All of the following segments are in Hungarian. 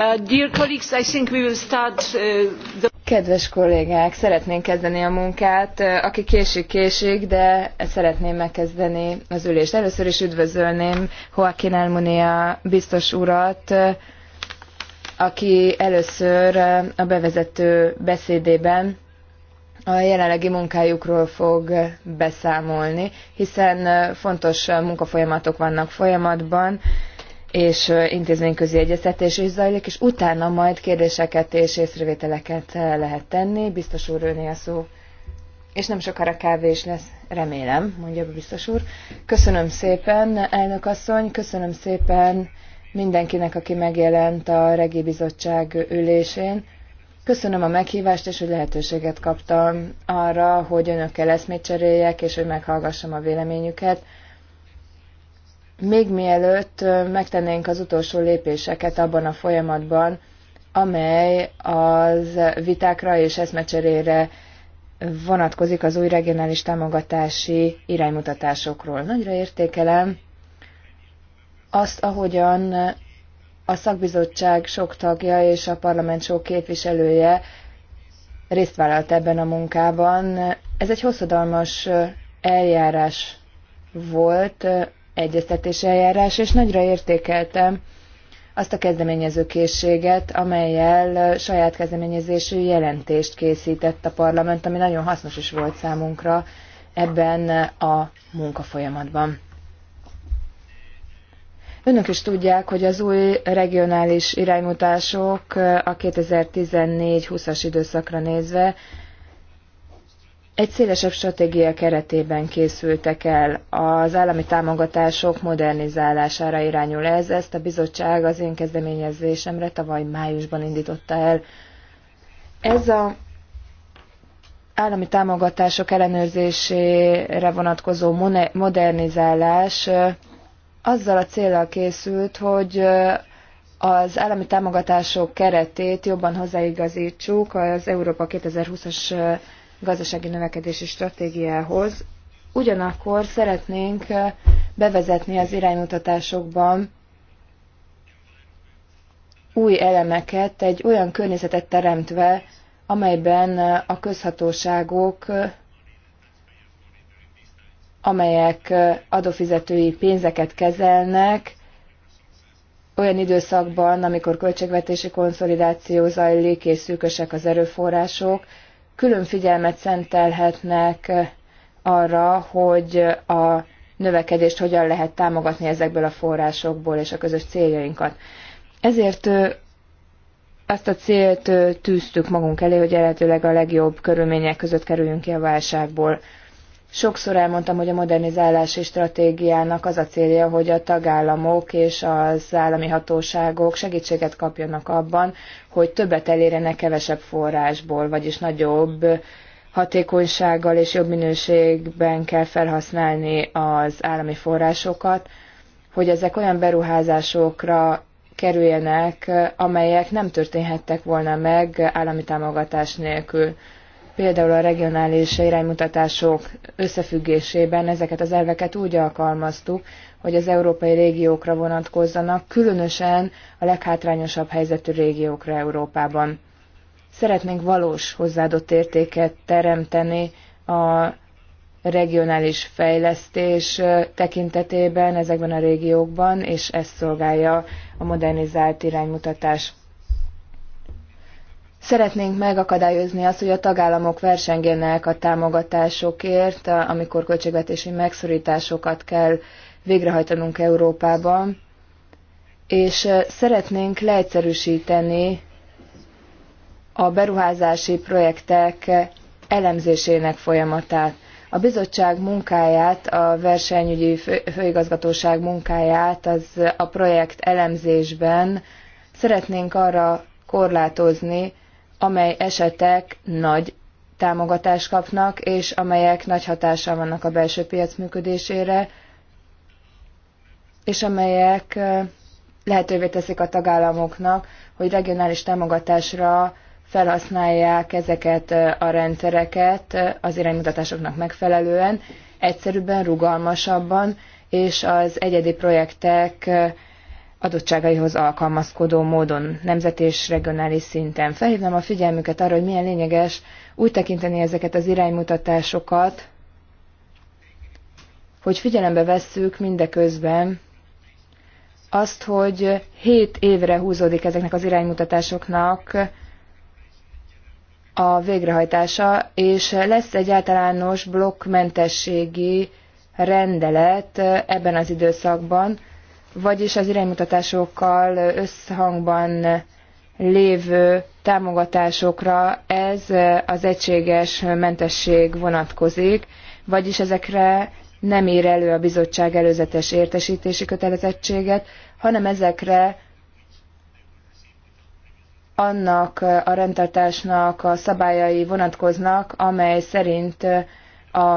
Uh, uh, Kedves kollégák, szeretnénk kezdeni a munkát. Uh, aki késik, késik, de szeretném megkezdeni az ülést. Először is üdvözölném Joaquin Almunia biztos urat, aki először a bevezető beszédében a jelenlegi munkájukról fog beszámolni, hiszen fontos munkafolyamatok vannak folyamatban, és intézményközi egyeztetés is zajlik, és utána majd kérdéseket és észrevételeket lehet tenni. Biztos úr, őné a szó. És nem sokára kávé is lesz, remélem, mondja a biztos úr. Köszönöm szépen, elnök asszony, köszönöm szépen mindenkinek, aki megjelent a Regi Bizottság ülésén. Köszönöm a meghívást, és hogy lehetőséget kaptam arra, hogy önökkel eszmét cseréljek, és hogy meghallgassam a véleményüket még mielőtt megtennénk az utolsó lépéseket abban a folyamatban, amely az vitákra és eszmecserére vonatkozik az új regionális támogatási iránymutatásokról. Nagyra értékelem azt, ahogyan a szakbizottság sok tagja és a parlament sok képviselője részt vállalt ebben a munkában. Ez egy hosszadalmas eljárás volt, egyeztetési eljárás, és nagyra értékeltem azt a kezdeményező készséget, amelyel saját kezdeményezésű jelentést készített a parlament, ami nagyon hasznos is volt számunkra ebben a munkafolyamatban. Önök is tudják, hogy az új regionális iránymutások a 2014-20-as időszakra nézve egy szélesebb stratégia keretében készültek el. Az állami támogatások modernizálására irányul ez. Ezt a bizottság az én kezdeményezésemre tavaly májusban indította el. Ez a állami támogatások ellenőrzésére vonatkozó modernizálás azzal a célral készült, hogy az állami támogatások keretét jobban hozzáigazítsuk az Európa 2020-as gazdasági növekedési stratégiához. Ugyanakkor szeretnénk bevezetni az iránymutatásokban új elemeket, egy olyan környezetet teremtve, amelyben a közhatóságok, amelyek adófizetői pénzeket kezelnek, olyan időszakban, amikor költségvetési konszolidáció zajlik és szűkösek az erőforrások, külön figyelmet szentelhetnek eh, arra, hogy a növekedést hogyan lehet támogatni ezekből a forrásokból és a közös céljainkat. Ezért eh, azt a célt eh, tűztük magunk elé, hogy lehetőleg a legjobb körülmények között kerüljünk ki a válságból. Sokszor elmondtam, hogy a modernizálási stratégiának az a célja, hogy a tagállamok és az állami hatóságok segítséget kapjanak abban, hogy többet elérjenek kevesebb forrásból, vagyis nagyobb hatékonysággal és jobb minőségben kell felhasználni az állami forrásokat, hogy ezek olyan beruházásokra kerüljenek, amelyek nem történhettek volna meg állami támogatás nélkül például a regionális iránymutatások összefüggésében ezeket az elveket úgy alkalmaztuk, hogy az európai régiókra vonatkozzanak, különösen a leghátrányosabb helyzetű régiókra Európában. Szeretnénk valós hozzáadott értéket teremteni a regionális fejlesztés tekintetében ezekben a régiókban, és ezt szolgálja a modernizált iránymutatás. Szeretnénk megakadályozni azt, hogy a tagállamok versengjenek a támogatásokért, amikor költségvetési megszorításokat kell végrehajtanunk Európában, és szeretnénk leegyszerűsíteni a beruházási projektek elemzésének folyamatát. A bizottság munkáját, a versenyügyi főigazgatóság munkáját az a projekt elemzésben szeretnénk arra korlátozni, amely esetek nagy támogatást kapnak, és amelyek nagy hatással vannak a belső piac működésére, és amelyek lehetővé teszik a tagállamoknak, hogy regionális támogatásra felhasználják ezeket a rendszereket az iránymutatásoknak megfelelően, egyszerűbben, rugalmasabban, és az egyedi projektek adottságaihoz alkalmazkodó módon nemzet és regionális szinten. Felhívnám a figyelmüket arra, hogy milyen lényeges úgy tekinteni ezeket az iránymutatásokat, hogy figyelembe vesszük mindeközben azt, hogy 7 évre húzódik ezeknek az iránymutatásoknak a végrehajtása, és lesz egy általános blokkmentességi rendelet ebben az időszakban, vagyis az iránymutatásokkal összhangban lévő támogatásokra ez az egységes mentesség vonatkozik, vagyis ezekre nem ír elő a bizottság előzetes értesítési kötelezettséget, hanem ezekre annak a rendtartásnak a szabályai vonatkoznak, amely szerint a,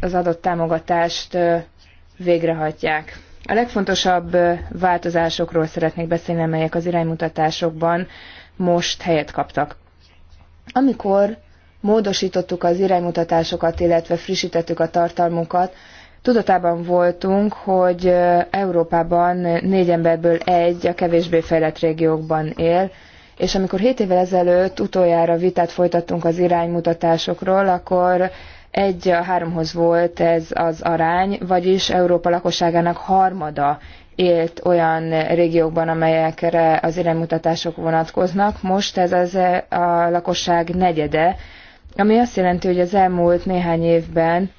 az adott támogatást végrehajtják. A legfontosabb változásokról szeretnék beszélni, amelyek az iránymutatásokban most helyet kaptak. Amikor módosítottuk az iránymutatásokat, illetve frissítettük a tartalmunkat, tudatában voltunk, hogy Európában négy emberből egy a kevésbé fejlett régiókban él, és amikor 7 évvel ezelőtt utoljára vitát folytattunk az iránymutatásokról, akkor egy a háromhoz volt ez az arány, vagyis Európa lakosságának harmada élt olyan régiókban, amelyekre az iránymutatások vonatkoznak. Most ez az e, a lakosság negyede, ami azt jelenti, hogy az elmúlt néhány évben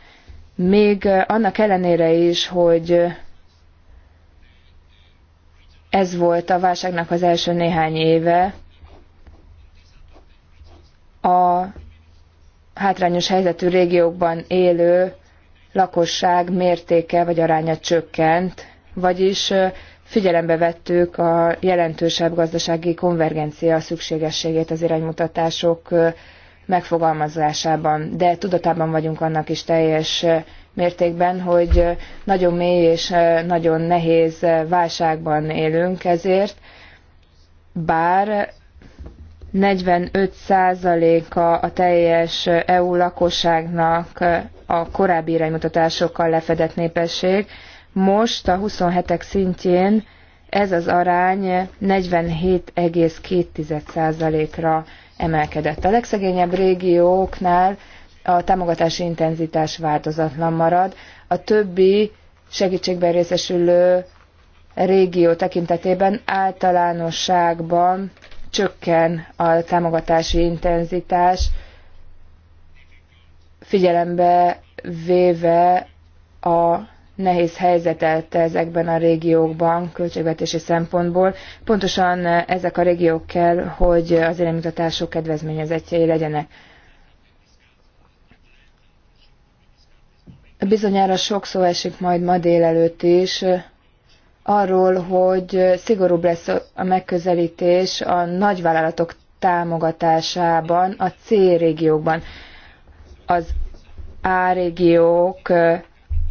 még e, annak ellenére is, hogy ez volt a válságnak az első néhány éve, a hátrányos helyzetű régiókban élő lakosság mértéke vagy aránya csökkent, vagyis figyelembe vettük a jelentősebb gazdasági konvergencia szükségességét az iránymutatások megfogalmazásában, de tudatában vagyunk annak is teljes mértékben, hogy nagyon mély és nagyon nehéz válságban élünk ezért, bár 45%-a a teljes EU lakosságnak a korábbi iránymutatásokkal lefedett népesség. Most a 27-ek szintjén ez az arány 47,2%-ra emelkedett. A legszegényebb régióknál a támogatási intenzitás változatlan marad, a többi segítségben részesülő régió tekintetében általánosságban csökken a támogatási intenzitás, figyelembe véve a nehéz helyzetet ezekben a régiókban költségvetési szempontból. Pontosan ezek a régiók kell, hogy az élelmutatások kedvezményezettjei legyenek. Bizonyára sok szó esik majd ma délelőtt is arról, hogy szigorúbb lesz a megközelítés a nagyvállalatok támogatásában a C régiókban. Az A régiók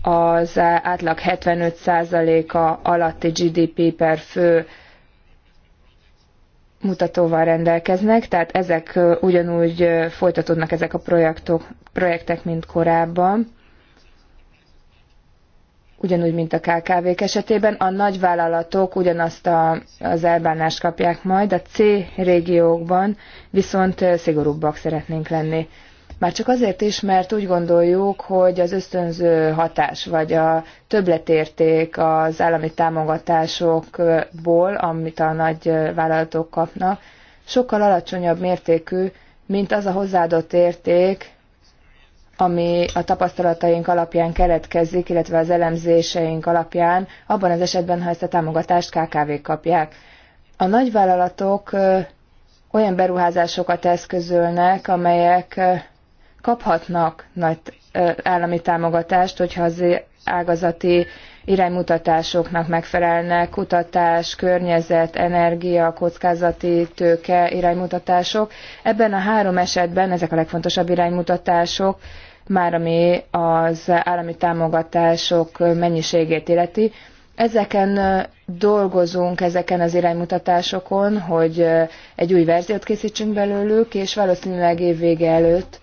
az átlag 75%-a alatti GDP per fő mutatóval rendelkeznek, tehát ezek ugyanúgy folytatódnak ezek a projektok, projektek, mint korábban ugyanúgy, mint a KKV-k esetében, a nagyvállalatok ugyanazt a, az elbánást kapják majd, a C régiókban viszont eh, szigorúbbak szeretnénk lenni. Már csak azért is, mert úgy gondoljuk, hogy az ösztönző hatás, vagy a többletérték az állami támogatásokból, amit a nagy eh, vállalatok kapnak, sokkal alacsonyabb mértékű, mint az a hozzáadott érték, ami a tapasztalataink alapján keletkezik, illetve az elemzéseink alapján, abban az esetben, ha ezt a támogatást kkv kapják. A nagyvállalatok olyan beruházásokat eszközölnek, amelyek kaphatnak nagy állami támogatást, hogyha az ágazati iránymutatásoknak megfelelnek, kutatás, környezet, energia, kockázati tőke iránymutatások. Ebben a három esetben ezek a legfontosabb iránymutatások már ami az állami támogatások mennyiségét illeti. Ezeken dolgozunk, ezeken az iránymutatásokon, hogy egy új verziót készítsünk belőlük, és valószínűleg évvége előtt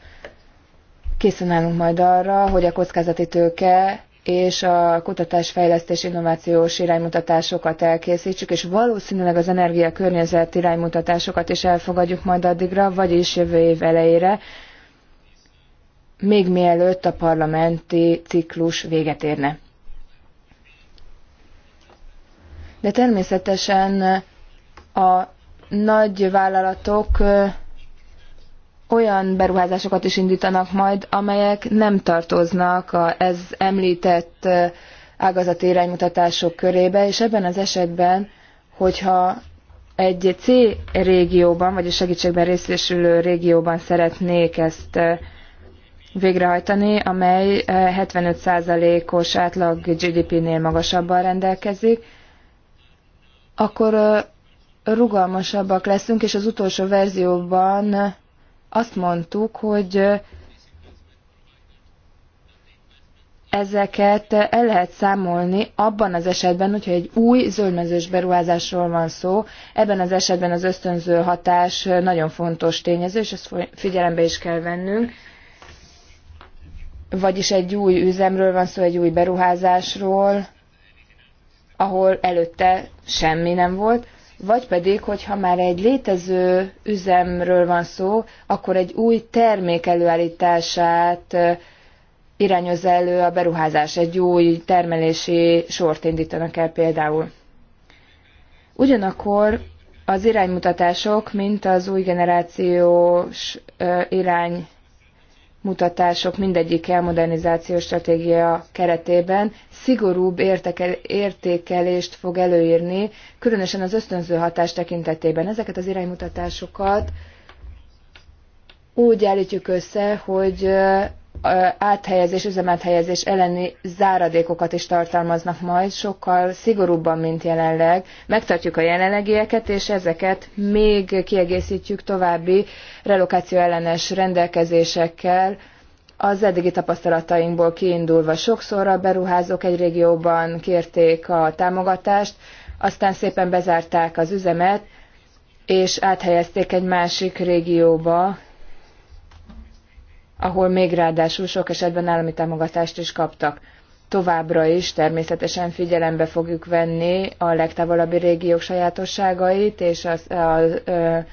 készen állunk majd arra, hogy a kockázati tőke és a kutatásfejlesztés innovációs iránymutatásokat elkészítsük, és valószínűleg az energiakörnyezet iránymutatásokat is elfogadjuk majd addigra, vagyis jövő év elejére, még mielőtt a parlamenti ciklus véget érne. De természetesen a nagy vállalatok olyan beruházásokat is indítanak majd, amelyek nem tartoznak a, ez említett ágazati iránymutatások körébe, és ebben az esetben, hogyha egy C régióban, vagyis segítségben részesülő régióban szeretnék ezt végrehajtani, amely 75%-os eh, átlag GDP-nél magasabban rendelkezik, akkor eh, rugalmasabbak leszünk, és az utolsó verzióban azt mondtuk, hogy eh, ezeket el lehet számolni abban az esetben, hogyha egy új zöldmezős beruházásról van szó, ebben az esetben az ösztönző hatás nagyon fontos tényező, és ezt figyelembe is kell vennünk vagyis egy új üzemről van szó, egy új beruházásról, ahol előtte semmi nem volt, vagy pedig, hogyha már egy létező üzemről van szó, akkor egy új termék előállítását irányozza elő a beruházás, egy új termelési sort indítanak el például. Ugyanakkor az iránymutatások, mint az új generációs irány mutatások mindegyik elmodernizációs stratégia keretében szigorúbb értékelést fog előírni, különösen az ösztönző hatás tekintetében. Ezeket az iránymutatásokat úgy állítjuk össze, hogy áthelyezés, üzemethelyezés elleni záradékokat is tartalmaznak majd, sokkal szigorúbban, mint jelenleg. Megtartjuk a jelenlegieket, és ezeket még kiegészítjük további relokáció ellenes rendelkezésekkel, az eddigi tapasztalatainkból kiindulva sokszor a beruházók egy régióban kérték a támogatást, aztán szépen bezárták az üzemet, és áthelyezték egy másik régióba, ahol még ráadásul sok esetben állami támogatást is kaptak. Továbbra is természetesen figyelembe fogjuk venni a legtávolabbi régiók sajátosságait és a, a, a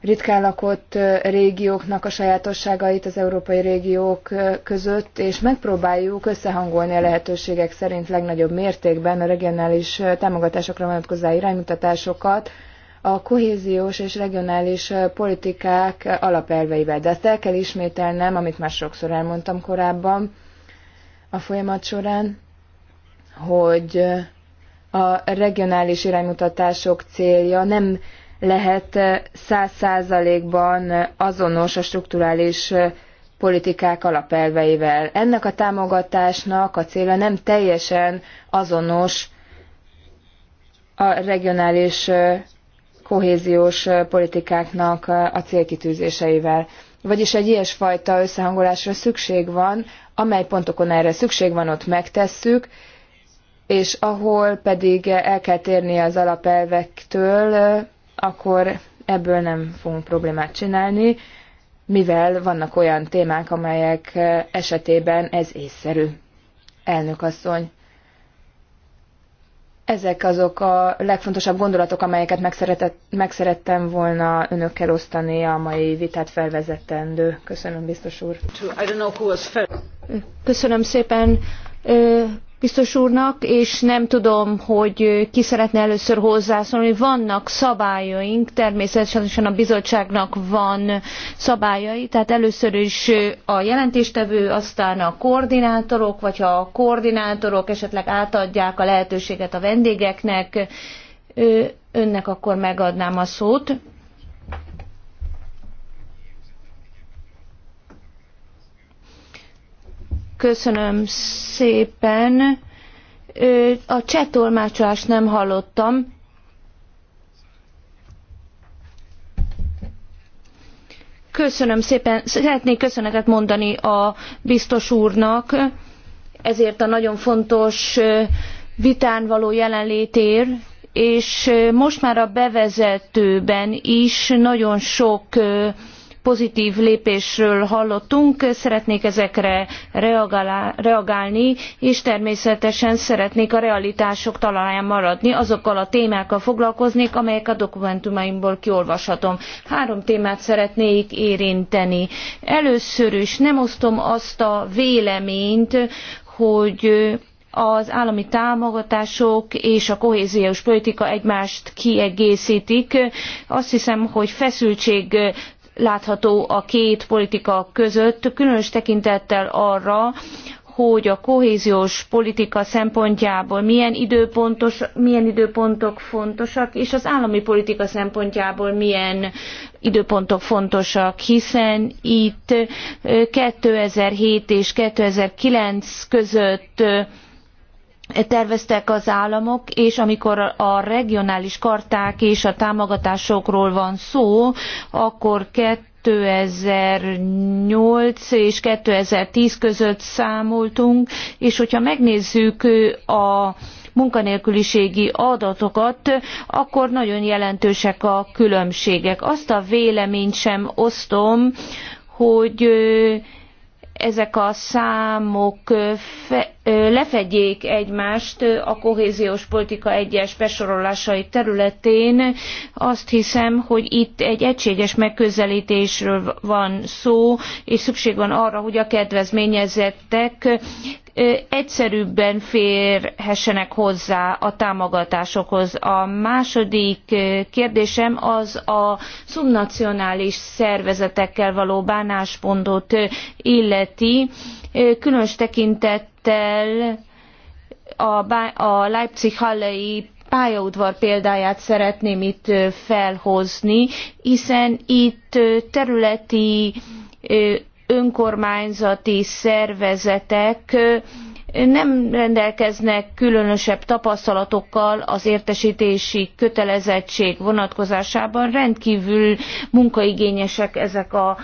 ritkán lakott régióknak a sajátosságait az európai régiók között, és megpróbáljuk összehangolni a lehetőségek szerint legnagyobb mértékben a regionális támogatásokra vonatkozó iránymutatásokat a kohéziós és regionális politikák alapelveivel. De ezt el kell ismételnem, amit már sokszor elmondtam korábban a folyamat során, hogy a regionális iránymutatások célja nem lehet száz százalékban azonos a strukturális politikák alapelveivel. Ennek a támogatásnak a célja nem teljesen azonos a regionális kohéziós politikáknak a célkitűzéseivel. Vagyis egy ilyesfajta összehangolásra szükség van, amely pontokon erre szükség van, ott megtesszük, és ahol pedig el kell térni az alapelvektől, akkor ebből nem fogunk problémát csinálni, mivel vannak olyan témák, amelyek esetében ez észszerű. Elnök asszony, ezek azok a legfontosabb gondolatok, amelyeket meg szerettem volna önökkel osztani a mai vitát felvezetendő. Köszönöm, biztos úr. Köszönöm szépen biztos úrnak, és nem tudom, hogy ki szeretne először hozzászólni. Vannak szabályaink, természetesen a bizottságnak van szabályai, tehát először is a jelentéstevő, aztán a koordinátorok, vagy ha a koordinátorok esetleg átadják a lehetőséget a vendégeknek, önnek akkor megadnám a szót. Köszönöm szépen. A csetolmácsolást nem hallottam. Köszönöm szépen. Szeretnék köszönetet mondani a biztos úrnak ezért a nagyon fontos vitán való jelenlétér, és most már a bevezetőben is nagyon sok pozitív lépésről hallottunk, szeretnék ezekre reagálni, és természetesen szeretnék a realitások talaján maradni, azokkal a témákkal foglalkozni, amelyek a dokumentumaimból kiolvashatom. Három témát szeretnék érinteni. Először is nem osztom azt a véleményt, hogy az állami támogatások és a kohéziós politika egymást kiegészítik. Azt hiszem, hogy feszültség látható a két politika között, különös tekintettel arra, hogy a kohéziós politika szempontjából milyen, időpontos, milyen időpontok fontosak, és az állami politika szempontjából milyen időpontok fontosak, hiszen itt 2007 és 2009 között terveztek az államok, és amikor a regionális karták és a támogatásokról van szó, akkor kettő 2008 és 2010 között számoltunk, és hogyha megnézzük a munkanélküliségi adatokat, akkor nagyon jelentősek a különbségek. Azt a véleményt sem osztom, hogy ezek a számok lefedjék egymást a kohéziós politika egyes besorolásai területén. Azt hiszem, hogy itt egy egységes megközelítésről van szó, és szükség van arra, hogy a kedvezményezettek egyszerűbben férhessenek hozzá a támogatásokhoz. A második kérdésem az a szubnacionális szervezetekkel való bánásmódot illeti, különös tekintettel a Leipzig-Hallei pályaudvar példáját szeretném itt felhozni, hiszen itt területi önkormányzati szervezetek nem rendelkeznek különösebb tapasztalatokkal az értestési kötelezettség vonatkozásában, rendkívül munkaigényesek ezek a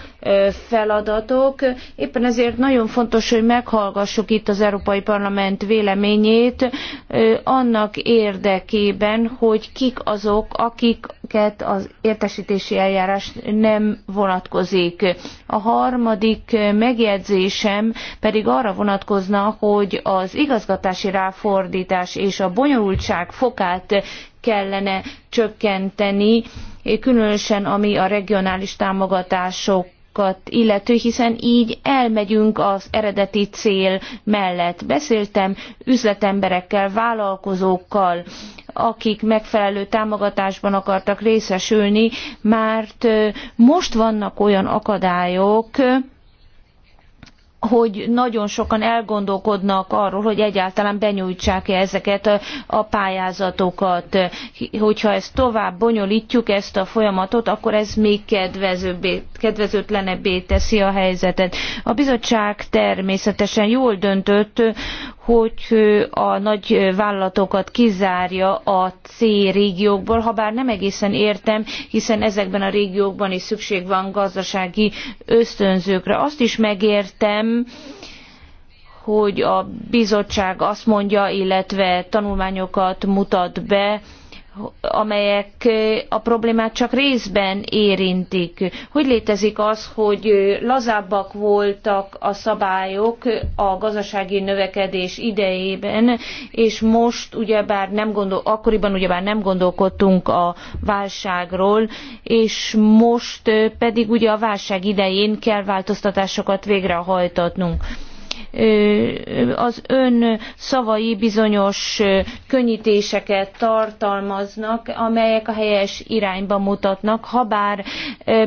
feladatok. Éppen ezért nagyon fontos, hogy meghallgassuk itt az Európai Parlament véleményét annak érdekében, hogy kik azok, akiket az értestési eljárás nem vonatkozik. A harmadik megjegyzésem pedig arra vonatkozna, hogy az igazgatási ráfordítás és a bonyolultság fokát kellene csökkenteni, különösen ami a regionális támogatások illető, hiszen így elmegyünk az eredeti cél mellett. Beszéltem üzletemberekkel, vállalkozókkal, akik megfelelő támogatásban akartak részesülni, mert most vannak olyan akadályok, hogy nagyon sokan elgondolkodnak arról, hogy egyáltalán benyújtsák-e ezeket a pályázatokat. Hogyha ezt tovább bonyolítjuk, ezt a folyamatot, akkor ez még kedvezőtlenebbé teszi a helyzetet. A bizottság természetesen jól döntött, hogy a nagy vállalatokat kizárja a C régiókból, ha bár nem egészen értem, hiszen ezekben a régiókban is szükség van gazdasági ösztönzőkre. Azt is megértem, hogy a bizottság azt mondja, illetve tanulmányokat mutat be, amelyek a problémát csak részben érintik. Hogy létezik az, hogy lazábbak voltak a szabályok a gazdasági növekedés idejében, és most ugyebár nem gondol, akkoriban ugyebár nem gondolkodtunk a válságról, és most pedig ugye a válság idején kell változtatásokat végrehajtatnunk az ön szavai bizonyos könnyítéseket tartalmaznak, amelyek a helyes irányba mutatnak, habár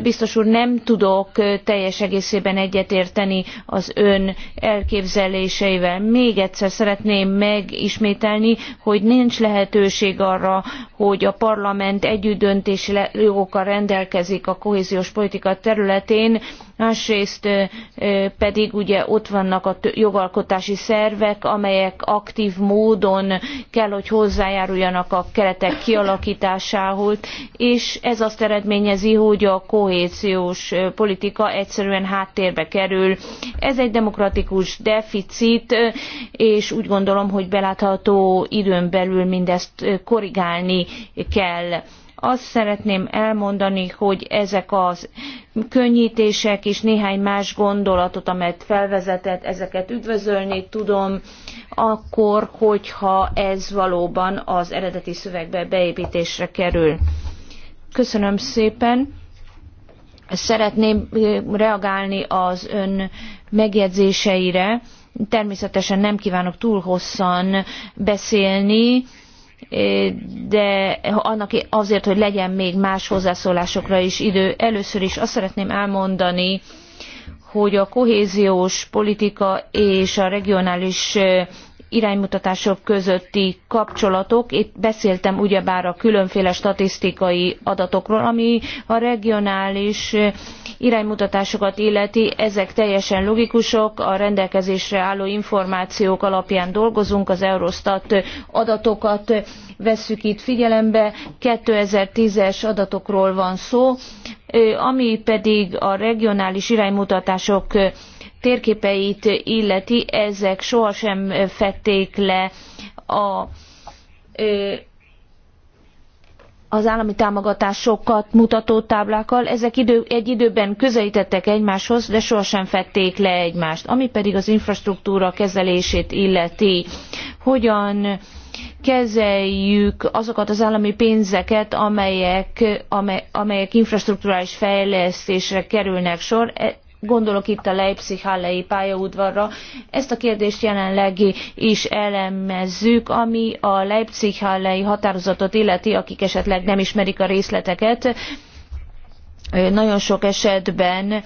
biztos úr nem tudok teljes egészében egyetérteni az ön elképzeléseivel. Még egyszer szeretném megismételni, hogy nincs lehetőség arra, hogy a parlament együttdöntési jogokkal rendelkezik a kohéziós politika területén, másrészt pedig ugye ott vannak a jogalkotási szervek, amelyek aktív módon kell, hogy hozzájáruljanak a keretek kialakításához, és ez azt eredményezi, hogy a kohéziós politika egyszerűen háttérbe kerül. Ez egy demokratikus deficit, és úgy gondolom, hogy belátható időn belül mindezt korrigálni kell azt szeretném elmondani, hogy ezek a könnyítések és néhány más gondolatot, amelyet felvezetett, ezeket üdvözölni tudom, akkor, hogyha ez valóban az eredeti szövegbe beépítésre kerül. Köszönöm szépen. Szeretném eh, reagálni az ön megjegyzéseire természetesen nem kívánok túl hosszan beszélni de annak azért, hogy legyen még más hozzászólásokra is idő. Először is azt szeretném elmondani, hogy a kohéziós politika és a regionális iránymutatások közötti kapcsolatok. Itt beszéltem ugyebár a különféle statisztikai adatokról, ami a regionális iránymutatásokat illeti, ezek teljesen logikusok, a rendelkezésre álló információk alapján dolgozunk, az Eurostat adatokat vesszük itt figyelembe, 2010-es adatokról van szó, ami pedig a regionális iránymutatások térképeit illeti, ezek sohasem fették le a az állami támogatásokat mutató táblákkal, ezek idő, egy időben közelítettek egymáshoz, de sohasem fették le egymást. Ami pedig az infrastruktúra kezelését illeti, hogyan kezeljük azokat az állami pénzeket, amelyek, amely, amelyek infrastrukturális fejlesztésre kerülnek sor. E, gondolok itt a Leipzig-Hallei pályaudvarra. Ezt a kérdést jelenleg is elemezzük, ami a Leipzig-Hallei határozatot illeti, akik esetleg nem ismerik a részleteket. Nagyon sok esetben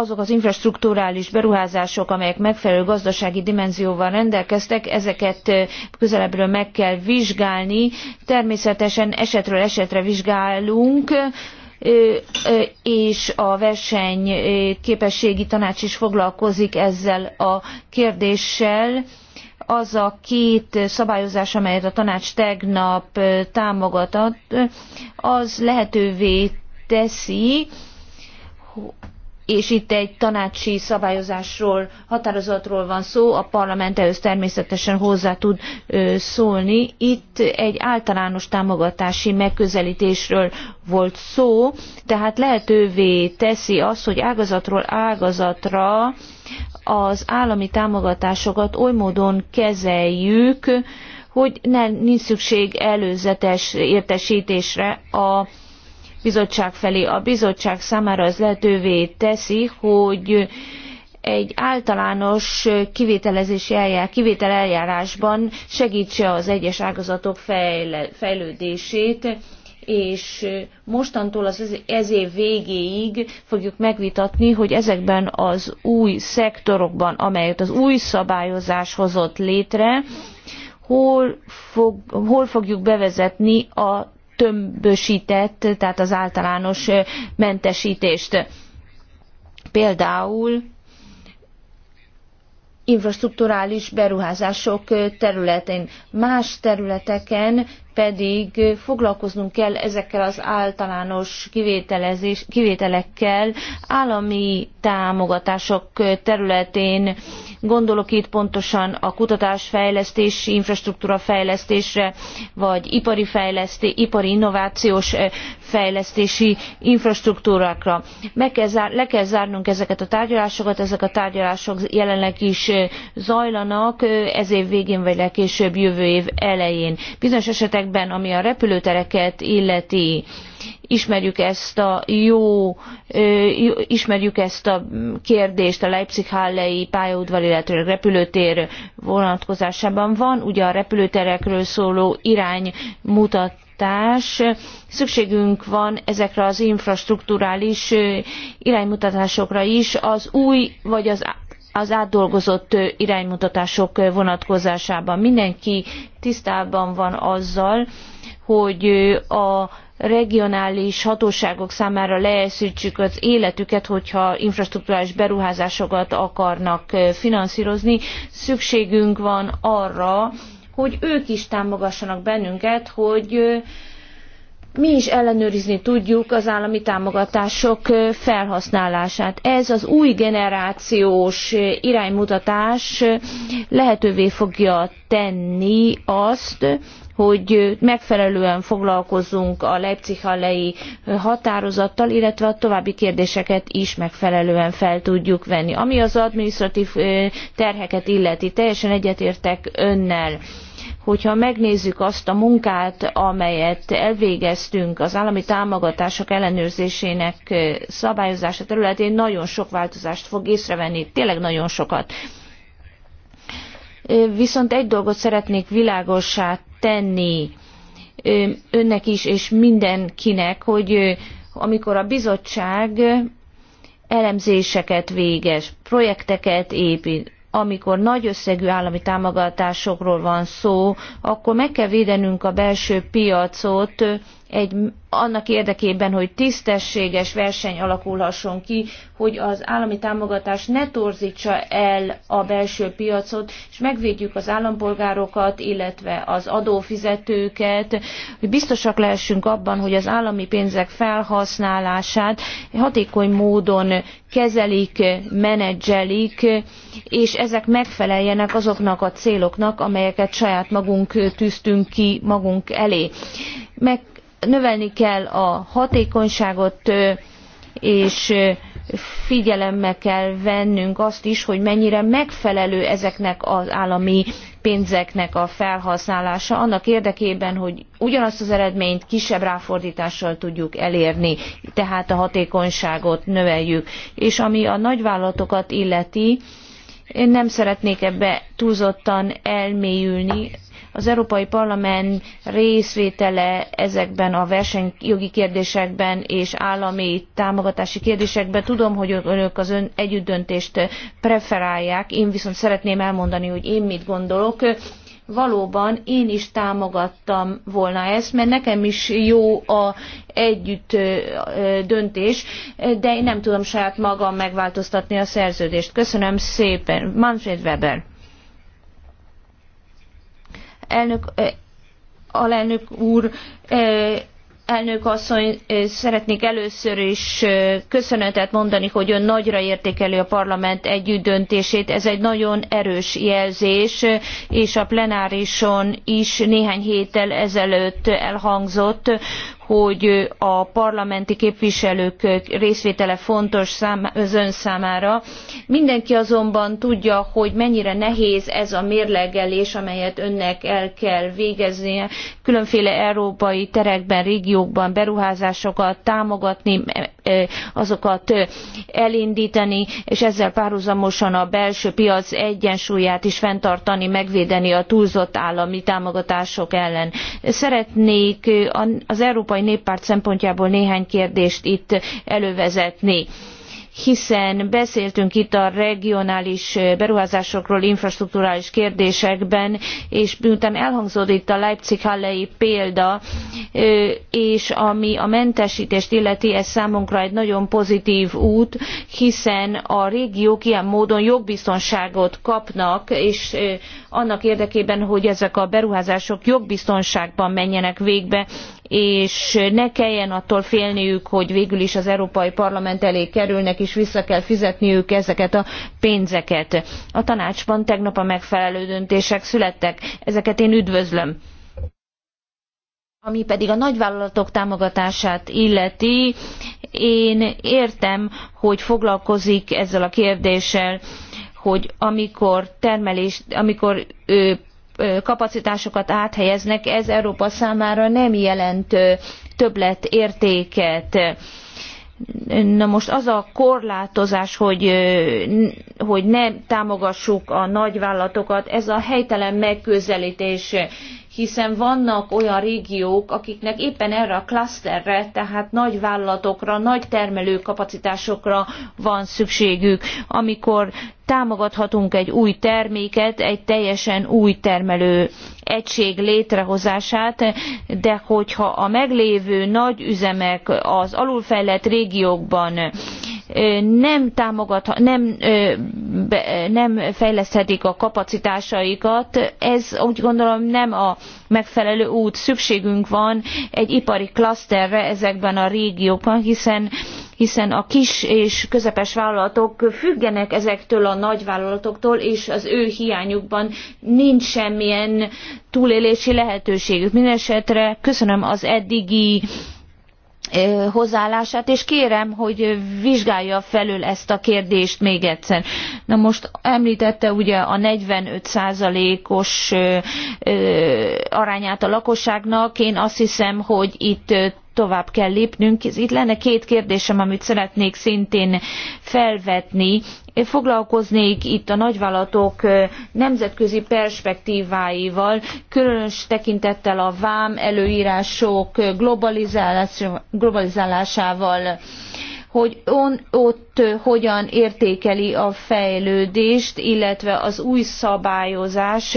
azok az infrastruktúrális beruházások, amelyek megfelelő gazdasági dimenzióval rendelkeztek, ezeket közelebbről meg kell vizsgálni. Természetesen esetről esetre vizsgálunk, és a versenyképességi tanács is foglalkozik ezzel a kérdéssel az a két szabályozás, amelyet a tanács tegnap támogatott, az lehetővé teszi, és itt egy tanácsi szabályozásról, határozatról van szó, a parlament ehhez természetesen hozzá tud szólni. Itt egy általános támogatási megközelítésről volt szó, tehát lehetővé teszi azt, hogy ágazatról ágazatra az állami támogatásokat oly módon kezeljük, hogy ne, nincs szükség előzetes értesítésre a bizottság felé. A bizottság számára az lehetővé teszi, hogy egy általános kivételezési eljár, kivétel eljárásban segítse az egyes ágazatok fejle, fejlődését, és mostantól az ez év végéig fogjuk megvitatni, hogy ezekben az új szektorokban, amelyet az új szabályozás hozott létre, hol, fog, hol fogjuk bevezetni a tömbösített, tehát az általános mentesítést. Például infrastruktúrális beruházások területén. Más területeken pedig foglalkoznunk kell ezekkel az általános kivételezés, kivételekkel állami támogatások területén. Gondolok itt pontosan a infrastruktúra infrastruktúrafejlesztésre, vagy ipari, fejleszté, ipari innovációs fejlesztési infrastruktúrákra. Meg kell zár, le kell zárnunk ezeket a tárgyalásokat, ezek a tárgyalások jelenleg is zajlanak, ez év végén vagy legkésőbb jövő év elején. Bizonyos esetek esetekben, ami a repülőtereket illeti, ismerjük ezt a jó, ismerjük ezt a kérdést a Leipzig-Hallei pályaudvar, illetve a repülőtér vonatkozásában van. Ugye a repülőterekről szóló irány mutat iránymutatás, szükségünk van ezekre az infrastrukturális iránymutatásokra is az új vagy az az átdolgozott iránymutatások vonatkozásában. Mindenki tisztában van azzal, hogy a regionális hatóságok számára leeszítsük az életüket, hogyha infrastruktúrális beruházásokat akarnak finanszírozni. Szükségünk van arra, hogy ők is támogassanak bennünket, hogy mi is ellenőrizni tudjuk az állami támogatások felhasználását. Ez az új generációs iránymutatás lehetővé fogja tenni azt, hogy megfelelően foglalkozzunk a leipzig-hallei határozattal, illetve a további kérdéseket is megfelelően fel tudjuk venni. Ami az administratív terheket illeti, teljesen egyetértek önnel hogyha megnézzük azt a munkát, amelyet elvégeztünk az állami támogatások ellenőrzésének szabályozása területén, nagyon sok változást fog észrevenni, tényleg nagyon sokat. Viszont egy dolgot szeretnék világossá tenni önnek is, és mindenkinek, hogy amikor a bizottság elemzéseket végez, projekteket épít, amikor nagy összegű állami támogatásokról van szó, akkor meg kell védenünk a belső piacot egy, annak érdekében, hogy tisztességes verseny alakulhasson ki, hogy az állami támogatás ne torzítsa el a belső piacot, és megvédjük az állampolgárokat, illetve az adófizetőket, hogy biztosak lehessünk abban, hogy az állami pénzek felhasználását hatékony módon kezelik, menedzselik, és ezek megfeleljenek azoknak a céloknak, amelyeket saját magunk tűztünk ki magunk elé. Meg növelni kell a hatékonyságot, és figyelembe kell vennünk azt is, hogy mennyire megfelelő ezeknek az állami pénzeknek a felhasználása annak érdekében, hogy ugyanazt az eredményt kisebb ráfordtással tudjuk elérni, tehát a hatékonyságot növeljük. És ami a nagyvállalatokat illeti, én nem szeretnék ebbe túlzottan elmélyülni, az Európai Parlament részvétele ezekben a versenyjogi kérdésekben és állami támogatási kérdésekben, tudom, hogy önök az ön együttdöntést preferálják, én viszont szeretném elmondani, hogy én mit gondolok valóban én is támogattam volna ezt, mert nekem is jó a együtt döntés, de én nem tudom saját magam megváltoztatni a szerződést. Köszönöm szépen. Manfred Weber elnök, alelnök úr, elnök asszony, szeretnék először is köszönetet mondani, hogy ön nagyra értékeli a parlament döntését. Ez egy nagyon erős jelzés, és a plenárison is néhány héttel ezelőtt elhangzott, hogy a parlamenti képviselők részvétele fontos az ön számára. Mindenki azonban tudja, hogy mennyire nehéz ez a mérlegelés, amelyet önnek el kell végeznie. Különféle európai terekben, régiókban beruházásokat támogatni, e, azokat elindítani, és ezzel párhuzamosan a belső piac egyensúlyát is fenntartani, megvédeni a túlzott állami támogatások ellen. Szeretnék az európai Európai Néppárt szempontjából néhány kérdést itt elővezetni hiszen beszéltünk itt a regionális beruházásokról, infrastrukturális kérdésekben, és miután elhangzott itt a leipzig hallei példa, és ami a mentestést illeti, ez számunkra egy nagyon pozitív út, hiszen a régiók ilyen módon jogbiztonságot kapnak, és annak érdekében, hogy ezek a beruházások jogbiztonságban menjenek végbe, és ne kelljen attól félniük, hogy végül is az Európai Parlament elé kerülnek, és vissza kell fizetniük ezeket a pénzeket. A tanácsban tegnap a megfelelő döntések születtek, ezeket én üdvözlöm. Ami pedig a nagyvállalatok támogatását illeti, én értem, hogy foglalkozik ezzel a kérdéssel, hogy amikor termelés, amikor kapacitásokat áthelyeznek, ez Európa számára nem jelent többletértéket. értéket Na most az a korlátozás, hogy, hogy ne támogassuk a nagyvállalatokat, ez a helytelen megközelítés, hiszen vannak olyan régiók, akiknek éppen erre a klaszterre, tehát nagy termelő nagy termelőkapacitásokra van szükségük, amikor támogathatunk egy új terméket egy teljesen új termelő egység létrehozását, de hogyha a meglévő nagy üzemek az alulfejlett régiókban nem támogat, nem, nem fejleszthetik a kapacitásaikat, ez úgy gondolom nem a megfelelő út. Szükségünk van egy ipari klaszterre ezekben a régiókban, hiszen hiszen a kis és közepes vállalatok függenek ezektől a nagyvállalatoktól, és az ő hiányukban nincs semmilyen túlélési lehetőségük. Mindenesetre köszönöm az eddigi hozzáállását, és kérem, hogy vizsgálja felül ezt a kérdést még egyszer. Na most említette ugye a 45%-os arányát a lakosságnak, én azt hiszem, hogy itt tovább kell lépnünk. Itt lenne két kérdésem, amit szeretnék szintén felvetni. Foglalkoznék itt a nagyvállalatok nemzetközi perspektíváival, különös tekintettel a vám előírások globalizálásával hogy on, ott hogyan értékeli a fejlődést, illetve az új szabályozás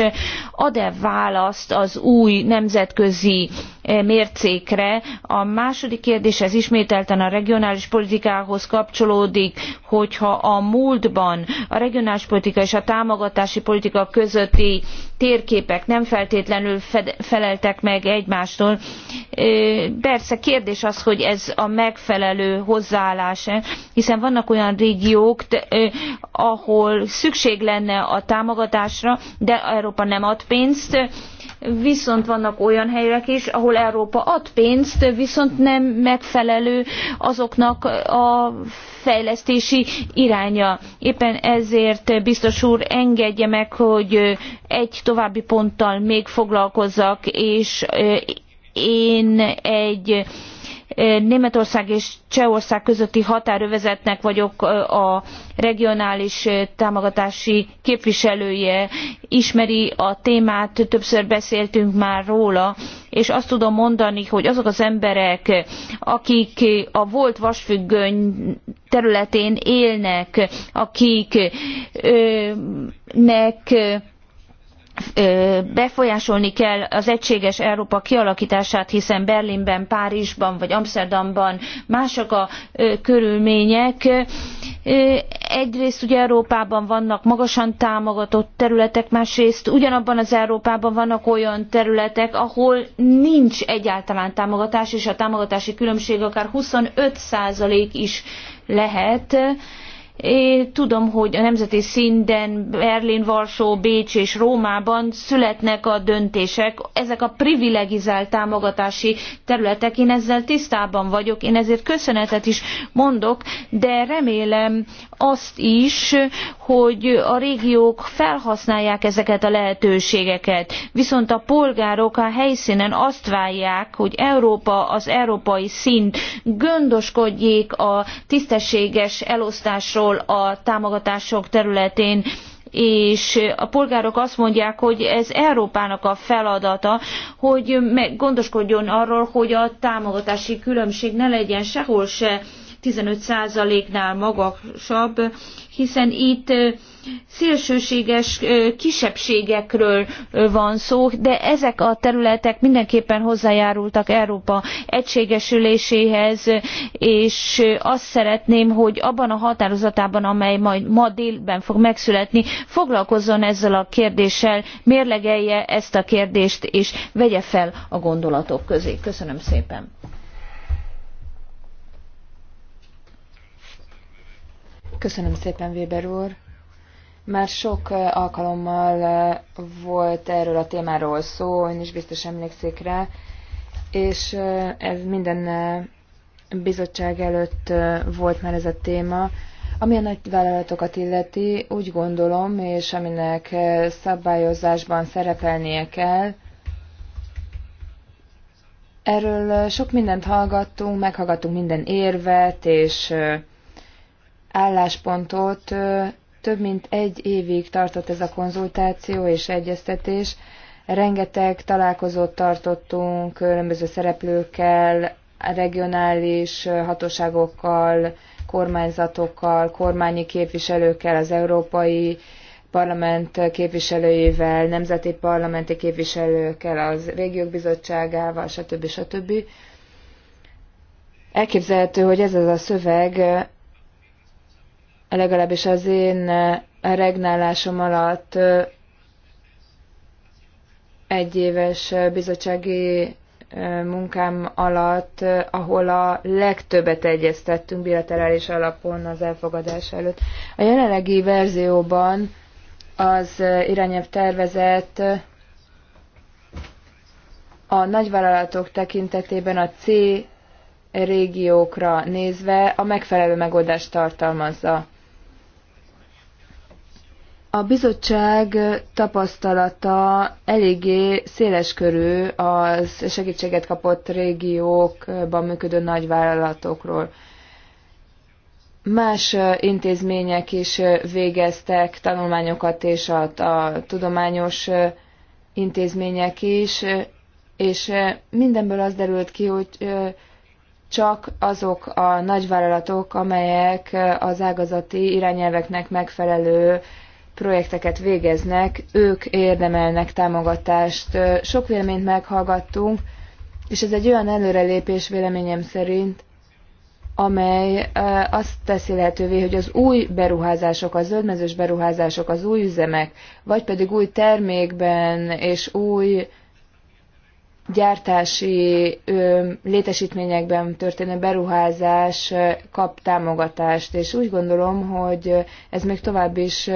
ad-e választ az új nemzetközi Eh, mércékre. A második kérdés, ez ismételten a regionális politikához kapcsolódik, hogyha a múltban a regionális politika és a támogatási politika közötti térképek nem feltétlenül feleltek meg egymástól. Eh, persze kérdés az, hogy ez a megfelelő hozzáállás, -e, hiszen vannak olyan régiók, eh, ahol szükség lenne a támogatásra, de Európa nem ad pénzt, viszont vannak olyan helyek is, ahol Európa ad pénzt, viszont nem megfelelő azoknak a fejlesztési iránya. Éppen ezért biztos úr engedje meg, hogy egy további ponttal még foglalkozzak, és eh, én egy Németország és Csehország közötti határövezetnek vagyok a regionális támogatási képviselője, ismeri a témát, többször beszéltünk már róla, és azt tudom mondani, hogy azok az emberek, akik a volt vasfüggöny területén élnek, akiknek befolyásolni kell az egységes Európa kialakítását, hiszen Berlinben, Párizsban vagy Amsterdamban mások a körülmények. Egyrészt ugye Európában vannak magasan támogatott területek, másrészt ugyanabban az Európában vannak olyan területek, ahol nincs egyáltalán támogatás, és a támogatási különbség akár 25% is lehet. Ö, én tudom, hogy a nemzeti szinten Berlin, Varsó, Bécs és Rómában születnek a döntések. Ezek a privilegizált támogatási területek, én ezzel tisztában vagyok, én ezért köszönetet is mondok, de remélem azt is, hogy a régiók felhasználják ezeket a lehetőségeket. Viszont a polgárok a helyszínen azt várják, hogy Európa, az európai szint gondoskodjék a tisztességes elosztásról, piacról a támogatások területén és a polgárok azt mondják, hogy ez Európának a feladata, hogy gondoskodjon arról, hogy a támogatási különbség ne legyen sehol se 15%-nál magasabb, hiszen itt szélsőséges kisebbségekről van szó, de ezek a területek mindenképpen hozzájárultak Európa egységesüléséhez, és azt szeretném, hogy abban a határozatában, amely majd ma délben fog megszületni, foglalkozzon ezzel a kérdéssel, mérlegelje ezt a kérdést, és vegye fel a gondolatok közé. Köszönöm szépen. Köszönöm szépen, Weber úr. Már sok alkalommal volt erről a témáról szó, ön is biztos emlékszik rá, és ez minden bizottság előtt volt már ez a téma. Ami a vállalatokat illeti, úgy gondolom, és aminek szabályozásban szerepelnie kell, Erről sok mindent hallgattunk, meghallgattunk minden érvet és álláspontot, több mint egy évig tartott ez a konzultáció és egyeztetés. Rengeteg találkozót tartottunk különböző szereplőkkel, regionális hatóságokkal, kormányzatokkal, kormányi képviselőkkel, az európai parlament képviselőivel, nemzeti parlamenti képviselőkkel, az régiók bizottságával, stb. stb. Elképzelhető, hogy ez az a szöveg legalábbis az én eh, regnálásom alatt eh, egy éves eh, bizottsági munkám alatt, ahol a legtöbbet egyeztettünk bilaterális alapon az elfogadás előtt. A jelenlegi verzióban az irányelv tervezet a nagyvállalatok tekintetében a C régiókra nézve a megfelelő megoldást tartalmazza. A bizottság tapasztalata eléggé széleskörű az segítséget kapott régiókban működő nagyvállalatokról. Más intézmények is végeztek tanulmányokat, és a, a tudományos intézmények is, és mindenből az derült ki, hogy csak azok a nagyvállalatok, amelyek az ágazati irányelveknek megfelelő projekteket végeznek, ők érdemelnek támogatást. Sok véleményt meghallgattunk, és ez egy olyan előrelépés véleményem szerint, amely azt teszi lehetővé, hogy az új beruházások, a zöldmezős beruházások, az új üzemek, vagy pedig új termékben és új gyártási ö, létesítményekben történő beruházás kap támogatást, és úgy gondolom, hogy ez még tovább is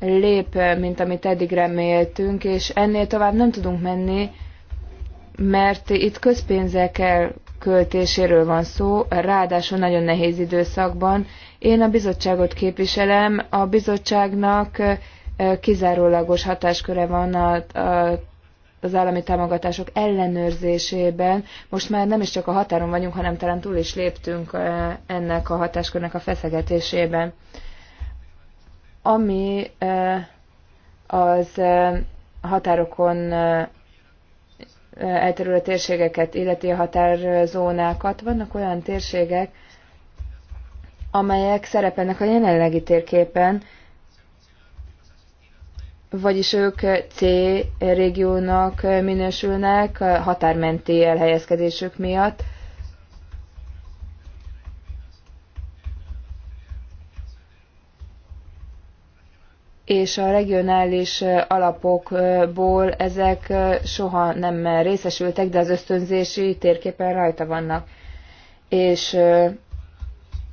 lép, mint amit eddig reméltünk, és ennél tovább nem tudunk menni, mert itt közpénzekkel költéséről van szó, ráadásul nagyon nehéz időszakban. Én a bizottságot képviselem, a bizottságnak kizárólagos hatásköre van a, a, az állami támogatások ellenőrzésében. Most már nem is csak a határon vagyunk, hanem talán túl is léptünk ennek a hatáskörnek a feszegetésében. Ami az határokon elterülő térségeket, illeti a határzónákat, vannak olyan térségek, amelyek szerepelnek a jelenlegi térképen, vagyis ők C régiónak minősülnek határmenti elhelyezkedésük miatt, és a regionális alapokból ezek soha nem részesültek, de az ösztönzési térképen rajta vannak. És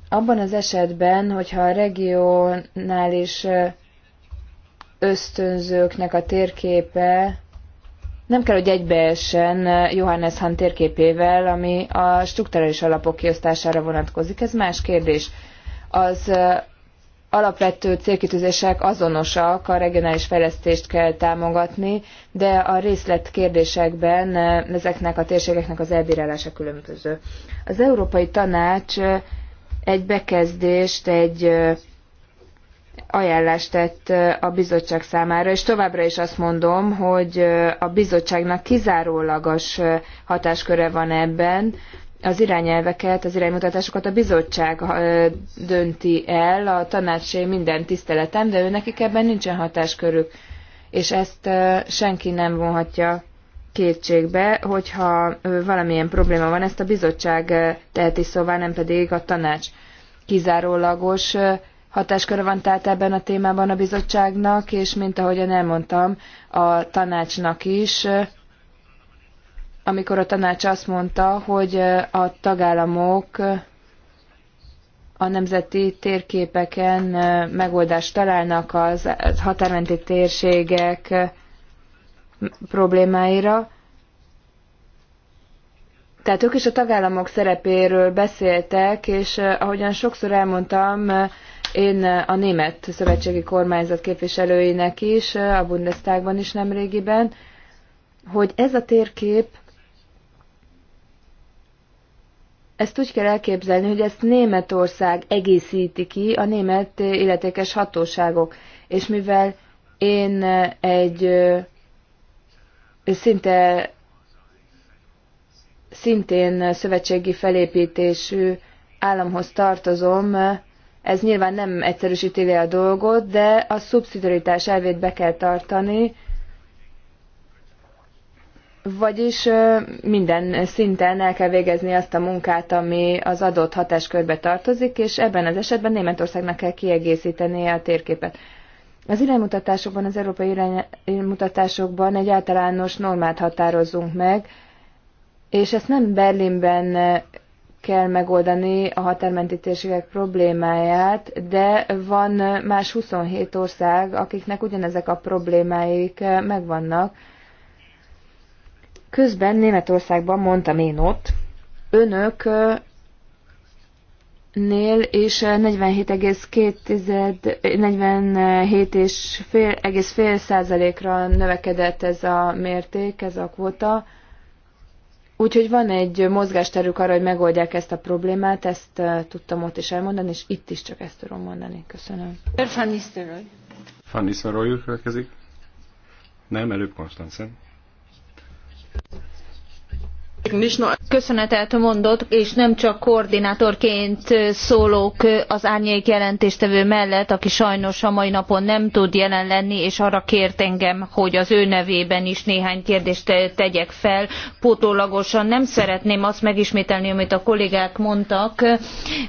abban az esetben, hogyha a regionális ösztönzőknek a térképe nem kell, hogy egybeessen Johannes Hahn térképével, ami a strukturális alapok kiosztására vonatkozik. Ez más kérdés. Az alapvető célkitűzések azonosak, a regionális fejlesztést kell támogatni, de a részletkérdésekben eh, ezeknek a térségeknek az elbírálása különböző. Az Európai Tanács eh, egy bekezdést, egy eh, ajánlást tett a bizottság számára, és továbbra is azt mondom, hogy a bizottságnak kizárólagos hatásköre van ebben, az irányelveket, az iránymutatásokat a bizottság dönti el, a tanácsé minden tiszteletem, de ő nekik ebben nincsen hatáskörük. És ezt senki nem vonhatja kétségbe, hogyha valamilyen probléma van, ezt a bizottság teheti szóvá, nem pedig a tanács. Kizárólagos hatásköre van tehát ebben a témában a bizottságnak, és mint ahogyan elmondtam, a tanácsnak is amikor a tanács azt mondta, hogy a tagállamok a nemzeti térképeken megoldást találnak az határmenti térségek problémáira. Tehát ők is a tagállamok szerepéről beszéltek, és ahogyan sokszor elmondtam, én a német szövetségi kormányzat képviselőinek is, a Bundestagban is nemrégiben, hogy ez a térkép Ezt úgy kell elképzelni, hogy ezt Németország egészíti ki a német illetékes hatóságok. És mivel én egy szinte szintén szövetségi felépítésű államhoz tartozom, ez nyilván nem egyszerűsíti le a dolgot, de a szubszidiaritás elvét be kell tartani, vagyis minden szinten el kell végezni azt a munkát, ami az adott hatáskörbe tartozik, és ebben az esetben Németországnak kell kiegészítenie a térképet. Az iránymutatásokban, az európai iránymutatásokban egy általános normát határozzunk meg, és ezt nem Berlinben kell megoldani a határmenti problémáját, de van más 27 ország, akiknek ugyanezek a problémáik megvannak, Közben Németországban mondtam én ott, önök nél és 47,2 47,5 százalékra növekedett ez a mérték, ez a kvóta. Úgyhogy van egy mozgásterük arra, hogy megoldják ezt a problémát, ezt tudtam ott is elmondani, és itt is csak ezt tudom mondani. Köszönöm. Fanny Fanny következik. Nem, előbb Konstancen. Köszönetet mondott, és nem csak koordinátorként szólok az árnyék jelentéstevő mellett, aki sajnos a mai napon nem tud jelen lenni, és arra kért engem, hogy az ő nevében is néhány kérdést tegyek fel. Pótólagosan nem szeretném azt megismételni, amit a kollégák mondtak,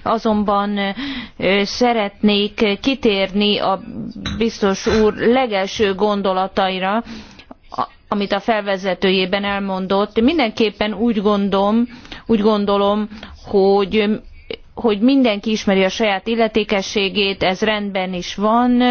azonban szeretnék kitérni a biztos úr legelső gondolataira, amit a felvezetőjében elmondott. Mindenképpen úgy gondolom, úgy gondolom hogy hogy mindenki ismeri a saját illetékességét, ez rendben is van,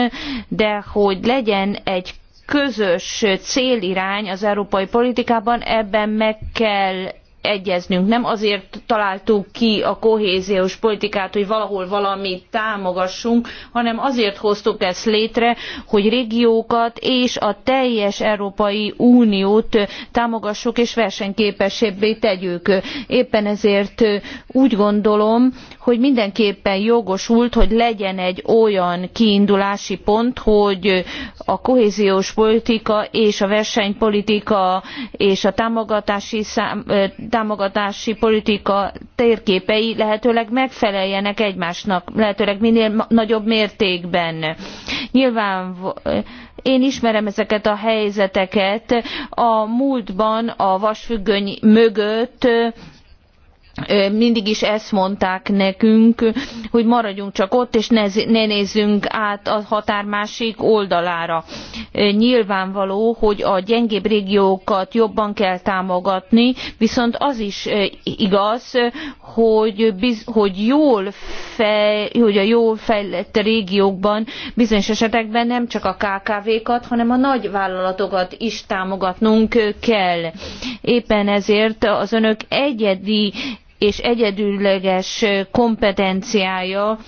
de hogy legyen egy közös célirány az európai politikában, ebben meg kell egyeznünk. Nem azért találtuk ki a kohéziós politikát, hogy valahol valamit támogassunk, hanem azért hoztuk ezt létre, hogy régiókat és a teljes Európai Uniót támogassuk és versenyképesebbé tegyük. Éppen ezért úgy gondolom, hogy mindenképpen jogosult, hogy legyen egy olyan kiindulási pont, hogy a kohéziós politika és a versenypolitika és a támogatási, támogatási politika térképei lehetőleg megfeleljenek egymásnak, lehetőleg minél nagyobb mértékben. Nyilván én ismerem ezeket a helyzeteket. A múltban a vasfüggöny mögött mindig is ezt mondták nekünk, hogy maradjunk csak ott, és ne, ne nézzünk át a határ másik oldalára. Nyilvánvaló, hogy a gyengébb régiókat jobban kell támogatni, viszont az is igaz, hogy, biz, hogy, jól fej, hogy a jól fejlett régiókban bizonyos esetekben nem csak a KKV-kat, hanem a nagy vállalatokat is támogatnunk kell. Éppen ezért az önök egyedi és egyedülleges kompetenciája,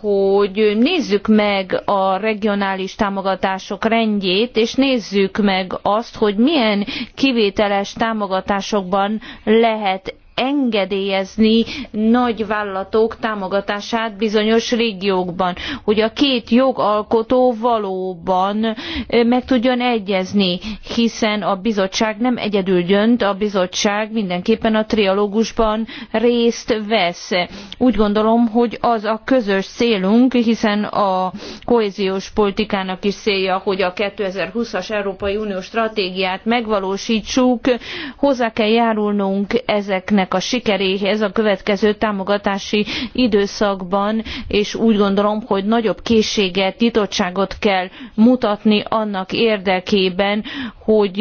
hogy nézzük meg a regionális támogatások rendjét, és nézzük meg azt, hogy milyen kivételes támogatásokban lehet engedélyezni nagy vállalatok támogatását bizonyos régiókban, hogy a két jogalkotó valóban meg tudjon egyezni, hiszen a bizottság nem egyedül dönt, a bizottság mindenképpen a trialógusban részt vesz. Úgy gondolom, hogy az a közös célunk, hiszen a kohéziós politikának is célja, hogy a 2020-as Európai Unió stratégiát megvalósítsuk, hozzá kell járulnunk ezeknek ennek a sikeréhez a következő támogatási időszakban, és úgy gondolom, hogy nagyobb készséget, nyitottságot kell mutatni annak érdekében, hogy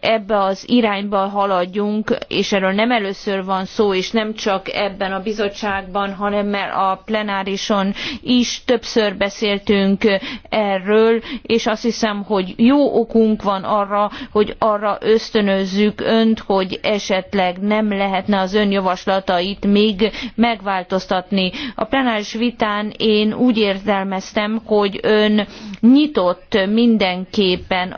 ebbe az irányba haladjunk, és erről nem először van szó, és nem csak ebben a bizottságban, hanem a plenárison is többször beszéltünk erről, és azt hiszem, hogy jó okunk van arra, hogy arra ösztönözzük önt, hogy esetleg nem lehet lehetne az ön javaslatait még megváltoztatni. A plenáris vitán én úgy értelmeztem, hogy ön nyitott mindenképpen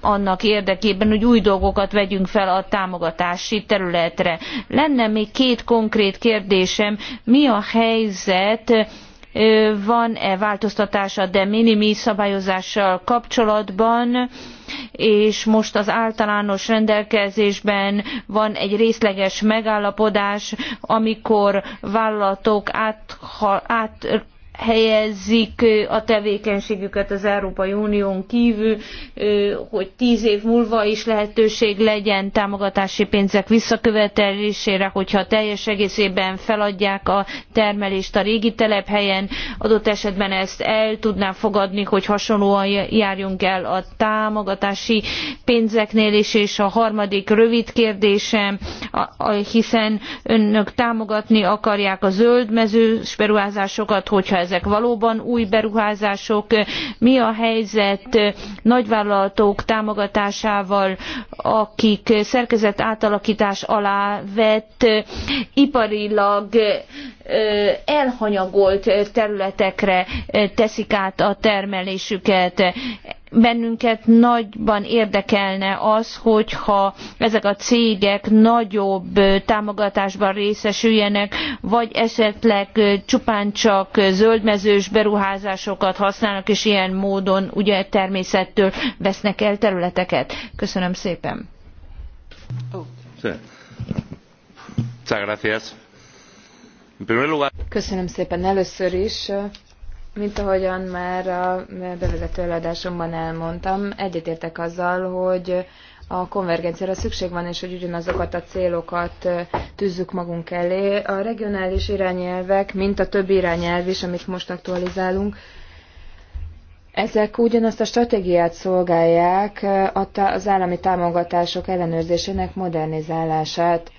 annak érdekében, hogy új dolgokat vegyünk fel a támogatási területre. Lenne még két konkrét kérdésem. Mi a helyzet van-e változtatás a de minimis szabályozással kapcsolatban? és most az általános rendelkezésben van egy részleges megállapodás, amikor vállalatok át, át helyezik a tevékenységüket az Európai Unión kívül, hogy tíz év múlva is lehetőség legyen támogatási pénzek visszakövetelésére, hogyha teljes egészében feladják a termelést a régi telephelyen, adott esetben ezt el tudnám fogadni, hogy hasonlóan járjunk el a támogatási pénzeknél is, és a harmadik rövid kérdésem, hiszen önök támogatni akarják a zöld mezős beruházásokat, hogyha ez ezek valóban új beruházások, mi a helyzet nagyvállalatok támogatásával, akik szerkezet átalakítás alá vett iparilag elhanyagolt területekre teszik át a termelésüket bennünket nagyban érdekelne az, hogyha ezek a cégek nagyobb támogatásban részesüljenek, vagy esetleg csupán csak zöldmezős beruházásokat használnak, és ilyen módon ugye természettől vesznek el területeket. Köszönöm szépen. Oh. Köszönöm szépen először is. Mint ahogyan már a bevezető előadásomban elmondtam, egyetértek azzal, hogy a konvergenciára szükség van, és hogy ugyanazokat a célokat tűzzük magunk elé. A regionális irányelvek, mint a többi irányelv is, amit most aktualizálunk, ezek ugyanazt a stratégiát szolgálják az állami támogatások ellenőrzésének modernizálását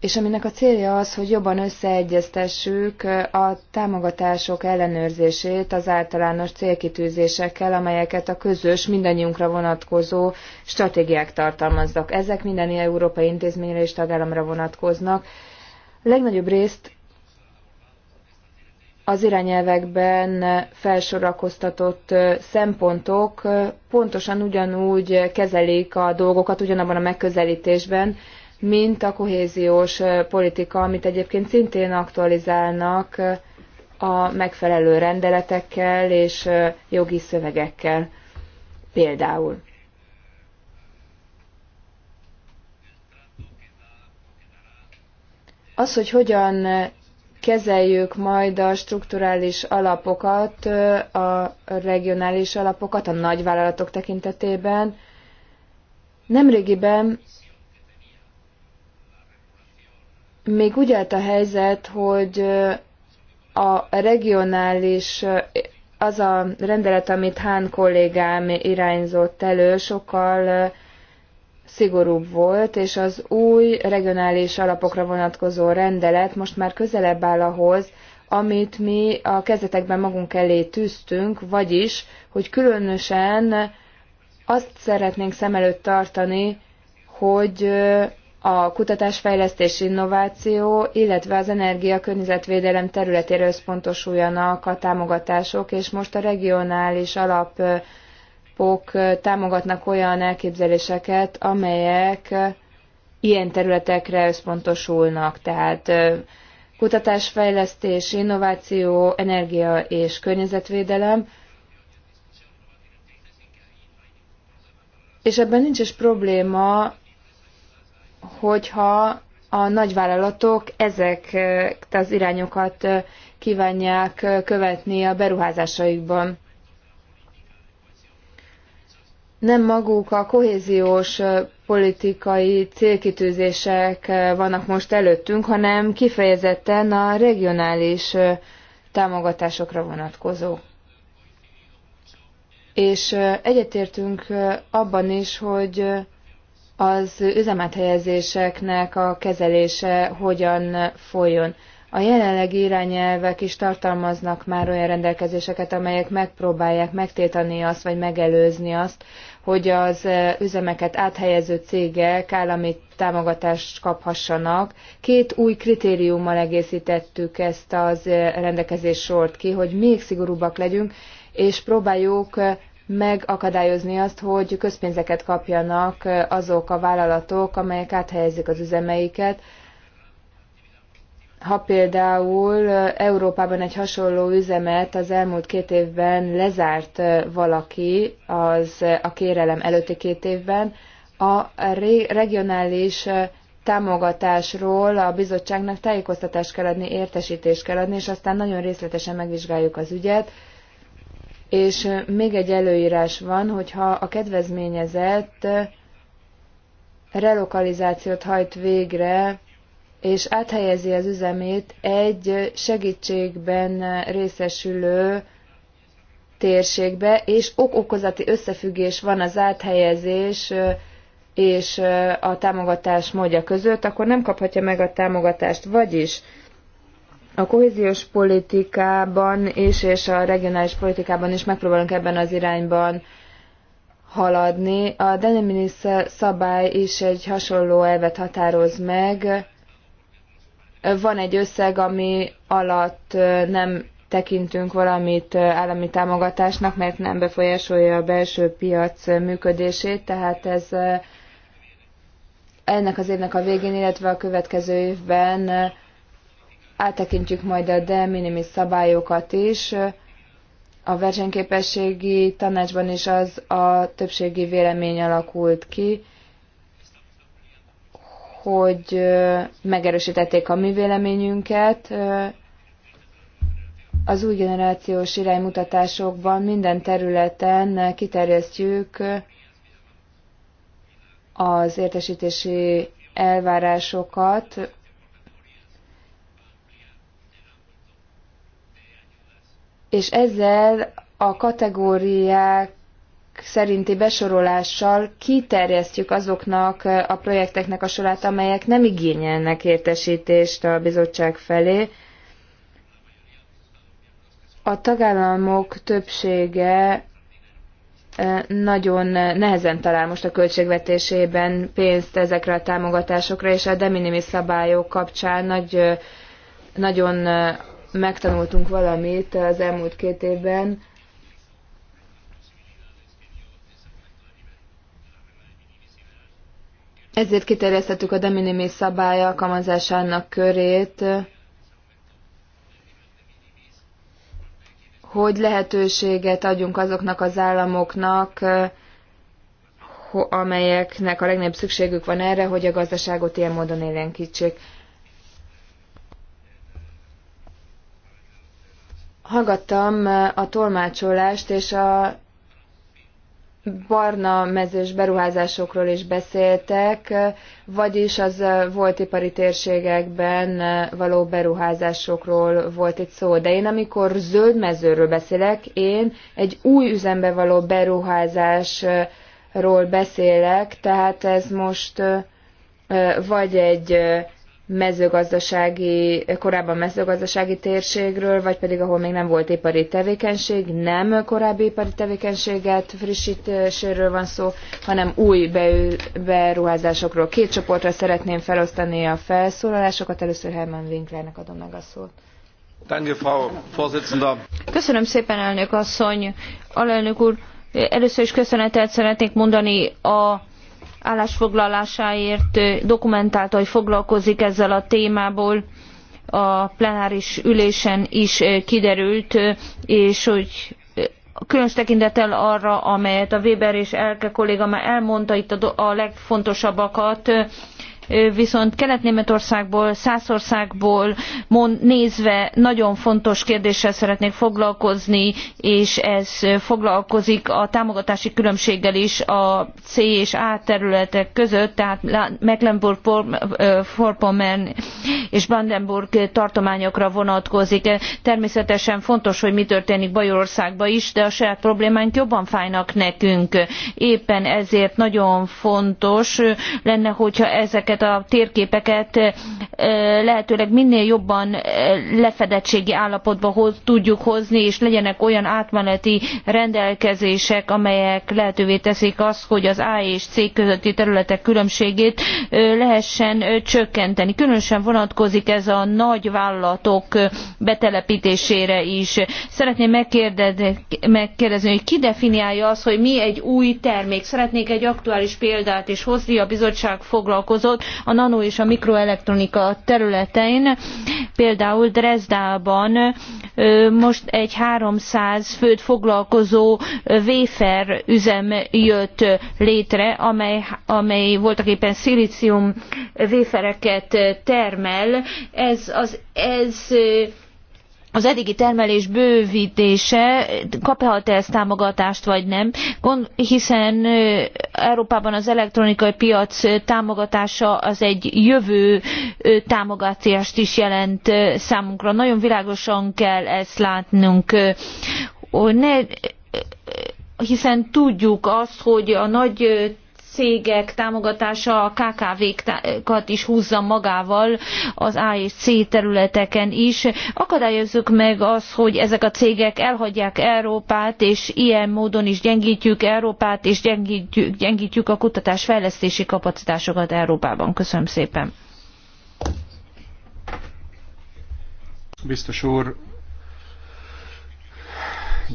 és aminek a célja az, hogy jobban összeegyeztessük eh, a támogatások ellenőrzését az általános célkitűzésekkel, amelyeket a közös, mindannyiunkra vonatkozó stratégiák tartalmaznak. Ezek minden európai intézményre és tagállamra vonatkoznak. Legnagyobb részt az irányelvekben felsorakoztatott eh, szempontok eh, pontosan ugyanúgy kezelik a dolgokat, ugyanabban a megközelítésben, mint a kohéziós politika, amit egyébként szintén aktualizálnak a megfelelő rendeletekkel és jogi szövegekkel például. Az, hogy hogyan kezeljük majd a strukturális alapokat, a regionális alapokat a nagyvállalatok tekintetében, nemrégiben még úgy állt a helyzet, hogy a regionális, az a rendelet, amit Hán kollégám irányzott elő, sokkal szigorúbb volt, és az új regionális alapokra vonatkozó rendelet most már közelebb áll ahhoz, amit mi a kezdetekben magunk elé tűztünk, vagyis, hogy különösen azt szeretnénk szem előtt tartani, hogy a kutatásfejlesztés innováció, illetve az energia környezetvédelem területére összpontosuljanak a támogatások, és most a regionális alapok támogatnak olyan elképzeléseket, amelyek ilyen területekre összpontosulnak, tehát kutatásfejlesztés, innováció, energia és környezetvédelem, és ebben nincs is probléma, hogyha a nagyvállalatok ezek az irányokat kívánják követni a beruházásaikban. Nem maguk a kohéziós politikai célkitűzések vannak most előttünk, hanem kifejezetten a regionális támogatásokra vonatkozó. És egyetértünk abban is, hogy az üzemethelyezéseknek a kezelése hogyan folyjon. A jelenlegi irányelvek is tartalmaznak már olyan rendelkezéseket, amelyek megpróbálják megtiltani azt, vagy megelőzni azt, hogy az üzemeket áthelyező cégek állami támogatást kaphassanak. Két új kritériummal egészítettük ezt az rendelkezés sort ki, hogy még szigorúbbak legyünk, és próbáljuk megakadályozni azt, hogy közpénzeket kapjanak azok a vállalatok, amelyek áthelyezik az üzemeiket. Ha például Európában egy hasonló üzemet az elmúlt két évben lezárt valaki, az a kérelem előtti két évben, a regionális támogatásról a bizottságnak tájékoztatást kell adni, értesítést kell adni, és aztán nagyon részletesen megvizsgáljuk az ügyet, és még egy előírás van, hogyha a kedvezményezett relokalizációt hajt végre, és áthelyezi az üzemét egy segítségben részesülő térségbe, és ok-okozati összefüggés van az áthelyezés és a támogatás módja között, akkor nem kaphatja meg a támogatást. Vagyis a kohéziós politikában is, és a regionális politikában is megpróbálunk ebben az irányban haladni. A Deneminis szabály is egy hasonló elvet határoz meg. Van egy összeg, ami alatt nem tekintünk valamit állami támogatásnak, mert nem befolyásolja a belső piac működését, tehát ez ennek az évnek a végén, illetve a következő évben áttekintjük majd a de minimis szabályokat is. A versenyképességi tanácsban is az a többségi vélemény alakult ki, hogy megerősítették a mi véleményünket. Az új generációs iránymutatásokban minden területen kiterjesztjük az értesítési elvárásokat és ezzel a kategóriák szerinti besorolással kiterjesztjük azoknak a projekteknek a sorát, amelyek nem igényelnek értesítést a bizottság felé. A tagállamok többsége eh, nagyon nehezen talál most a költségvetésében pénzt ezekre a támogatásokra, és a de minimis szabályok kapcsán nagy, eh, nagyon eh, megtanultunk valamit az elmúlt két évben, Ezért kiterjesztettük a de minimis szabály alkalmazásának körét, hogy lehetőséget adjunk azoknak az államoknak, amelyeknek a legnagyobb szükségük van erre, hogy a gazdaságot ilyen módon élénkítsék. Hallgattam a tolmácsolást, és a barna mezős beruházásokról is beszéltek, vagyis az volt ipari térségekben való beruházásokról volt itt szó. De én amikor zöld mezőről beszélek, én egy új üzembe való beruházásról beszélek, tehát ez most vagy egy mezőgazdasági, korábban mezőgazdasági térségről, vagy pedig ahol még nem volt ipari tevékenység, nem korábbi ipari tevékenységet frissítéséről van szó, hanem új beruházásokról. Két csoportra szeretném felosztani a felszólalásokat. Először Herman Winklernek adom meg a szót. Köszönöm szépen, elnök asszony, alelnök úr. Először is köszönetet szeretnék mondani a állásfoglalásáért dokumentálta, hogy foglalkozik ezzel a témából a plenáris ülésen is kiderült, és hogy különös tekintettel arra, amelyet a Weber és Elke kolléga már elmondta itt a, legfontosabbakat, viszont Kelet-Németországból, Szászországból nézve nagyon fontos kérdéssel szeretnék foglalkozni, és ez foglalkozik a támogatási különbséggel is a C és A területek között, tehát Mecklenburg-Vorpommern és Brandenburg tartományokra vonatkozik. Természetesen fontos, hogy mi történik Bajorországban is, de a saját problémánk jobban fájnak nekünk. Éppen ezért nagyon fontos lenne, hogyha ezeket ezeket a térképeket lehetőleg minél jobban lefedettségi állapotba tudjuk hozni, és legyenek olyan átmeneti rendelkezések, amelyek lehetővé teszik azt, hogy az A és C közötti területek különbségét lehessen csökkenteni. Különösen vonatkozik ez a nagy vállalatok betelepítésére is. Szeretném megkérdezni, hogy ki definiálja azt, hogy mi egy új termék. Szeretnék egy aktuális példát is hozni, a bizottság foglalkozott a nano és a mikroelektronika területein. Például Dresdában most egy 300 főt foglalkozó wafer üzem jött létre, amely, amely voltak éppen szilícium wafereket termel. Ez, az, ez az eddigi termelés bővítése kaphat-e ezt támogatást, vagy nem, hiszen Európában az elektronikai piac támogatása az egy jövő támogatást is jelent számunkra. Nagyon világosan kell ezt látnunk, ne, hiszen tudjuk azt, hogy a nagy cégek támogatása a KKV-kat is húzza magával az A és C területeken is. Akadályozzuk meg az, hogy ezek a cégek elhagyják Európát, és ilyen módon is gyengítjük Európát, és gyengítjük, gyengítjük a kutatás-fejlesztési kapacitásokat Európában. Köszönöm szépen. Biztos úr,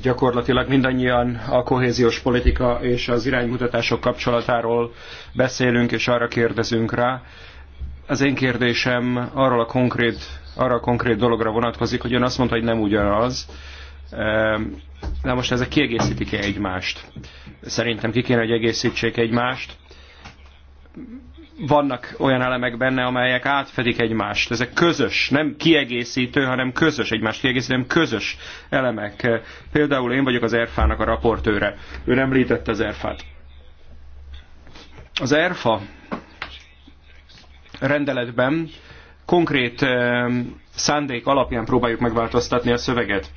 gyakorlatilag mindannyian a kohéziós politika és az iránymutatások kapcsolatáról beszélünk és arra kérdezünk rá. Az én kérdésem arról a konkrét, arra a konkrét dologra vonatkozik, hogy ön azt mondta, hogy nem ugyanaz. Ehm, na most ezek kiegészítik-e egymást? Szerintem ki kéne, hogy egészítsék egymást vannak olyan elemek benne, amelyek átfedik egymást. Ezek közös, nem kiegészítő, hanem közös, egymást kiegészítő, hanem közös elemek. Például én vagyok az ERFA-nak a raportőre. Ő említette az ERFA-t. Az ERFA rendeletben konkrét eh, szándék alapján próbáljuk megváltoztatni a szöveget.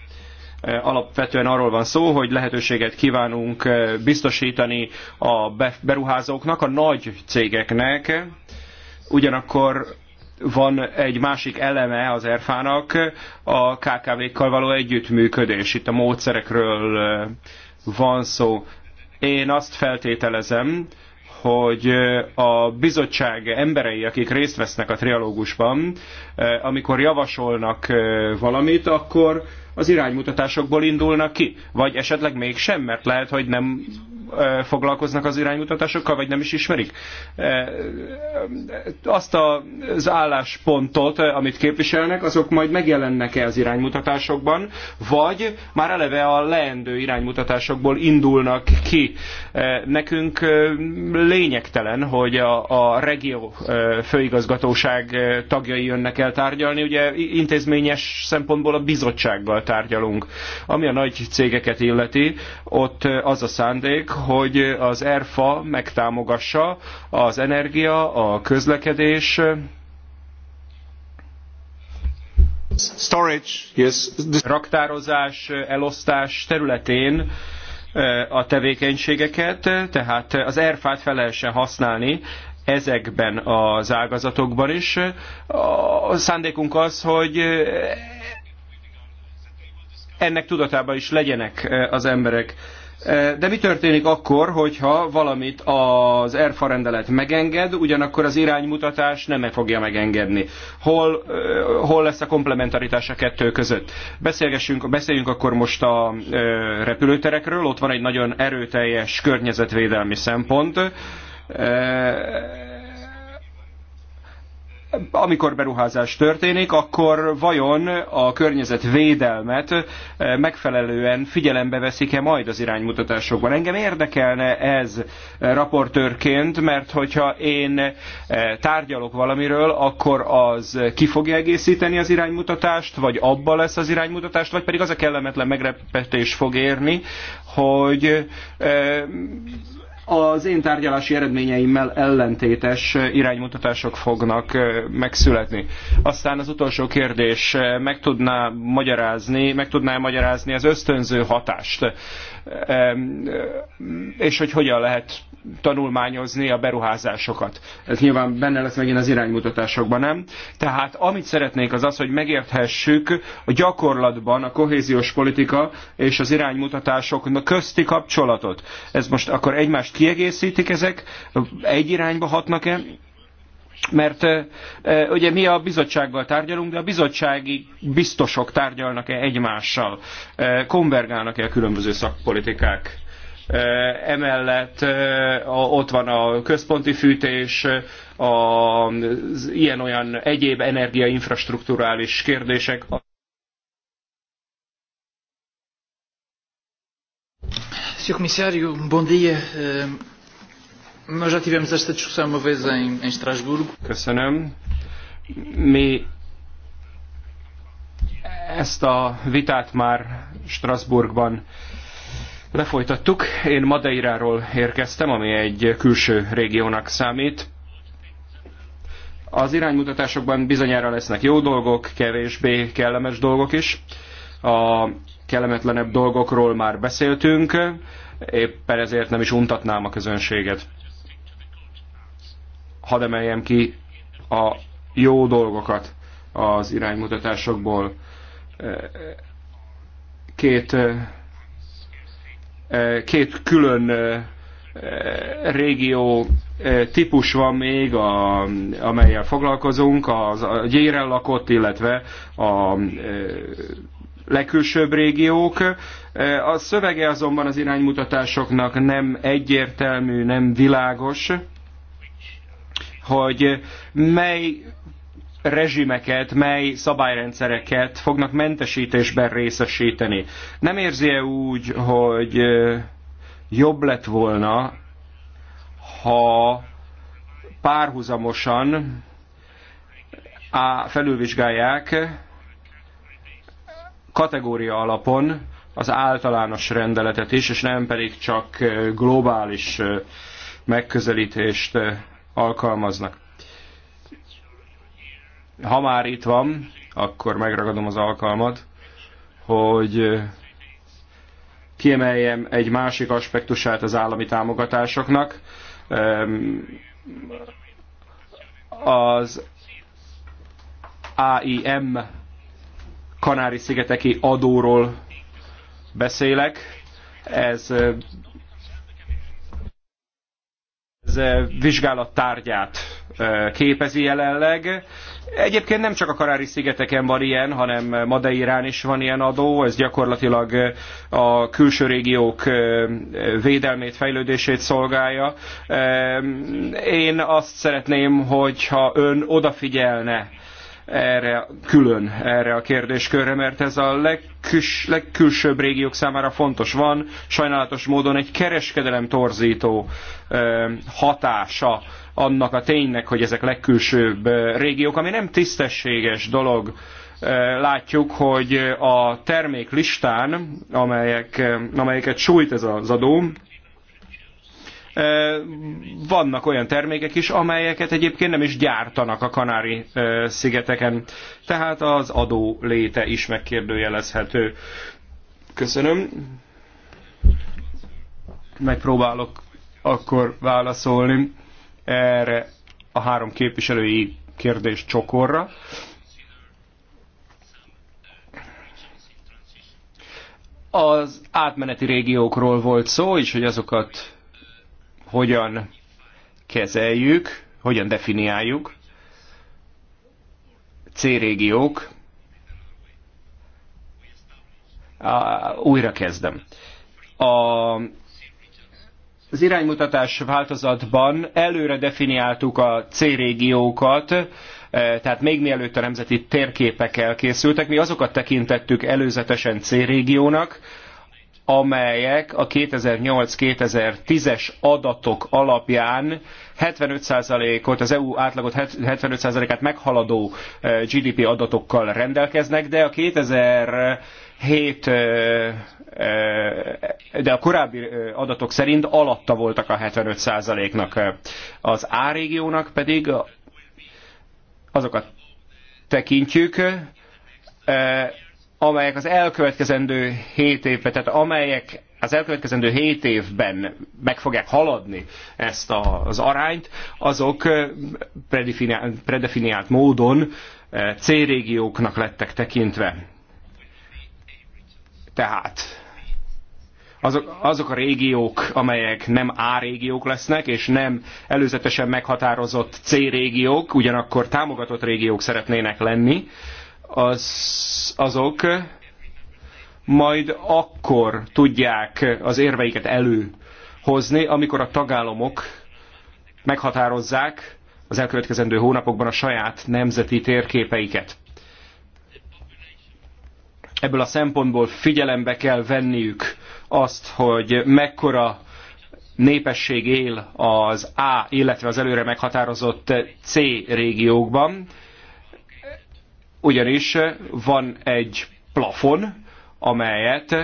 Eh, alapvetően arról van szó, hogy lehetőséget kívánunk eh, biztosítani a beruházóknak, a nagy cégeknek, ugyanakkor van egy másik eleme az erfának, a KKV-kkal való együttműködés. Itt a módszerekről eh, van szó. Én azt feltételezem, hogy a bizottság emberei, akik részt vesznek a trialógusban, amikor javasolnak valamit, akkor az iránymutatásokból indulnak ki, vagy esetleg mégsem, mert lehet, hogy nem foglalkoznak az iránymutatásokkal, vagy nem is ismerik. Azt az álláspontot, amit képviselnek, azok majd megjelennek-e az iránymutatásokban, vagy már eleve a leendő iránymutatásokból indulnak ki. Nekünk lényegtelen, hogy a, a regió főigazgatóság tagjai jönnek el tárgyalni, ugye intézményes szempontból a bizottsággal tárgyalunk. Ami a nagy cégeket illeti, ott az a szándék, hogy az ERFA megtámogassa az energia, a közlekedés, storage, yes. raktározás, elosztás területén e, a tevékenységeket, tehát az ERFA-t fel lehessen használni ezekben az ágazatokban is. A szándékunk az, hogy ennek tudatában is legyenek e, az emberek. De mi történik akkor, hogyha valamit az ERFA rendelet megenged, ugyanakkor az iránymutatás nem e fogja megengedni? Hol, hol lesz a komplementaritás a kettő között? Beszélgessünk, beszéljünk akkor most a repülőterekről. Ott van egy nagyon erőteljes környezetvédelmi szempont amikor beruházás történik, akkor vajon a környezet védelmet eh, megfelelően figyelembe veszik-e majd az iránymutatásokban? Engem érdekelne ez eh, raportőrként, mert hogyha én eh, tárgyalok valamiről, akkor az ki fogja egészíteni az iránymutatást, vagy abba lesz az iránymutatást, vagy pedig az a kellemetlen megrepetés fog érni, hogy az én tárgyalási eredményeimmel ellentétes iránymutatások fognak megszületni. Aztán az utolsó kérdés, meg tudná magyarázni, meg tudná magyarázni az ösztönző hatást, és hogy hogyan lehet tanulmányozni a beruházásokat. Ez nyilván benne lesz megint az iránymutatásokban, nem? Tehát amit szeretnék, az az, hogy megérthessük a gyakorlatban a kohéziós politika és az iránymutatások közti kapcsolatot. Ez most akkor egymást kiegészítik ezek, egy irányba hatnak-e, mert ugye mi a bizottsággal tárgyalunk, de a bizottsági biztosok tárgyalnak-e egymással, konvergálnak-e a különböző szakpolitikák? emellett ott van a központi fűtés, az ilyen-olyan egyéb energiainfrastruktúrális kérdések. Sr. Comissário, bom dia. Eh, nós já tivemos esta discussão uma vez em, em Estrasburgo. Köszönöm. Mi ezt a vitát már Strasbourgban lefolytattuk. Én Madeiráról érkeztem, ami egy külső régiónak számít. Az iránymutatásokban bizonyára lesznek jó dolgok, kevésbé kellemes dolgok is. A kellemetlenebb dolgokról már beszéltünk, éppen ezért nem is untatnám a közönséget. Hadd emeljem ki a jó dolgokat az iránymutatásokból. Két, két külön régió típus van még, a, amelyel foglalkozunk, az, a gyéren lakott, illetve a legkülsőbb régiók. E, a szövege azonban az iránymutatásoknak nem egyértelmű, nem világos, hogy mely rezsimeket, mely szabályrendszereket fognak mentesítésben részesíteni. Nem érzi -e úgy, hogy e, jobb lett volna, ha párhuzamosan felülvizsgálják kategória alapon az általános rendeletet is, és nem pedig csak globális megközelítést alkalmaznak. Ha már itt van, akkor megragadom az alkalmat, hogy kiemeljem egy másik aspektusát az állami támogatásoknak. Az AIM Kanári-szigeteki adóról beszélek. Ez, ez vizsgálat tárgyát képezi jelenleg. Egyébként nem csak a Kanári-szigeteken van ilyen, hanem Madeirán is van ilyen adó. Ez gyakorlatilag a külső régiók védelmét, fejlődését szolgálja. Én azt szeretném, hogyha ön odafigyelne erre külön erre a kérdéskörre, mert ez a legküls, legkülsőbb régiók számára fontos. Van sajnálatos módon egy kereskedelem torzító ö, hatása annak a ténynek, hogy ezek legkülsőbb régiók, ami nem tisztességes dolog. Látjuk, hogy a termék listán, amelyek, amelyeket sújt ez az adó, vannak olyan termékek is, amelyeket egyébként nem is gyártanak a Kanári-szigeteken. Tehát az adó léte is megkérdőjelezhető. Köszönöm. Megpróbálok akkor válaszolni erre a három képviselői kérdés csokorra. Az átmeneti régiókról volt szó, és hogy azokat hogyan kezeljük, hogyan definiáljuk C-régiók. Újra kezdem. A, az iránymutatás változatban előre definiáltuk a C-régiókat, e, tehát még mielőtt a nemzeti térképek elkészültek, mi azokat tekintettük előzetesen C-régiónak, amelyek a 2008-2010-es adatok alapján 75%-ot, az EU átlagot 75%-át meghaladó eh, GDP adatokkal rendelkeznek, de a 2007- eh, eh, de a korábbi adatok szerint alatta voltak a 75%-nak. Az A régiónak pedig azokat tekintjük, amelyek az elkövetkezendő 7 évben, tehát amelyek az elkövetkezendő 7 évben meg fogják haladni ezt az arányt, azok predefiniált, predefiniált módon C-régióknak lettek tekintve. Tehát azok, azok a régiók, amelyek nem A régiók lesznek, és nem előzetesen meghatározott C régiók, ugyanakkor támogatott régiók szeretnének lenni, az, azok majd akkor tudják az érveiket előhozni, amikor a tagállamok meghatározzák az elkövetkezendő hónapokban a saját nemzeti térképeiket. Ebből a szempontból figyelembe kell venniük azt, hogy mekkora népesség él az A, illetve az előre meghatározott C régiókban, ugyanis van egy plafon, amelyet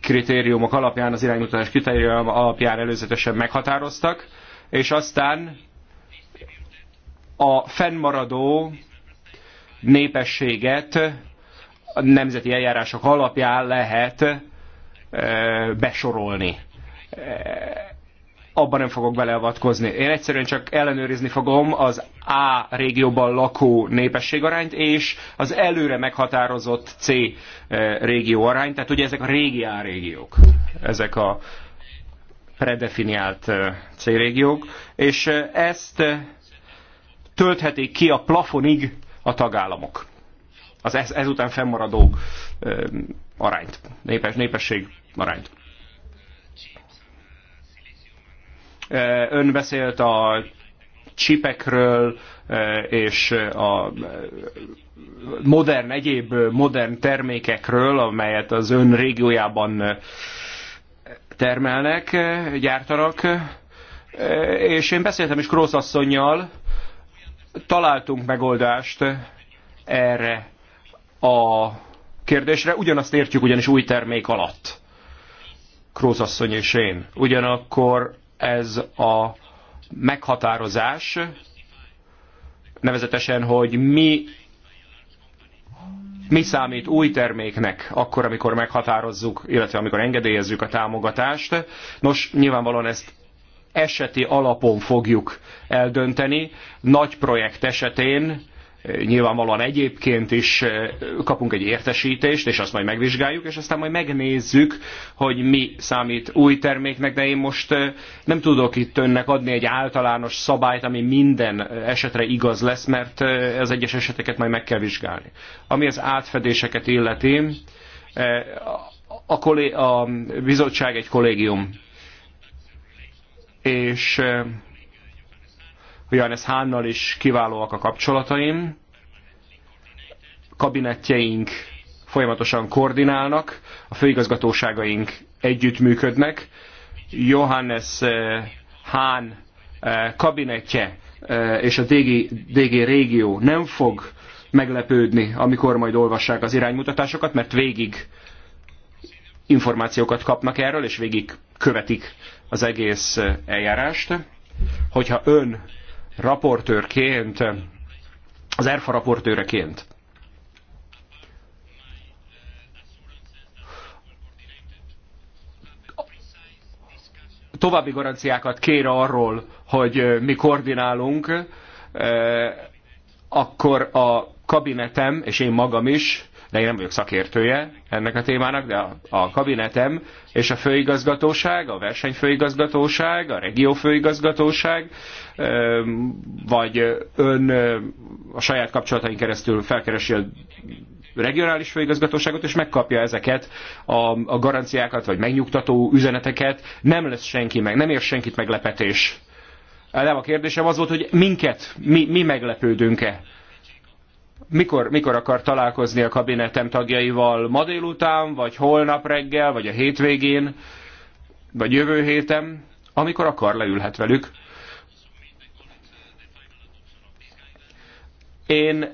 kritériumok alapján, az iránymutatás kritérium alapján előzetesen meghatároztak, és aztán a fennmaradó népességet a nemzeti eljárások alapján lehet eh, besorolni eh, abban nem fogok beleavatkozni. Én egyszerűen csak ellenőrizni fogom az A régióban lakó népességarányt és az előre meghatározott C eh, régió arányt. Tehát ugye ezek a régi A régiók, ezek a predefiniált eh, C régiók, és eh, ezt tölthetik ki a plafonig a tagállamok. Az ez, ezután fennmaradó arányt, népes, népesség arányt. Ön beszélt a csipekről és a modern, egyéb modern termékekről, amelyet az ön régiójában termelnek, gyártanak. És én beszéltem is Krósz asszonynal, találtunk megoldást erre a kérdésre. Ugyanazt értjük ugyanis új termék alatt. Krózasszony és én. Ugyanakkor ez a meghatározás, nevezetesen, hogy mi mi számít új terméknek akkor, amikor meghatározzuk, illetve amikor engedélyezzük a támogatást. Nos, nyilvánvalóan ezt eseti alapon fogjuk eldönteni. Nagy projekt esetén nyilvánvalóan egyébként is eh, kapunk egy értesítést, és azt majd megvizsgáljuk, és aztán majd megnézzük, hogy mi számít új terméknek, de én most eh, nem tudok itt önnek adni egy általános szabályt, ami minden eh, esetre igaz lesz, mert az egyes eseteket majd meg kell vizsgálni. Ami az átfedéseket illeti, a, kollé- a bizottság egy kollégium, és Johannes Hánnal is kiválóak a kapcsolataim. Kabinetjeink folyamatosan koordinálnak, a főigazgatóságaink együttműködnek. Johannes eh, Hán eh, kabinetje eh, és a DG, DG régió nem fog meglepődni, amikor majd olvassák az iránymutatásokat, mert végig információkat kapnak erről, és végig követik az egész eljárást. Hogyha ön raportőrként, az ERFA raportőreként további garanciákat kér arról, hogy mi koordinálunk, akkor a kabinetem és én magam is de én nem vagyok szakértője ennek a témának, de a, a kabinetem és a főigazgatóság, a versenyfőigazgatóság, a regiófőigazgatóság, vagy ön a saját kapcsolataink keresztül felkeresi a regionális főigazgatóságot, és megkapja ezeket a, a garanciákat, vagy megnyugtató üzeneteket, nem lesz senki meg, nem ér senkit meglepetés. Nem a kérdésem az volt, hogy minket, mi, mi meglepődünk-e mikor, mikor akar találkozni a kabinetem tagjaival? Ma délután, vagy holnap reggel, vagy a hétvégén, vagy jövő héten? Amikor akar, leülhet velük. Én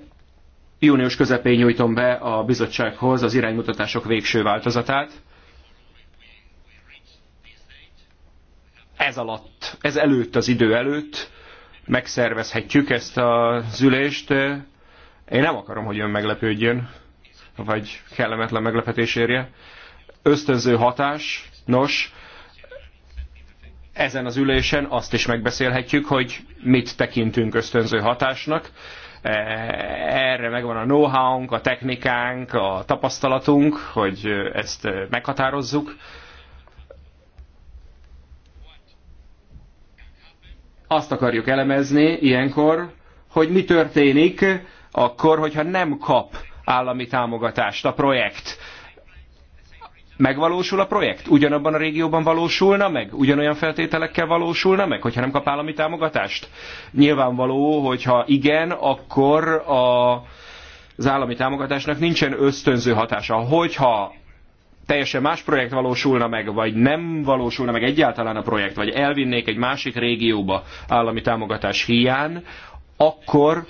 június közepén nyújtom be a bizottsághoz az iránymutatások végső változatát. Ez alatt, ez előtt, az idő előtt megszervezhetjük ezt az ülést én nem akarom, hogy ön meglepődjön, vagy kellemetlen meglepetés érje. Ösztönző hatás, nos, ezen az ülésen azt is megbeszélhetjük, hogy mit tekintünk ösztönző hatásnak. E, erre megvan a know how a technikánk, a tapasztalatunk, hogy ezt meghatározzuk. Azt akarjuk elemezni ilyenkor, hogy mi történik akkor, hogyha nem kap állami támogatást a projekt, megvalósul a projekt? Ugyanabban a régióban valósulna meg? Ugyanolyan feltételekkel valósulna meg, hogyha nem kap állami támogatást? Nyilvánvaló, hogyha igen, akkor a, az állami támogatásnak nincsen ösztönző hatása. Hogyha teljesen más projekt valósulna meg, vagy nem valósulna meg egyáltalán a projekt, vagy elvinnék egy másik régióba állami támogatás hiány, akkor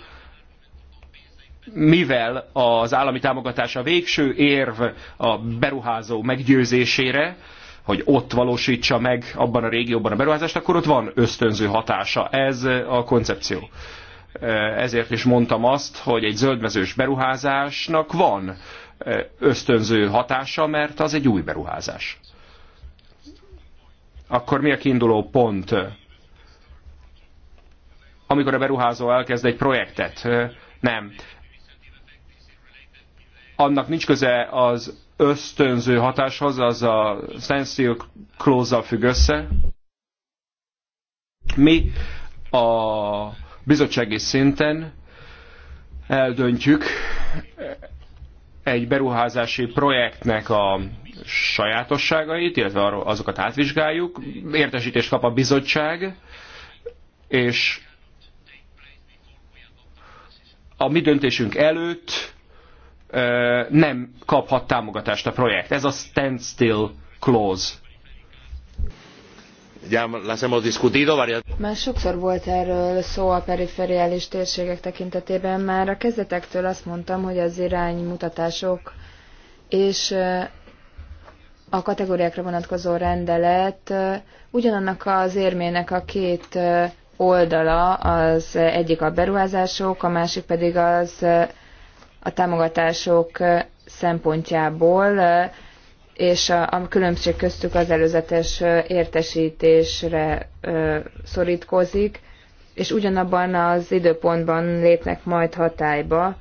mivel az állami támogatás a végső érv a beruházó meggyőzésére, hogy ott valósítsa meg abban a régióban a beruházást, akkor ott van ösztönző hatása. Ez a koncepció. Ezért is mondtam azt, hogy egy zöldmezős beruházásnak van ösztönző hatása, mert az egy új beruházás. Akkor mi a kiinduló pont? Amikor a beruházó elkezd egy projektet, nem annak nincs köze az ösztönző hatáshoz, az a standstill close-zal függ össze. Mi a bizottsági szinten eldöntjük egy beruházási projektnek a sajátosságait, illetve azokat átvizsgáljuk, értesítést kap a bizottság, és a mi döntésünk előtt nem kaphat támogatást a projekt. Ez a standstill clause. Már sokszor volt erről szó a perifériális térségek tekintetében, már a kezdetektől azt mondtam, hogy az iránymutatások és a kategóriákra vonatkozó rendelet ugyanannak az érmének a két oldala, az egyik a beruházások, a másik pedig az a támogatások szempontjából, és a, a különbség köztük az előzetes értesítésre szorítkozik, és ugyanabban az időpontban lépnek majd hatályba,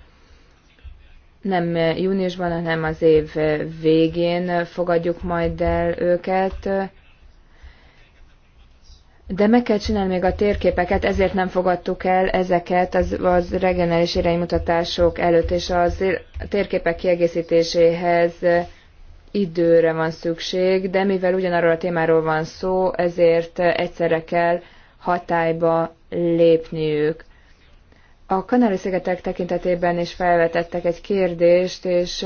nem júniusban, hanem az év végén fogadjuk majd el őket de meg kell csinálni még a térképeket, ezért nem fogadtuk el ezeket az, az regionális iránymutatások előtt, és az térképek kiegészítéséhez időre van szükség, de mivel ugyanarról a témáról van szó, ezért egyszerre kell hatályba lépniük. A Kanári-szigetek tekintetében is felvetettek egy kérdést, és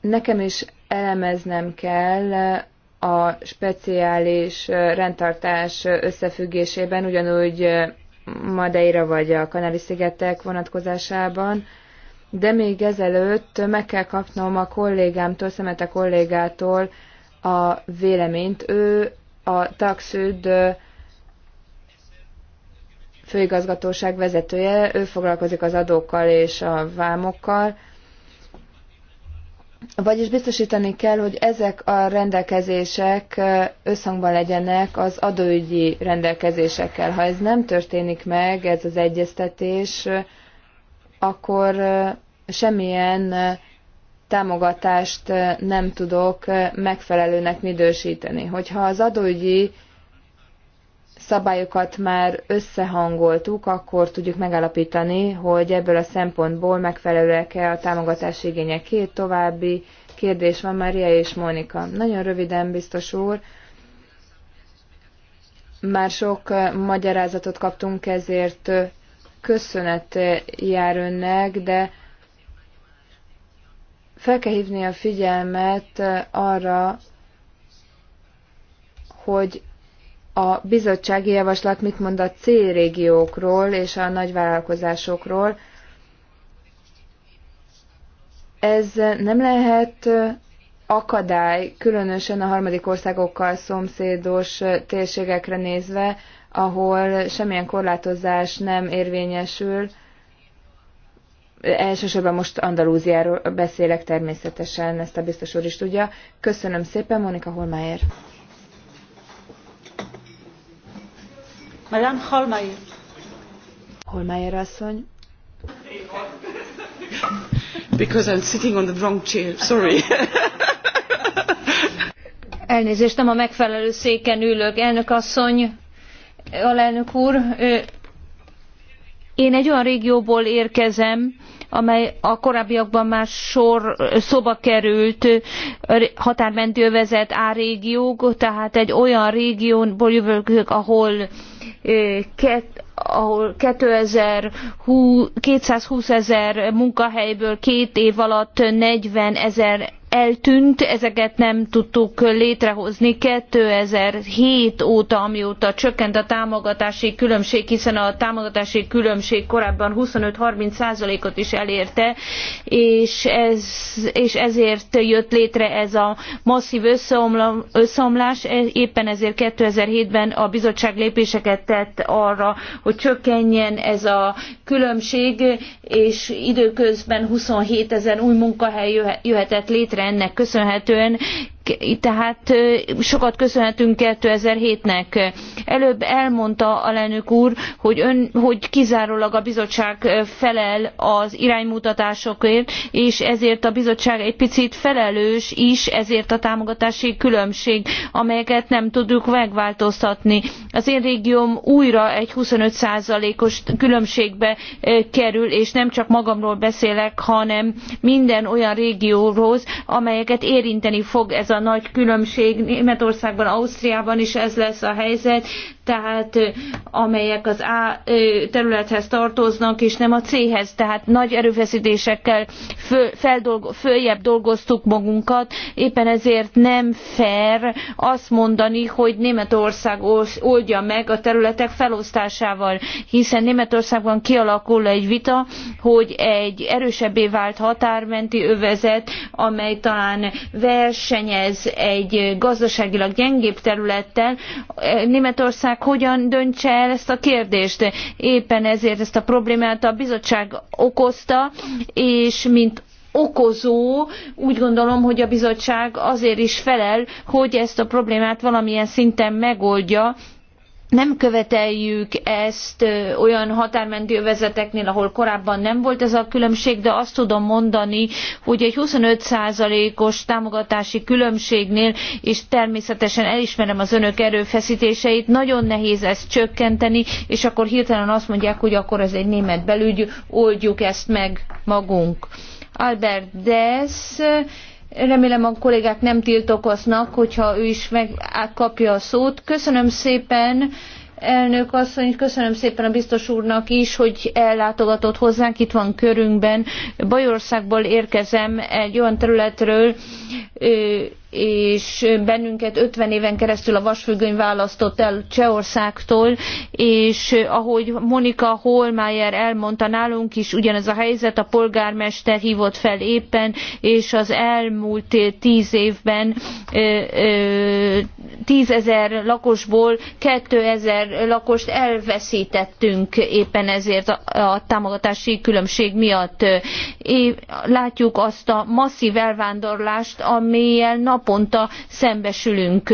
nekem is elemeznem kell a speciális rendtartás összefüggésében, ugyanúgy Madeira vagy a Kanári-szigetek vonatkozásában, de még ezelőtt meg kell kapnom a kollégámtól, Szemete kollégától a véleményt. Ő a TAXÜD főigazgatóság vezetője, ő foglalkozik az adókkal és a vámokkal, vagyis biztosítani kell, hogy ezek a rendelkezések összhangban legyenek az adóügyi rendelkezésekkel. Ha ez nem történik meg, ez az egyeztetés, akkor semmilyen támogatást nem tudok megfelelőnek minősíteni. Hogyha az adóügyi szabályokat már összehangoltuk, akkor tudjuk megállapítani, hogy ebből a szempontból megfelelőek-e a támogatási igények. Két további kérdés van Maria és Monika. Nagyon röviden, biztos úr, már sok magyarázatot kaptunk, ezért köszönet jár önnek, de fel kell hívni a figyelmet arra, hogy a bizottsági javaslat mit mond a C-régiókról és a nagyvállalkozásokról. Ez nem lehet akadály, különösen a harmadik országokkal szomszédos térségekre nézve, ahol semmilyen korlátozás nem érvényesül. Elsősorban most Andalúziáról beszélek természetesen, ezt a biztos úr is tudja. Köszönöm szépen, Monika Holmájer. Madame Holmeyer. Holmeyer asszony. Because I'm sitting on the wrong chair, sorry. Elnézést, nem a megfelelő széken ülök. Elnök asszony, alelnök úr, én egy olyan régióból érkezem, amely a korábbiakban már sor szoba került határmenti övezet A régiók, tehát egy olyan régióból jövök, ahol kett, ahol 2220 ezer munkahelyből két év alatt 40 ezer eltűnt, ezeket nem tudtuk létrehozni 2007 óta, amióta csökkent a támogatási különbség, hiszen a támogatási különbség korábban 25-30 százalékot is elérte, és, ez, és ezért jött létre ez a masszív összeomlás, e, éppen ezért 2007-ben a bizottság lépéseket tett arra, hogy csökkenjen ez a különbség, és időközben 27 ezer új munkahely jöhetett létre ennek köszönhetően tehát sokat köszönhetünk 2007-nek. Előbb elmondta alelnök úr, hogy, ön, hogy kizárólag a bizottság felel az iránymutatásokért, és ezért a bizottság egy picit felelős is ezért a támogatási különbség, amelyeket nem tudjuk megváltoztatni. Az én régióm újra egy 25%-os különbségbe kerül, és nem csak magamról beszélek, hanem minden olyan régióhoz, amelyeket érinteni fog ez a a nagy különbség. Németországban, Ausztriában is ez lesz a helyzet, tehát amelyek az A területhez tartoznak, és nem a C-hez. Tehát nagy erőfeszítésekkel föl, feldolgo, följebb dolgoztuk magunkat, éppen ezért nem fair azt mondani, hogy Németország oldja meg a területek felosztásával, hiszen Németországban kialakul egy vita, hogy egy erősebbé vált határmenti övezet, amely talán versenyez ez egy gazdaságilag gyengébb területtel, Németország hogyan döntse el ezt a kérdést. Éppen ezért ezt a problémát a bizottság okozta, és mint okozó, úgy gondolom, hogy a bizottság azért is felel, hogy ezt a problémát valamilyen szinten megoldja, nem követeljük ezt olyan határmenti övezeteknél, ahol korábban nem volt ez a különbség, de azt tudom mondani, hogy egy 25%-os támogatási különbségnél, és természetesen elismerem az önök erőfeszítéseit, nagyon nehéz ezt csökkenteni, és akkor hirtelen azt mondják, hogy akkor ez egy német belügy, oldjuk ezt meg magunk. Albert Dess Remélem a kollégák nem tiltokoznak, hogyha ő is megkapja a szót. Köszönöm szépen, elnök asszony, köszönöm szépen a biztos úrnak is, hogy ellátogatott hozzánk, itt van körünkben. Bajországból érkezem egy olyan területről, és bennünket 50 éven keresztül a vasfüggöny választott el Csehországtól, és ahogy Monika Holmeier elmondta nálunk is, ugyanez a helyzet, a polgármester hívott fel éppen, és az elmúlt tíz évben tízezer lakosból 2000 lakost elveszítettünk éppen ezért a támogatási különbség miatt. Látjuk azt a masszív elvándorlást, amelyel nap naponta szembesülünk.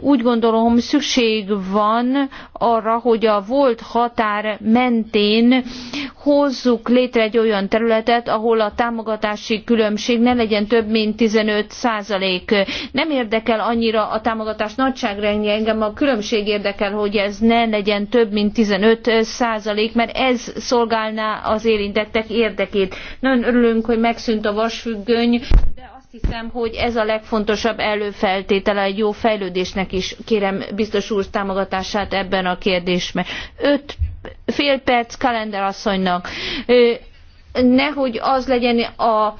Úgy gondolom szükség van arra, hogy a volt határ mentén hozzuk létre egy olyan területet, ahol a támogatási különbség ne legyen több, mint 15 százalék. Nem érdekel annyira a támogatás nagyságrendje, engem a különbség érdekel, hogy ez ne legyen több, mint 15 százalék, mert ez szolgálná az érintettek érdekét. Nagyon örülünk, hogy megszűnt a vasfüggöny, de azt hiszem, hogy ez a legfontosabb előfeltétele egy jó fejlődésnek is. Kérem biztos úr támogatását ebben a kérdésben. Öt fél perc asszonynak Nehogy az legyen a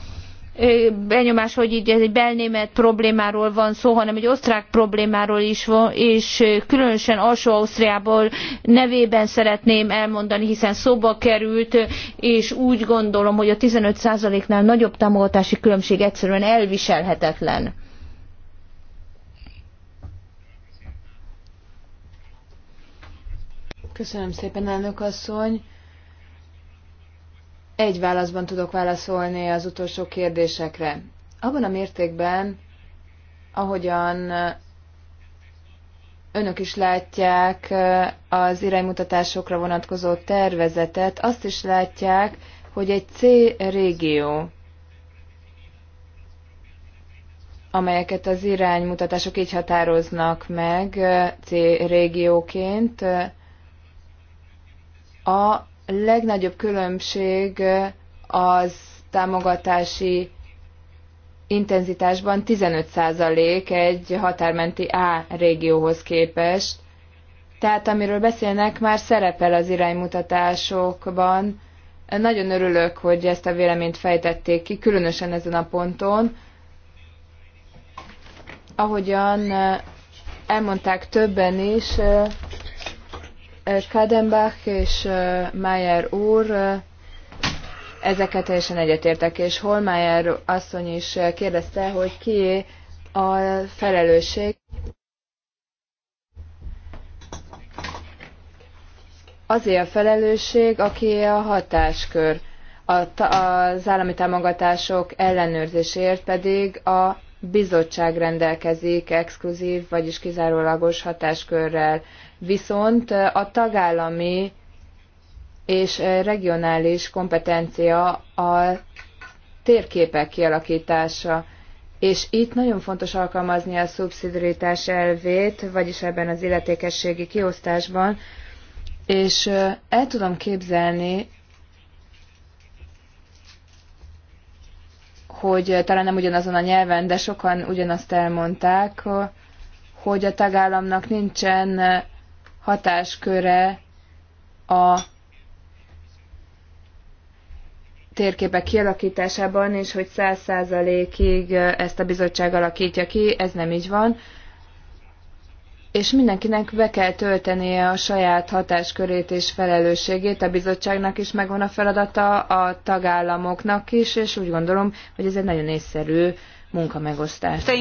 benyomás, hogy itt egy belnémet problémáról van szó, hanem egy osztrák problémáról is van, és különösen Alsó-Ausztriából nevében szeretném elmondani, hiszen szóba került, és úgy gondolom, hogy a 15%-nál nagyobb támogatási különbség egyszerűen elviselhetetlen. Köszönöm szépen, elnök asszony egy válaszban tudok válaszolni az utolsó kérdésekre. Abban a mértékben, ahogyan eh, önök is látják eh, az iránymutatásokra vonatkozó tervezetet, azt is látják, hogy egy C régió, amelyeket az iránymutatások így határoznak meg eh, C régióként, a legnagyobb különbség az támogatási intenzitásban 15% egy határmenti A régióhoz képest. Tehát amiről beszélnek, már szerepel az iránymutatásokban. Nagyon örülök, hogy ezt a véleményt fejtették ki, különösen ezen a ponton. Ahogyan eh, elmondták többen is, eh, Kadenbach és Mayer úr ezeket teljesen egyetértek, és Holmeyer asszony is kérdezte, hogy ki a felelősség. Azért a felelősség, aki a hatáskör. A, az állami támogatások ellenőrzésért pedig a bizottság rendelkezik exkluzív, vagyis kizárólagos hatáskörrel viszont a tagállami és regionális kompetencia a térképek kialakítása. És itt nagyon fontos alkalmazni a szubszidiaritás elvét, vagyis ebben az illetékességi kiosztásban, és el tudom képzelni, hogy talán nem ugyanazon a nyelven, de sokan ugyanazt elmondták, hogy a tagállamnak nincsen hatásköre a térképek kialakításában, és hogy száz százalékig ezt a bizottság alakítja ki, ez nem így van. És mindenkinek be kell töltenie a saját hatáskörét és felelősségét, a bizottságnak is megvan a feladata, a tagállamoknak is, és úgy gondolom, hogy ez egy nagyon észszerű munkamegosztást.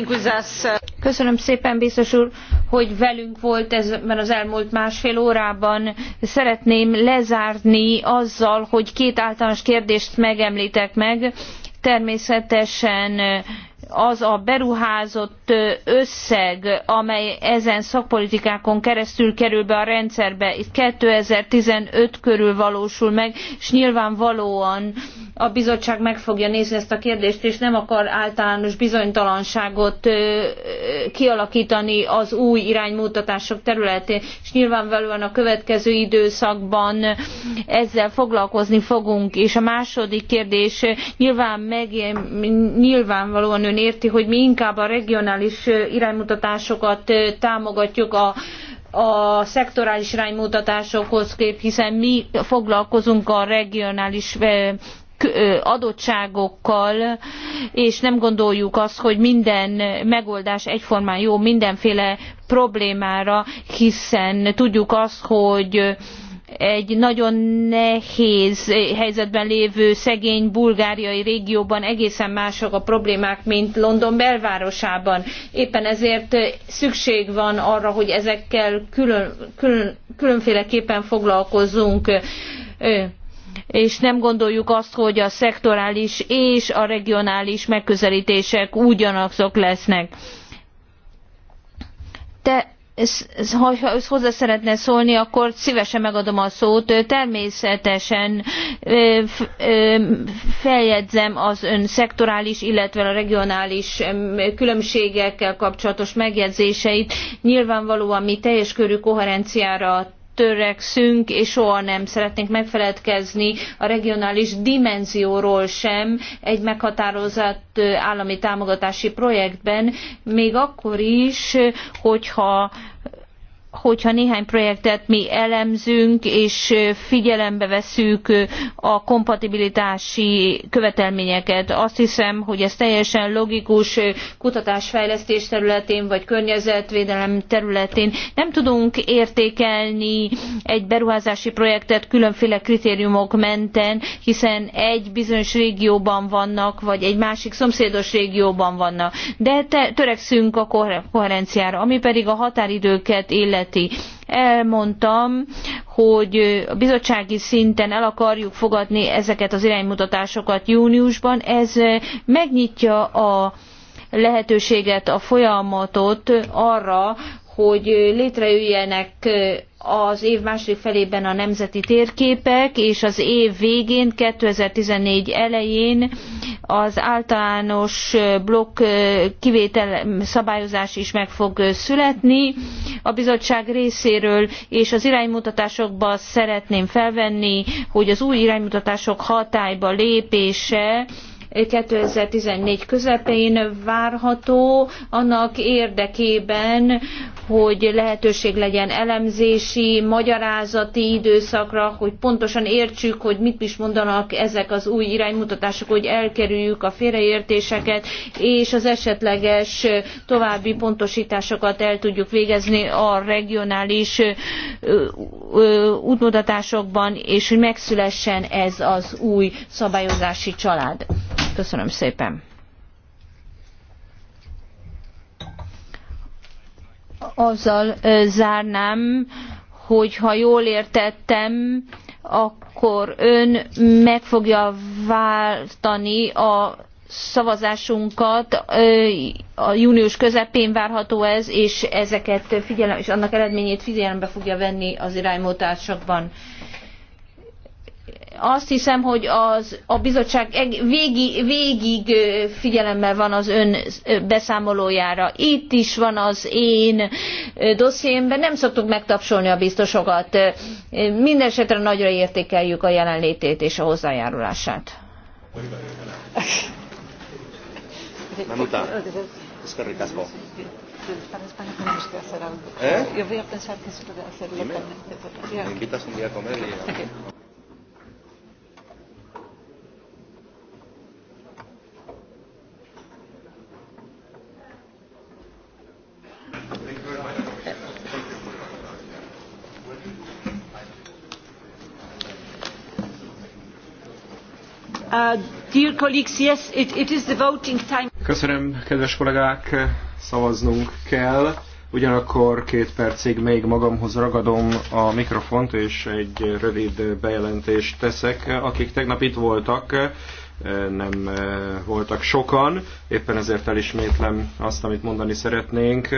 Köszönöm szépen, biztos úr, hogy velünk volt ezben az elmúlt másfél órában. Szeretném lezárni azzal, hogy két általános kérdést megemlítek meg. Természetesen az a beruházott összeg, amely ezen szakpolitikákon keresztül kerül be a rendszerbe, itt 2015 körül valósul meg, és nyilvánvalóan a bizottság meg fogja nézni ezt a kérdést, és nem akar általános bizonytalanságot kialakítani az új iránymutatások területén, és nyilvánvalóan a következő időszakban ezzel foglalkozni fogunk. És a második kérdés nyilván meg, nyilvánvalóan ön érti, hogy mi inkább a regionális iránymutatásokat támogatjuk a a szektorális iránymutatásokhoz kép, hiszen mi foglalkozunk a regionális adottságokkal, és nem gondoljuk azt, hogy minden megoldás egyformán jó mindenféle problémára, hiszen tudjuk azt, hogy egy nagyon nehéz helyzetben lévő szegény bulgáriai régióban egészen mások a problémák, mint London belvárosában. Éppen ezért szükség van arra, hogy ezekkel külön, külön, különféleképpen foglalkozzunk és nem gondoljuk azt, hogy a szektorális és a regionális megközelítések ugyanazok lesznek. De ha hozzá szeretne szólni, akkor szívesen megadom a szót. Természetesen feljegyzem az ön szektorális, illetve a regionális különbségekkel kapcsolatos megjegyzéseit. Nyilvánvalóan mi teljes körű koherenciára törekszünk, és soha nem szeretnénk megfeledkezni a regionális dimenzióról sem egy meghatározott állami támogatási projektben, még akkor is, hogyha hogyha néhány projektet mi elemzünk és figyelembe vesszük a kompatibilitási követelményeket. Azt hiszem, hogy ez teljesen logikus kutatásfejlesztés területén vagy környezetvédelem területén. Nem tudunk értékelni egy beruházási projektet különféle kritériumok menten, hiszen egy bizonyos régióban vannak, vagy egy másik szomszédos régióban vannak. De te, törekszünk a koherenciára, ami pedig a határidőket illeti illeti. Elmondtam, hogy a bizottsági szinten el akarjuk fogadni ezeket az iránymutatásokat júniusban. Ez megnyitja a lehetőséget, a folyamatot arra, hogy létrejöjjenek az év második felében a nemzeti térképek, és az év végén, 2014 elején az általános blokk kivétel szabályozás is meg fog születni a bizottság részéről, és az iránymutatásokba szeretném felvenni, hogy az új iránymutatások hatályba lépése 2014 közepén várható annak érdekében, hogy lehetőség legyen elemzési, magyarázati időszakra, hogy pontosan értsük, hogy mit is mondanak ezek az új iránymutatások, hogy elkerüljük a félreértéseket, és az esetleges további pontosításokat el tudjuk végezni a regionális útmutatásokban, és hogy megszülessen ez az új szabályozási család. Köszönöm szépen. Azzal zárnám, hogy ha jól értettem, akkor ön meg fogja váltani a szavazásunkat a június közepén várható ez, és ezeket figyelem, és annak eredményét figyelembe fogja venni az iránymutatásokban azt hiszem, hogy az, a bizottság végig, végig figyelemmel van az ön beszámolójára. Itt is van az én dossziémben, nem szoktuk megtapsolni a biztosokat. Mindenesetre nagyra értékeljük a jelenlétét és a hozzájárulását. ¿Eh? Yo voy a pensar que se puede hacer ¿Me invitas un día a comer? Y... Köszönöm, kedves kollégák, szavaznunk kell. Ugyanakkor két percig még magamhoz ragadom a mikrofont, és egy rövid bejelentést teszek. Akik tegnap itt voltak, nem voltak sokan, éppen ezért elismétlem azt, amit mondani szeretnénk.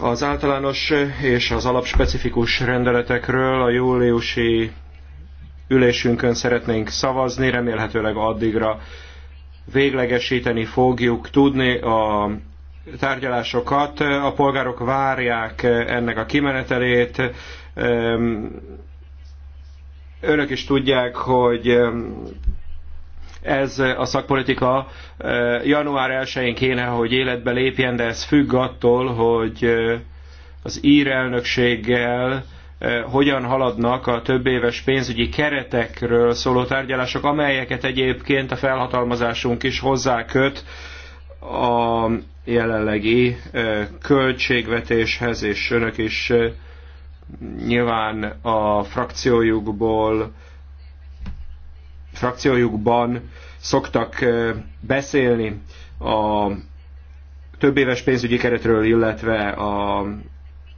Az általános és az alapspecifikus rendeletekről a júliusi ülésünkön szeretnénk szavazni, remélhetőleg addigra véglegesíteni fogjuk tudni a tárgyalásokat. A polgárok várják ennek a kimenetelét, Önök is tudják, hogy ez a szakpolitika eh, január 1-én kéne, hogy életbe lépjen, de ez függ attól, hogy eh, az ír elnökséggel eh, hogyan haladnak a több éves pénzügyi keretekről szóló tárgyalások, amelyeket egyébként a felhatalmazásunk is hozzáköt a jelenlegi költségvetéshez, és önök is nyilván a frakciójukból, frakciójukban szoktak eh, beszélni a több éves pénzügyi keretről, illetve a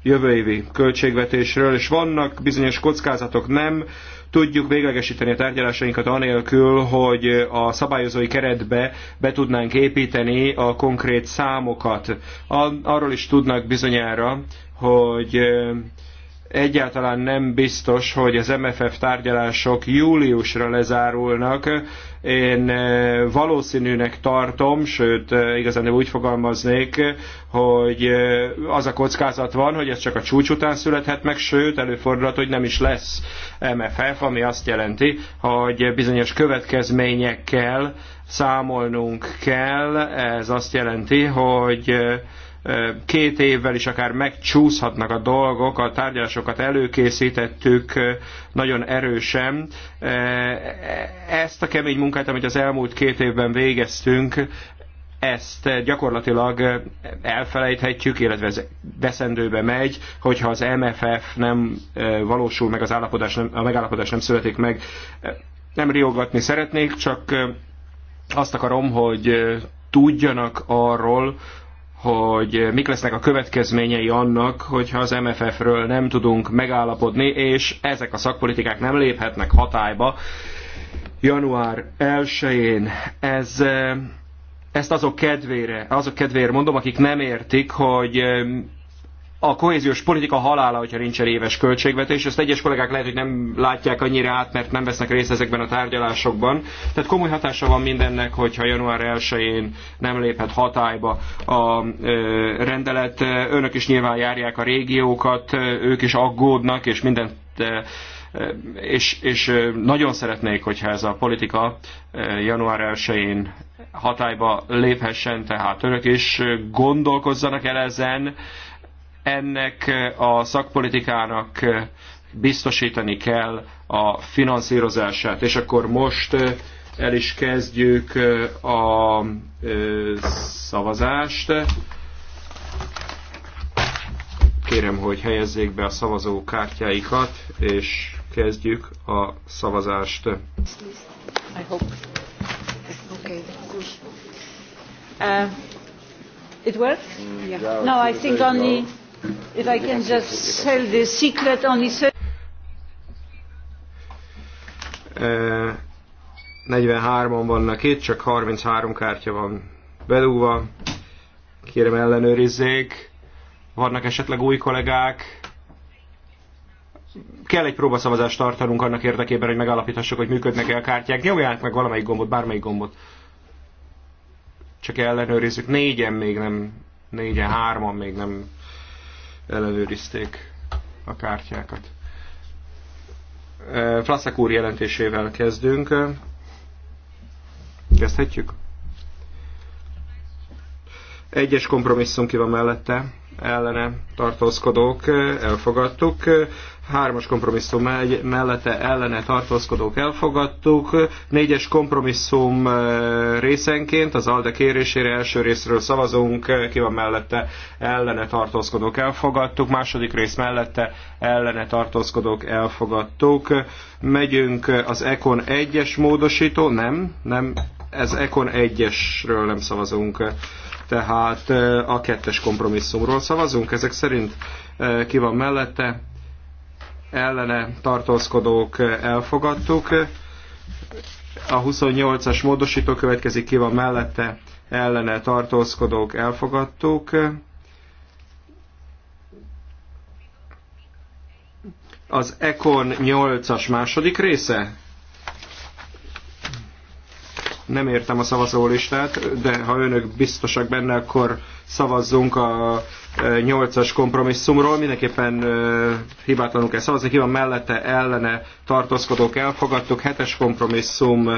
jövő évi költségvetésről, és vannak bizonyos kockázatok, nem tudjuk véglegesíteni a tárgyalásainkat anélkül, hogy a szabályozói keretbe be tudnánk építeni a konkrét számokat. Arról is tudnak bizonyára, hogy eh, egyáltalán nem biztos, hogy az MFF tárgyalások júliusra lezárulnak. Én eh, valószínűnek tartom, sőt, eh, igazán úgy fogalmaznék, hogy eh, az a kockázat van, hogy ez csak a csúcs után születhet meg, sőt, előfordulhat, hogy nem is lesz MFF, ami azt jelenti, hogy bizonyos következményekkel számolnunk kell. Ez azt jelenti, hogy két évvel is akár megcsúszhatnak a dolgok, a tárgyalásokat előkészítettük nagyon erősen. Ezt a kemény munkát, amit az elmúlt két évben végeztünk, ezt gyakorlatilag elfelejthetjük, illetve ez veszendőbe megy, hogyha az MFF nem valósul meg, az állapodás nem, a megállapodás nem születik meg. Nem riogatni szeretnék, csak azt akarom, hogy tudjanak arról, hogy mik lesznek a következményei annak, hogyha az MFF-ről nem tudunk megállapodni, és ezek a szakpolitikák nem léphetnek hatályba január 1-én. Ez, eh, ezt azok kedvére, azok kedvére mondom, akik nem értik, hogy eh, a kohéziós politika halála, hogyha nincsen éves költségvetés. Ezt egyes kollégák lehet, hogy nem látják annyira át, mert nem vesznek részt ezekben a tárgyalásokban. Tehát komoly hatása van mindennek, hogyha január 1-én nem léphet hatályba a rendelet. Önök is nyilván járják a régiókat, ők is aggódnak, és mindent és, és nagyon szeretnék, hogyha ez a politika január 1-én hatályba léphessen, tehát önök is gondolkozzanak el ezen, ennek eh, a szakpolitikának eh, biztosítani kell a finanszírozását. És akkor most eh, el is kezdjük a szavazást. Kérem, hogy helyezzék be a szavazókártyáikat, és kezdjük a szavazást. I hope. Okay. Uh, it works? Mm, yeah. No, I think only If I can just sell the secret 43-an vannak itt, csak 33 kártya van belúva. Kérem ellenőrizzék. Vannak esetleg új kollégák? Kell egy próbaszavazást tartanunk annak érdekében, hogy megállapíthassuk, hogy működnek-e a kártyák. Nyomják meg valamelyik gombot, bármelyik gombot. Csak ellenőrizzük. Négyen még nem, négyen, hárman még nem ellenőrizték a kártyákat. Eh, Flaszek úr jelentésével kezdünk. Kezdhetjük? Egyes kompromisszum ki van mellette, ellene tartózkodók, eh, elfogadtuk. Hármas kompromisszum mellette ellene tartózkodók elfogadtuk. Négyes kompromisszum részenként az ALDE kérésére első részről szavazunk, ki van mellette ellene tartózkodók elfogadtuk. Második rész mellette ellene tartózkodók elfogadtuk. Megyünk az Econ 1-es módosító, nem, nem, ez Econ 1-esről nem szavazunk tehát a kettes kompromisszumról szavazunk. Ezek szerint ki van mellette, ellene tartózkodók elfogadtuk. A 28-as módosító következik, ki van mellette, ellene tartózkodók elfogadtuk. Az Econ 8-as második része? Nem értem a szavazólistát, de ha önök biztosak benne, akkor szavazzunk a 8-as kompromisszumról. Mindenképpen hibátlanul kell szavazni, ki van mellette, ellene tartózkodók elfogadtuk. 7-es kompromisszum,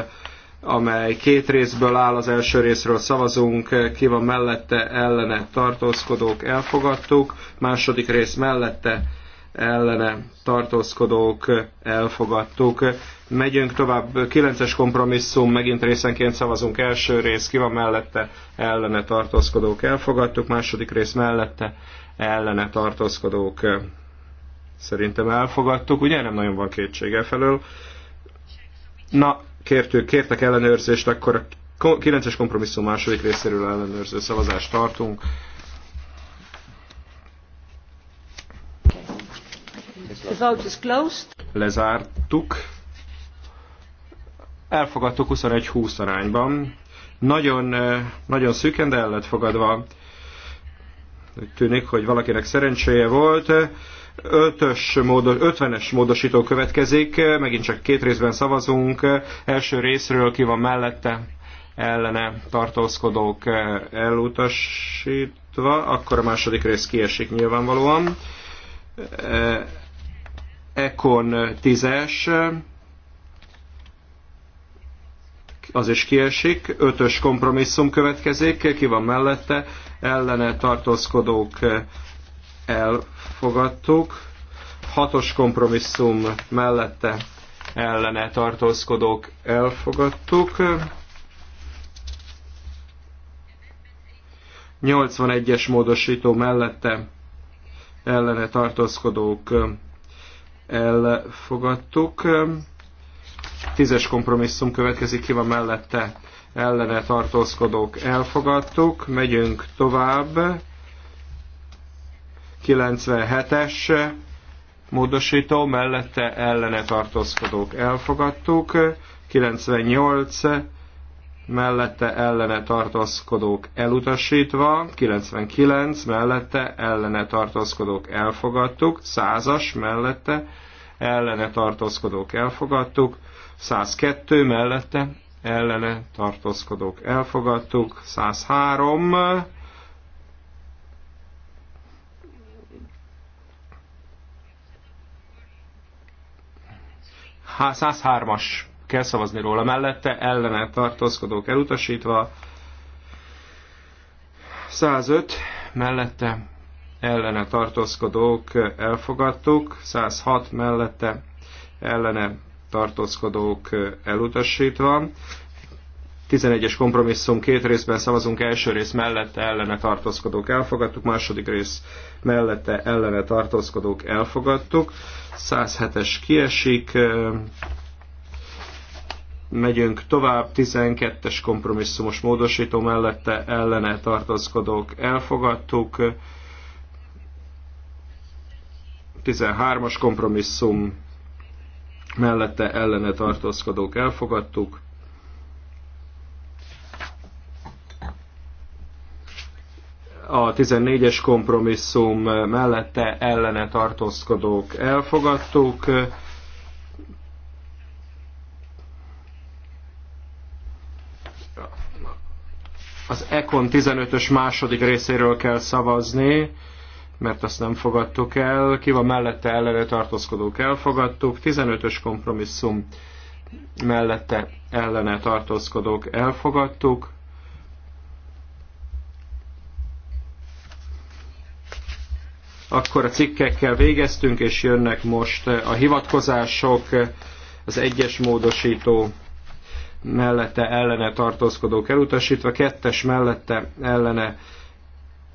amely két részből áll, az első részről szavazunk, ki van mellette, ellene tartózkodók elfogadtuk. Második rész mellette, ellene tartózkodók elfogadtuk. Megyünk tovább, 9-es kompromisszum, megint részenként szavazunk, első rész ki van mellette, ellene tartózkodók elfogadtuk, második rész mellette, ellene tartózkodók szerintem elfogadtuk, ugye nem nagyon van kétsége felől. Na, kértük, kértek ellenőrzést, akkor a 9-es kompromisszum második részéről ellenőrző szavazást tartunk. The vote is closed. Lezártuk. Elfogadtuk 21-20 arányban. Nagyon, nagyon szűken, de el lett fogadva. tűnik, hogy valakinek szerencséje volt. 5-ös módos, 50-es módosító következik, megint csak két részben szavazunk. Első részről ki van mellette, ellene tartózkodók elutasítva, akkor a második rész kiesik nyilvánvalóan. Econ 10-es, az is kiesik, 5-ös kompromisszum következik, ki van mellette, ellene tartózkodók elfogadtuk, 6-os kompromisszum mellette ellene tartózkodók elfogadtuk, 81-es módosító mellette ellene tartózkodók elfogadtuk. Tízes kompromisszum következik, ki van mellette ellene tartózkodók elfogadtuk. Megyünk tovább. 97-es módosító, mellette ellene tartózkodók elfogadtuk. 98 mellette ellene tartózkodók elutasítva, 99 mellette ellene tartózkodók elfogadtuk, 100-as mellette ellene tartózkodók elfogadtuk, 102 mellette ellene tartózkodók elfogadtuk, 103 103-as kell szavazni róla mellette, ellene tartózkodók elutasítva, 105 mellette ellene tartózkodók elfogadtuk, 106 mellette ellene tartózkodók elutasítva, 11-es kompromisszum két részben szavazunk, első rész mellette ellene tartózkodók elfogadtuk, második rész mellette ellene tartózkodók elfogadtuk, 107-es kiesik, Megyünk tovább, 12-es kompromisszumos módosító mellette ellene tartozkodók elfogadtuk. 13-as kompromisszum mellette ellene tartózkodók elfogadtuk. a 14-es kompromisszum mellette ellene tartózkodók elfogadtuk, az Econ 15-ös második részéről kell szavazni, mert azt nem fogadtuk el. Ki van mellette ellene tartózkodók elfogadtuk. 15-ös kompromisszum mellette ellene tartózkodók elfogadtuk. Akkor a cikkekkel végeztünk, és jönnek most a hivatkozások, az egyes módosító mellette ellene tartózkodók elutasítva, kettes mellette ellene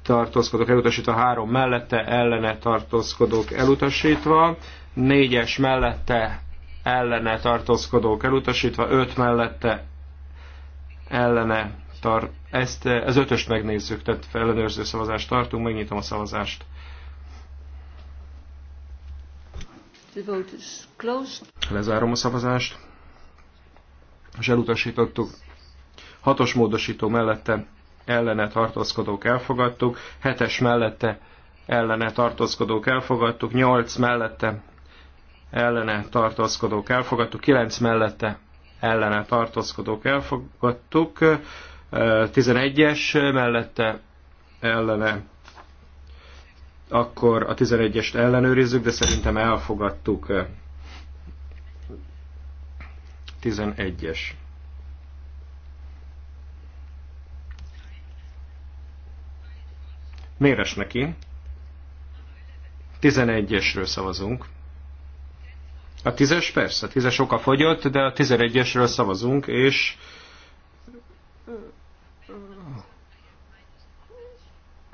tartózkodók elutasítva, három mellette ellene tartózkodók elutasítva, négyes mellette ellene tartózkodók elutasítva, öt mellette ellene tar ezt, az ötöst megnézzük, tehát ellenőrző szavazást tartunk, megnyitom a szavazást. Lezárom a szavazást és elutasítottuk. Hatos módosító mellette ellene tartózkodók elfogadtuk, hetes mellette ellene tartózkodók elfogadtuk, nyolc mellette ellene tartózkodók elfogadtuk, kilenc mellette ellene tartózkodók elfogadtuk, tizenegyes mellette ellene akkor a 11-est ellenőrizzük, de szerintem elfogadtuk. 11-es. Méres neki. 11-esről szavazunk. A 10-es persze, a 10-es oka fogyott, de a 11-esről szavazunk, és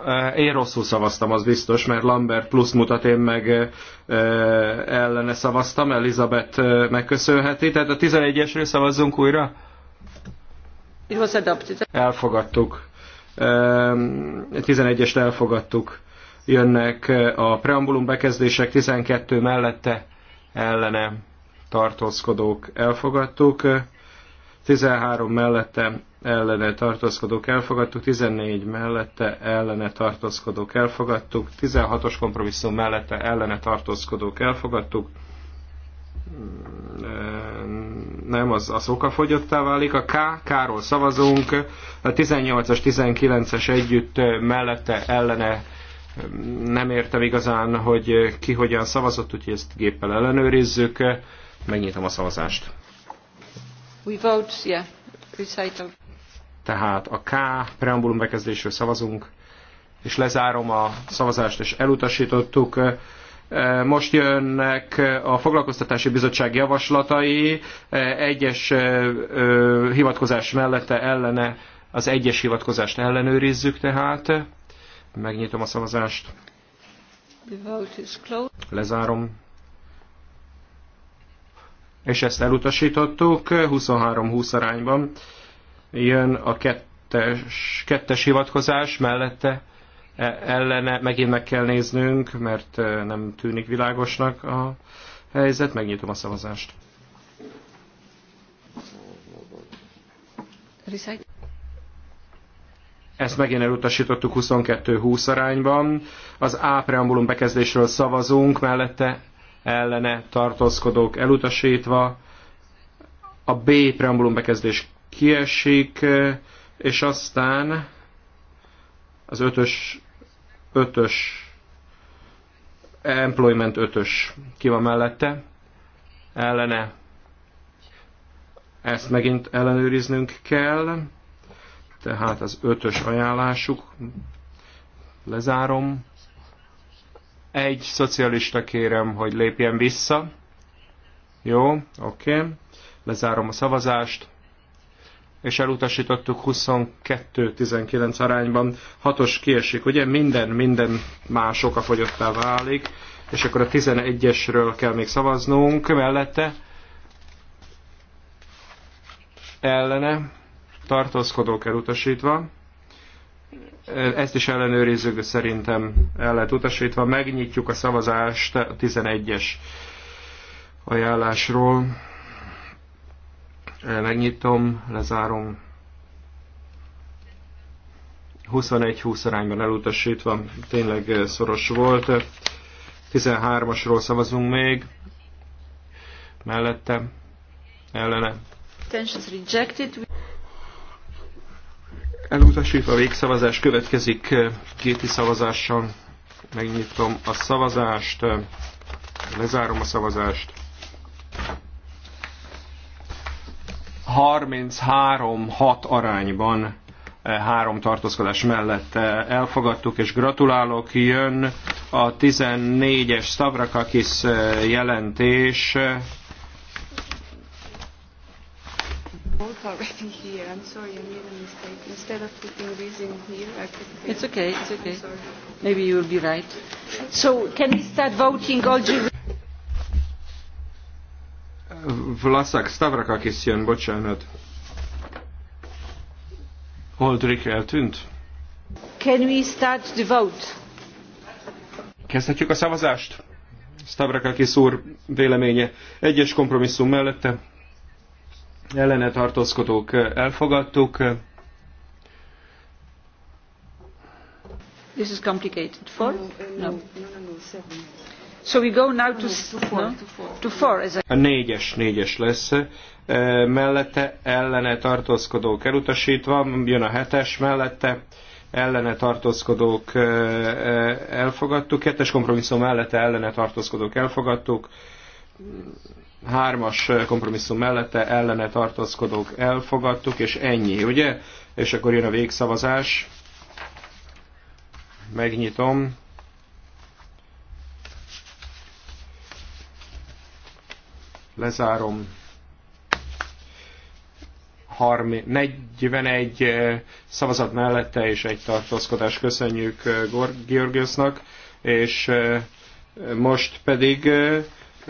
Eh, én rosszul szavaztam, az biztos, mert Lambert plusz mutat, én meg eh, eh, ellene szavaztam, Elizabeth megköszönheti. Tehát a 11-esről szavazzunk újra? It was adopted. Elfogadtuk. 11-est ehm, elfogadtuk. Jönnek a preambulum bekezdések 12 mellette ellene tartózkodók elfogadtuk. 13 mellette ellene tartózkodók elfogadtuk, 14 mellette ellene tartózkodók elfogadtuk, 16-os kompromisszum mellette ellene tartózkodók elfogadtuk, nem, az, az fogyottá válik. A K, K-ról szavazunk, a 18-as, 19-es együtt mellette ellene nem értem igazán, hogy ki hogyan szavazott, úgyhogy ezt géppel ellenőrizzük. Megnyitom a szavazást. We vote, yeah, recital. Tehát a K preambulum bekezdésről szavazunk, és lezárom a szavazást, és elutasítottuk. E, most jönnek a foglalkoztatási bizottság javaslatai, e, egyes e, hivatkozás mellette ellene, az egyes hivatkozást ellenőrizzük tehát. Megnyitom a szavazást. Lezárom és ezt elutasítottuk 23-20 arányban. Jön a kettes, kettes hivatkozás mellette e, ellene, megint meg kell néznünk, mert e, nem tűnik világosnak a helyzet. Megnyitom a szavazást. Ezt megint elutasítottuk 22-20 arányban. Az A preambulum bekezdésről szavazunk, mellette ellene tartózkodók elutasítva, a B preambulum bekezdés kiesik, és aztán az ötös, ötös, employment ötös ki van mellette, ellene, ezt megint ellenőriznünk kell, tehát az ötös ajánlásuk, lezárom, egy szocialista kérem, hogy lépjen vissza. Jó, oké. Okay. Lezárom a szavazást. És elutasítottuk 22-19 arányban. Hatos kiesik, ugye? Minden, minden más fogyottá válik. És akkor a 11-esről kell még szavaznunk. Mellette ellene tartózkodók elutasítva. Ezt is ellenőrizzük, de szerintem el lehet utasítva. Megnyitjuk a szavazást a 11-es ajánlásról. Megnyitom, lezárom. 21-20 arányban elutasítva, tényleg szoros volt. 13-asról szavazunk még, mellette, ellene. Tensions rejected. Elutasítva a végszavazás következik kéti eh, szavazással. Megnyitom a szavazást, eh, lezárom a szavazást. 33-6 arányban eh, három tartózkodás mellett elfogadtuk, és gratulálok, jön a 14-es Stavrakakis jelentés, already here. I'm sorry, I made a mistake. Instead of putting reason here, I put there. It's okay, it's okay. I'm sorry. Maybe you will be right. So can we start voting all the? Vlasak Stavrakakis jön, bocsánat. Holdrik eltűnt. Can we start the vote? Kezdhetjük a szavazást? Stavrakakis úr véleménye. Egyes kompromisszum mellette ellene tartózkodók elfogadtuk. This is complicated. Four? No. So we go now to, no? to four. As I... A négyes, négyes lesz. Mellette ellene tartózkodók elutasítva, jön a hetes mellette ellene tartózkodók elfogadtuk, kettes kompromisszum mellette ellene tartózkodók elfogadtuk, hármas kompromisszum mellette ellene tartózkodók elfogadtuk, és ennyi, ugye? És akkor jön a végszavazás. Megnyitom. Lezárom. 30, 41 eh, szavazat mellette és egy tartózkodás köszönjük eh, Georgiosnak, és eh, most pedig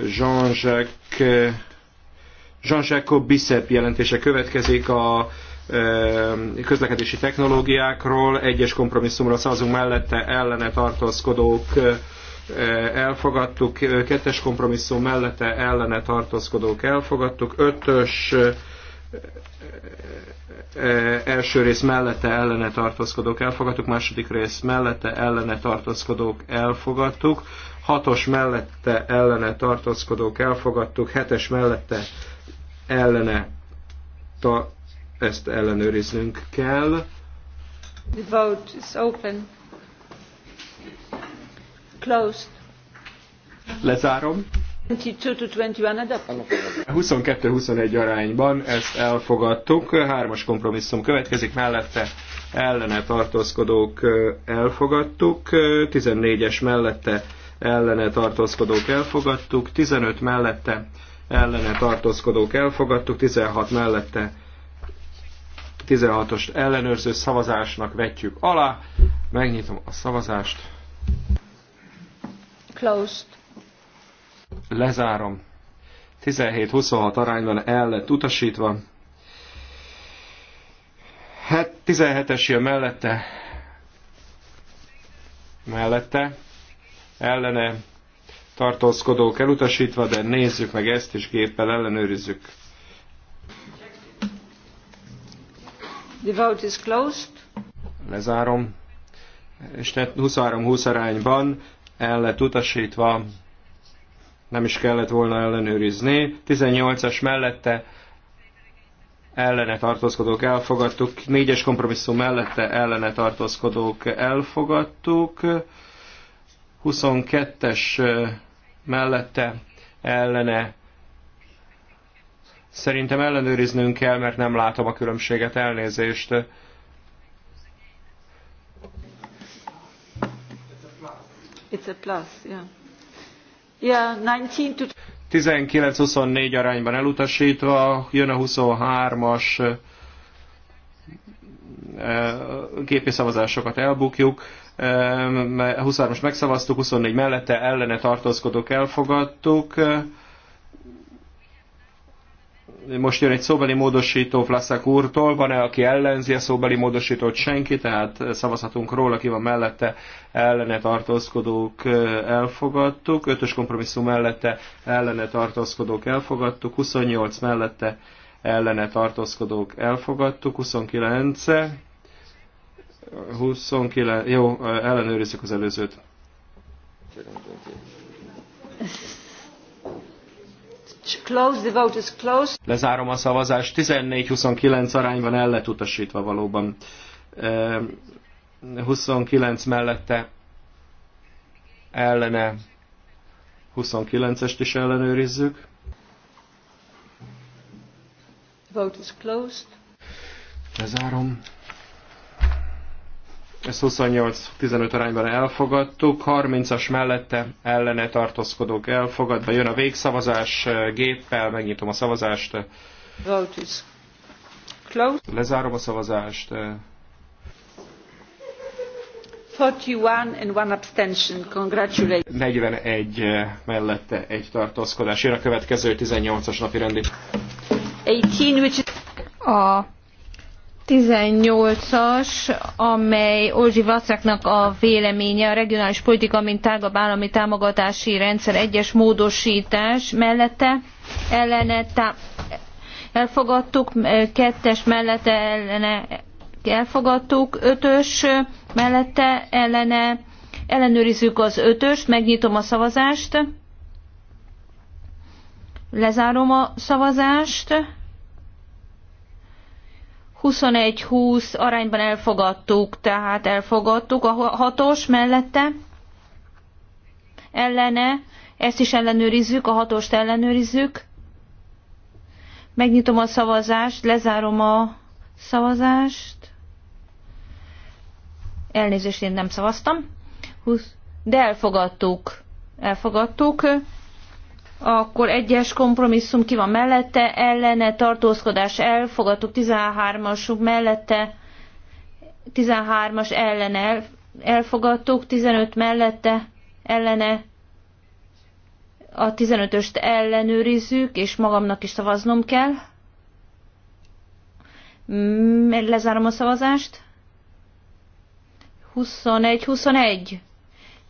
Jean-Jacques jean Bissep jelentése következik a e, közlekedési technológiákról, egyes kompromisszumra szavazunk mellette ellene tartózkodók e, elfogadtuk, kettes kompromisszum mellette ellene tartózkodók elfogadtuk, ötös e, első rész mellette ellene tartózkodók elfogadtuk, második rész mellette ellene tartózkodók elfogadtuk, hatos mellette ellene tartózkodók elfogadtuk, hetes mellette ellene ta, ezt ellenőriznünk kell. The vote is open. Closed. Lezárom. 22-21 arányban ezt elfogadtuk. Hármas kompromisszum következik, mellette ellene tartózkodók elfogadtuk, 14-es mellette ellene tartózkodók elfogadtuk, 15 mellette ellene tartózkodók elfogadtuk, 16 mellette 16 os ellenőrző szavazásnak vetjük alá. Megnyitom a szavazást. Closed. Lezárom. 17-26 arányban el lett utasítva. 17-es jön mellette. Mellette ellene tartózkodók elutasítva, de nézzük meg ezt, és géppel ellenőrizzük. The vote is closed. Lezárom. És 23-20 arányban el lett utasítva, nem is kellett volna ellenőrizni. 18-as mellette ellene tartózkodók elfogadtuk, 4-es kompromisszum mellette ellene tartózkodók elfogadtuk. 22-es mellette ellene szerintem ellenőriznünk kell, mert nem látom a különbséget, elnézést. It's a plus, yeah. Yeah, 19 to... 19-24 arányban elutasítva, jön a 23-as gépi szavazásokat elbukjuk. 23-as megszavaztuk, 24 mellette ellene tartózkodók elfogadtuk. Most jön egy szóbeli módosító Vlaszak úrtól, van-e, aki ellenzi a szóbeli módosítót? Senki, tehát szavazhatunk róla, ki van mellette ellene tartózkodók elfogadtuk, Ötös ös kompromisszum mellette ellene tartózkodók elfogadtuk, 28 mellette ellene tartózkodók elfogadtuk, 29 29, jó, ellenőrizzük az előzőt. Close, the vote is Lezárom a szavazást, 14-29 arányban el lett utasítva valóban. 29 mellette ellene 29-est is ellenőrizzük. Vote is closed. Lezárom ezt 28-15 arányban elfogadtuk, 30-as mellette ellene tartózkodók elfogadva, jön a végszavazás géppel, megnyitom a szavazást. Vote is closed. Lezárom a szavazást. 41 and one abstention. Congratulations. 41 mellette egy tartózkodás. Jön a következő 18-as napi rendi. 18, which is... A 18-as, amely Olzsi Vacaknak a véleménye a regionális politika, mint tágabb állami támogatási rendszer egyes módosítás mellette ellene elfogadtuk, kettes mellette ellene elfogadtuk, ötös mellette ellene ellenőrizzük az ötöst, megnyitom a szavazást, lezárom a szavazást, 21-20 arányban elfogadtuk, tehát elfogadtuk a hatos mellette, ellene, ezt is ellenőrizzük, a hatost ellenőrizzük. Megnyitom a szavazást, lezárom a szavazást. Elnézést, én nem szavaztam. 20. De elfogadtuk. Elfogadtuk akkor egyes kompromisszum ki van mellette, ellene tartózkodás elfogadtuk, 13-asuk mellette, 13-as ellene elfogadtuk, 15 mellette, ellene a 15-öst ellenőrizzük, és magamnak is szavaznom kell. Lezárom a szavazást. 21-21.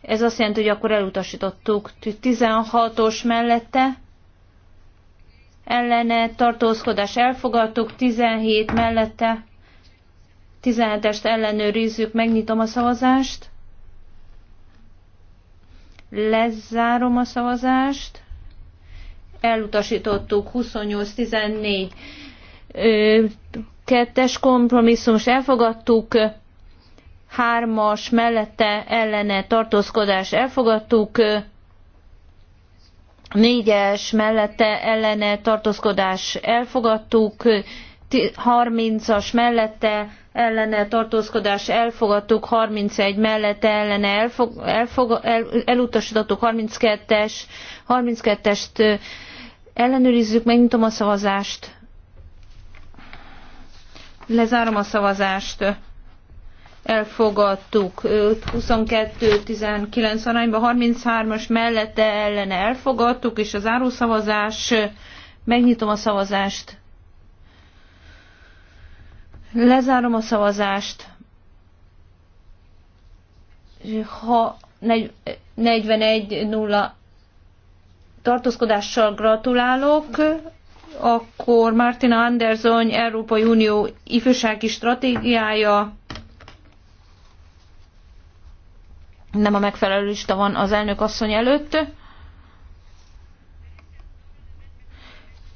Ez azt jelenti, hogy akkor elutasítottuk 16-os mellette, ellene tartózkodás elfogadtuk, 17 mellette, 17-est ellenőrizzük, megnyitom a szavazást, lezárom a szavazást, elutasítottuk 28-14 kettes kompromisszumos elfogadtuk, hármas mellette ellene tartózkodás elfogadtuk, négyes mellette ellene tartózkodás elfogadtuk, 30-as mellette ellene tartózkodás elfogadtuk, 31 mellette ellene elfog, elfog, el, elutasítottuk, 32-es, 32-est ellenőrizzük, megnyitom a szavazást. Lezárom a szavazást elfogadtuk 22-19 arányban, 33-as mellette ellene elfogadtuk, és az áruszavazás, megnyitom a szavazást, lezárom a szavazást, ha 41-0 tartózkodással gratulálok, akkor Martina Anderson Európai Unió ifjúsági stratégiája nem a megfelelő lista van az elnök asszony előtt.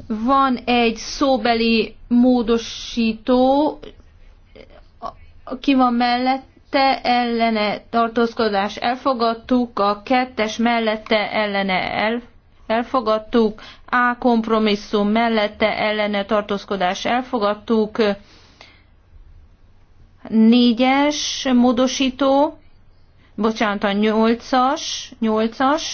Van egy szóbeli módosító, ki van mellette, ellene tartózkodás elfogadtuk, a kettes mellette ellene el, elfogadtuk, A kompromisszum mellette ellene tartózkodás elfogadtuk, négyes módosító, bocsánat, a 8-as, 8-as,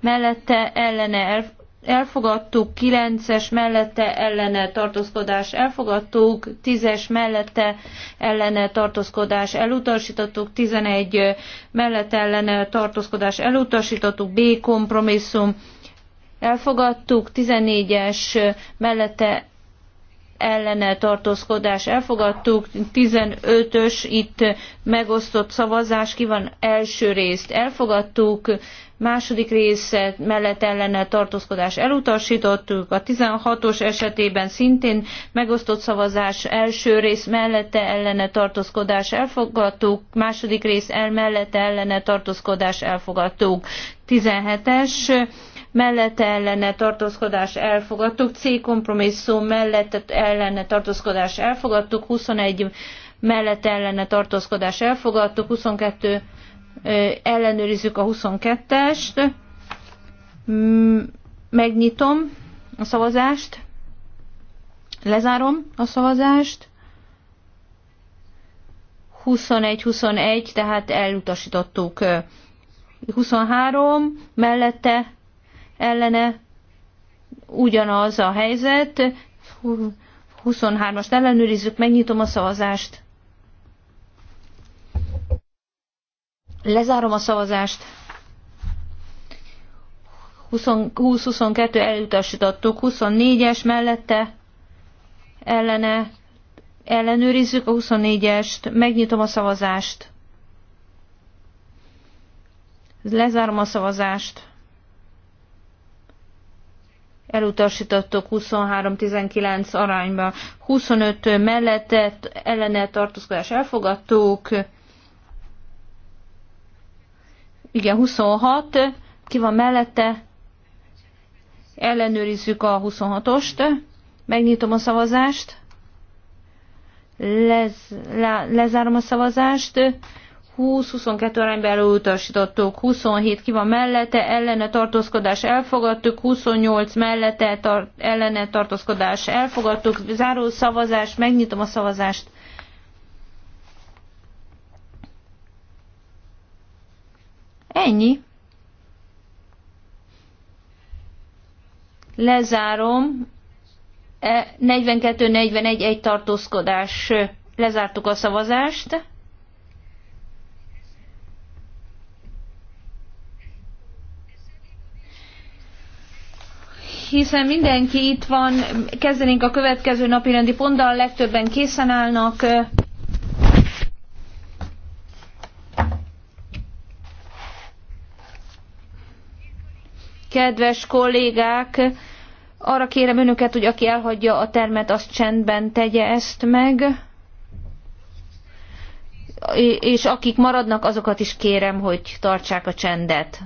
mellette ellene elfogadtuk, 9-es mellette ellene tartózkodás elfogadtuk, 10-es mellette ellene tartózkodás elutasítottuk, 11 mellette ellene tartózkodás elutasítottuk, B kompromisszum elfogadtuk, 14-es mellette ellene tartózkodás elfogadtuk, 15-ös itt megosztott szavazás, ki van első részt elfogadtuk, második része mellett ellene tartózkodás elutasítottuk, a 16-os esetében szintén megosztott szavazás első rész mellette ellene tartózkodás elfogadtuk, második rész el mellette ellene tartózkodás elfogadtuk. 17-es mellette ellene tartózkodás elfogadtuk, C kompromisszum mellette ellene tartózkodás elfogadtuk, 21 mellette ellene tartózkodás elfogadtuk, 22 ellenőrizzük a 22-est, mm, megnyitom a szavazást, lezárom a szavazást, 21-21, tehát elutasítottuk 23, mellette ellene ugyanaz a helyzet. 23 as ellenőrizzük, megnyitom a szavazást. Lezárom a szavazást. 20-22 elutasítottuk, 24-es mellette ellene ellenőrizzük a 24-est, megnyitom a szavazást. Lezárom a szavazást elutasítottuk 23-19 arányba. 25 mellette ellene tartózkodás elfogadtuk. Igen, 26. Ki van mellette? Ellenőrizzük a 26-ost. Megnyitom a szavazást. Lez, le, lezárom a szavazást. 20-22 arányban elutasítottuk, 27 ki van mellette, ellene tartózkodás elfogadtuk, 28 mellette tar- ellene tartózkodás elfogadtuk, záró szavazás, megnyitom a szavazást. Ennyi. Lezárom. 42-41 e, egy tartózkodás. Lezártuk a szavazást. hiszen mindenki itt van, kezdenénk a következő napi rendi ponttal, legtöbben készen állnak. Kedves kollégák, arra kérem önöket, hogy aki elhagyja a termet, az csendben tegye ezt meg. És akik maradnak, azokat is kérem, hogy tartsák a csendet.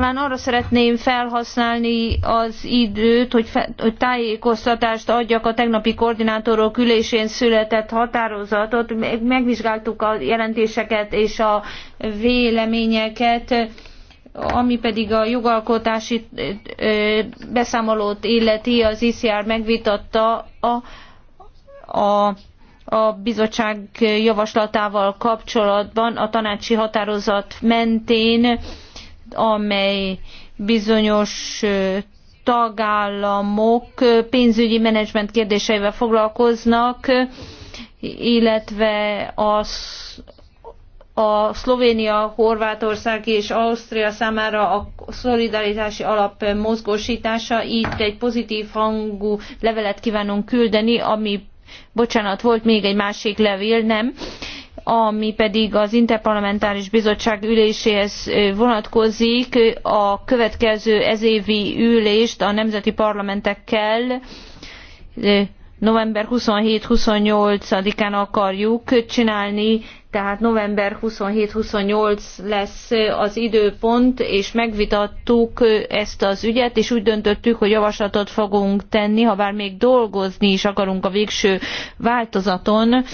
Talán arra szeretném felhasználni az időt, hogy, fe, hogy tájékoztatást adjak a tegnapi koordinátorok ülésén született határozatot. Megvizsgáltuk a jelentéseket és a véleményeket, ami pedig a jogalkotási beszámolót illeti, az ICR megvitatta a, a a bizottság javaslatával kapcsolatban a tanácsi határozat mentén amely bizonyos tagállamok pénzügyi menedzsment kérdéseivel foglalkoznak, illetve a, a Szlovénia, Horvátország és Ausztria számára a szolidaritási alap mozgósítása. Itt egy pozitív hangú levelet kívánunk küldeni, ami bocsánat, volt még egy másik levél, nem ami pedig az interparlamentáris bizottság üléséhez vonatkozik, a következő ezévi ülést a nemzeti parlamentekkel november 27-28-án akarjuk csinálni, tehát november 27-28 lesz az időpont, és megvitattuk ezt az ügyet, és úgy döntöttük, hogy javaslatot fogunk tenni, ha bár még dolgozni is akarunk a végső változaton,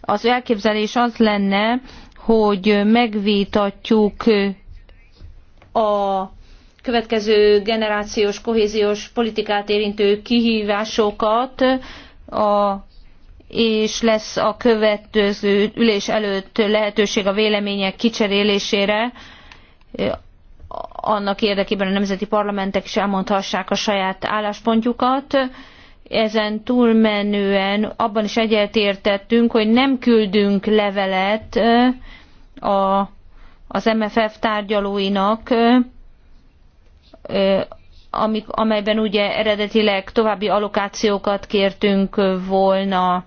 az elképzelés az lenne, hogy megvitatjuk a következő generációs kohéziós politikát érintő kihívásokat, a, és lesz a következő ülés előtt lehetőség a vélemények kicserélésére, annak érdekében a nemzeti parlamentek is elmondhassák a saját álláspontjukat ezen túlmenően abban is egyetértettünk, hogy nem küldünk levelet a, az MFF tárgyalóinak, amik, amelyben ugye eredetileg további allokációkat kértünk volna.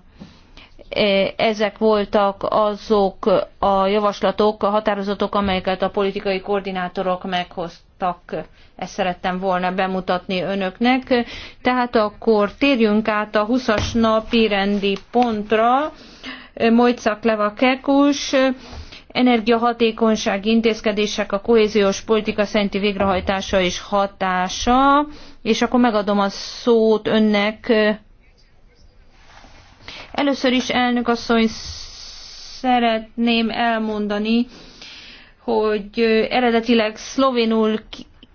Ezek voltak azok a javaslatok, a határozatok, amelyeket a politikai koordinátorok meghoztak voltak. Ezt szerettem volna bemutatni önöknek. Tehát akkor térjünk át a 20-as napi rendi pontra. Mojcak Leva Kekus, energiahatékonysági intézkedések, a kohéziós politika szenti végrehajtása és hatása. És akkor megadom a szót önnek. Először is elnök asszony szeretném elmondani, hogy eredetileg szlovénul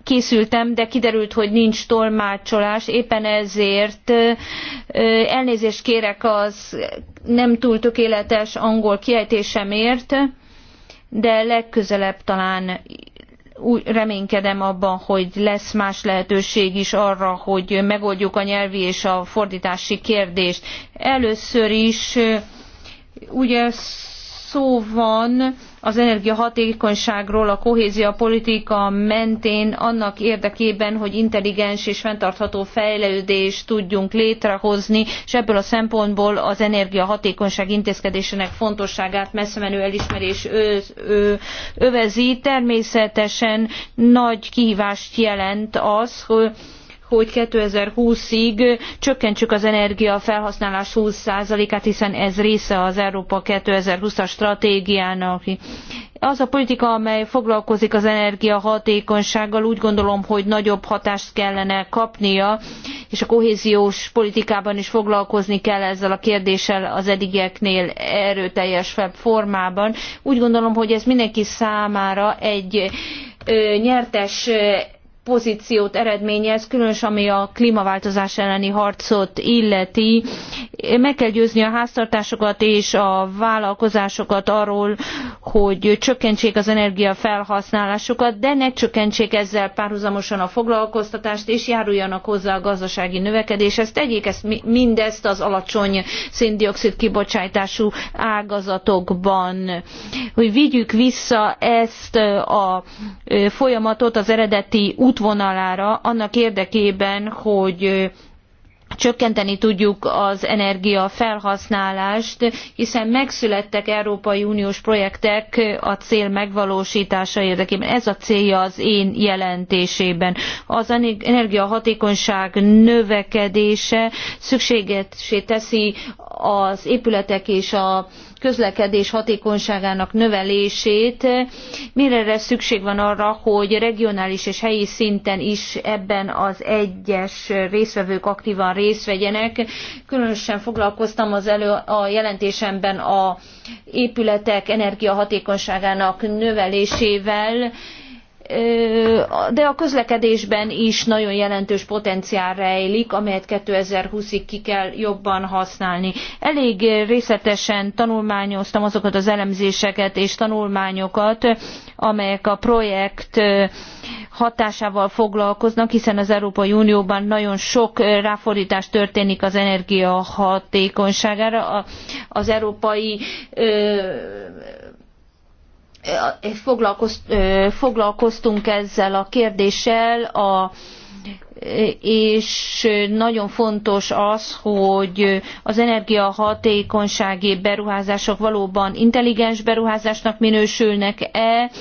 készültem, de kiderült, hogy nincs tolmácsolás, éppen ezért elnézést kérek az nem túl tökéletes angol kiejtésemért, de legközelebb talán úgy reménykedem abban, hogy lesz más lehetőség is arra, hogy megoldjuk a nyelvi és a fordítási kérdést. Először is ugye szó van az energiahatékonyságról a kohézia politika mentén annak érdekében, hogy intelligens és fenntartható fejlődést tudjunk létrehozni, és ebből a szempontból az energiahatékonyság intézkedésének fontosságát messzemenő elismerés ő, ő, övezi. Természetesen nagy kihívást jelent az, hogy hogy 2020-ig csökkentsük az energiafelhasználás 20%-át, hiszen ez része az Európa 2020-as stratégiának. Az a politika, amely foglalkozik az energiahatékonysággal, úgy gondolom, hogy nagyobb hatást kellene kapnia, és a kohéziós politikában is foglalkozni kell ezzel a kérdéssel az eddigieknél erőteljesebb formában. Úgy gondolom, hogy ez mindenki számára egy nyertes pozíciót eredményez, különös ami a klímaváltozás elleni harcot illeti. Meg kell győzni a háztartásokat és a vállalkozásokat arról, hogy csökkentsék az energiafelhasználásukat, de ne csökkentsék ezzel párhuzamosan a foglalkoztatást, és járuljanak hozzá a gazdasági növekedéshez. Tegyék ezt, mindezt az alacsony széndiokszid kibocsátású ágazatokban, hogy vigyük vissza ezt a folyamatot az eredeti út útvonalára annak érdekében, hogy csökkenteni tudjuk az energia felhasználást, hiszen megszülettek Európai Uniós projektek a cél megvalósítása érdekében. Ez a célja az én jelentésében. Az energiahatékonyság növekedése szükségesé teszi az épületek és a közlekedés hatékonyságának növelését. Mire szükség van arra, hogy regionális és helyi szinten is ebben az egyes részvevők aktívan részt vegyenek. Különösen foglalkoztam az elő a jelentésemben a épületek energiahatékonyságának növelésével, de a közlekedésben is nagyon jelentős potenciál rejlik, amelyet 2020-ig ki kell jobban használni. Elég részletesen tanulmányoztam azokat az elemzéseket és tanulmányokat, amelyek a projekt hatásával foglalkoznak, hiszen az Európai Unióban nagyon sok ráfordítás történik az energia hatékonyságára. Az európai foglalkoztunk ezzel a kérdéssel, a, és nagyon fontos az, hogy az energiahatékonysági beruházások valóban intelligens beruházásnak minősülnek-e,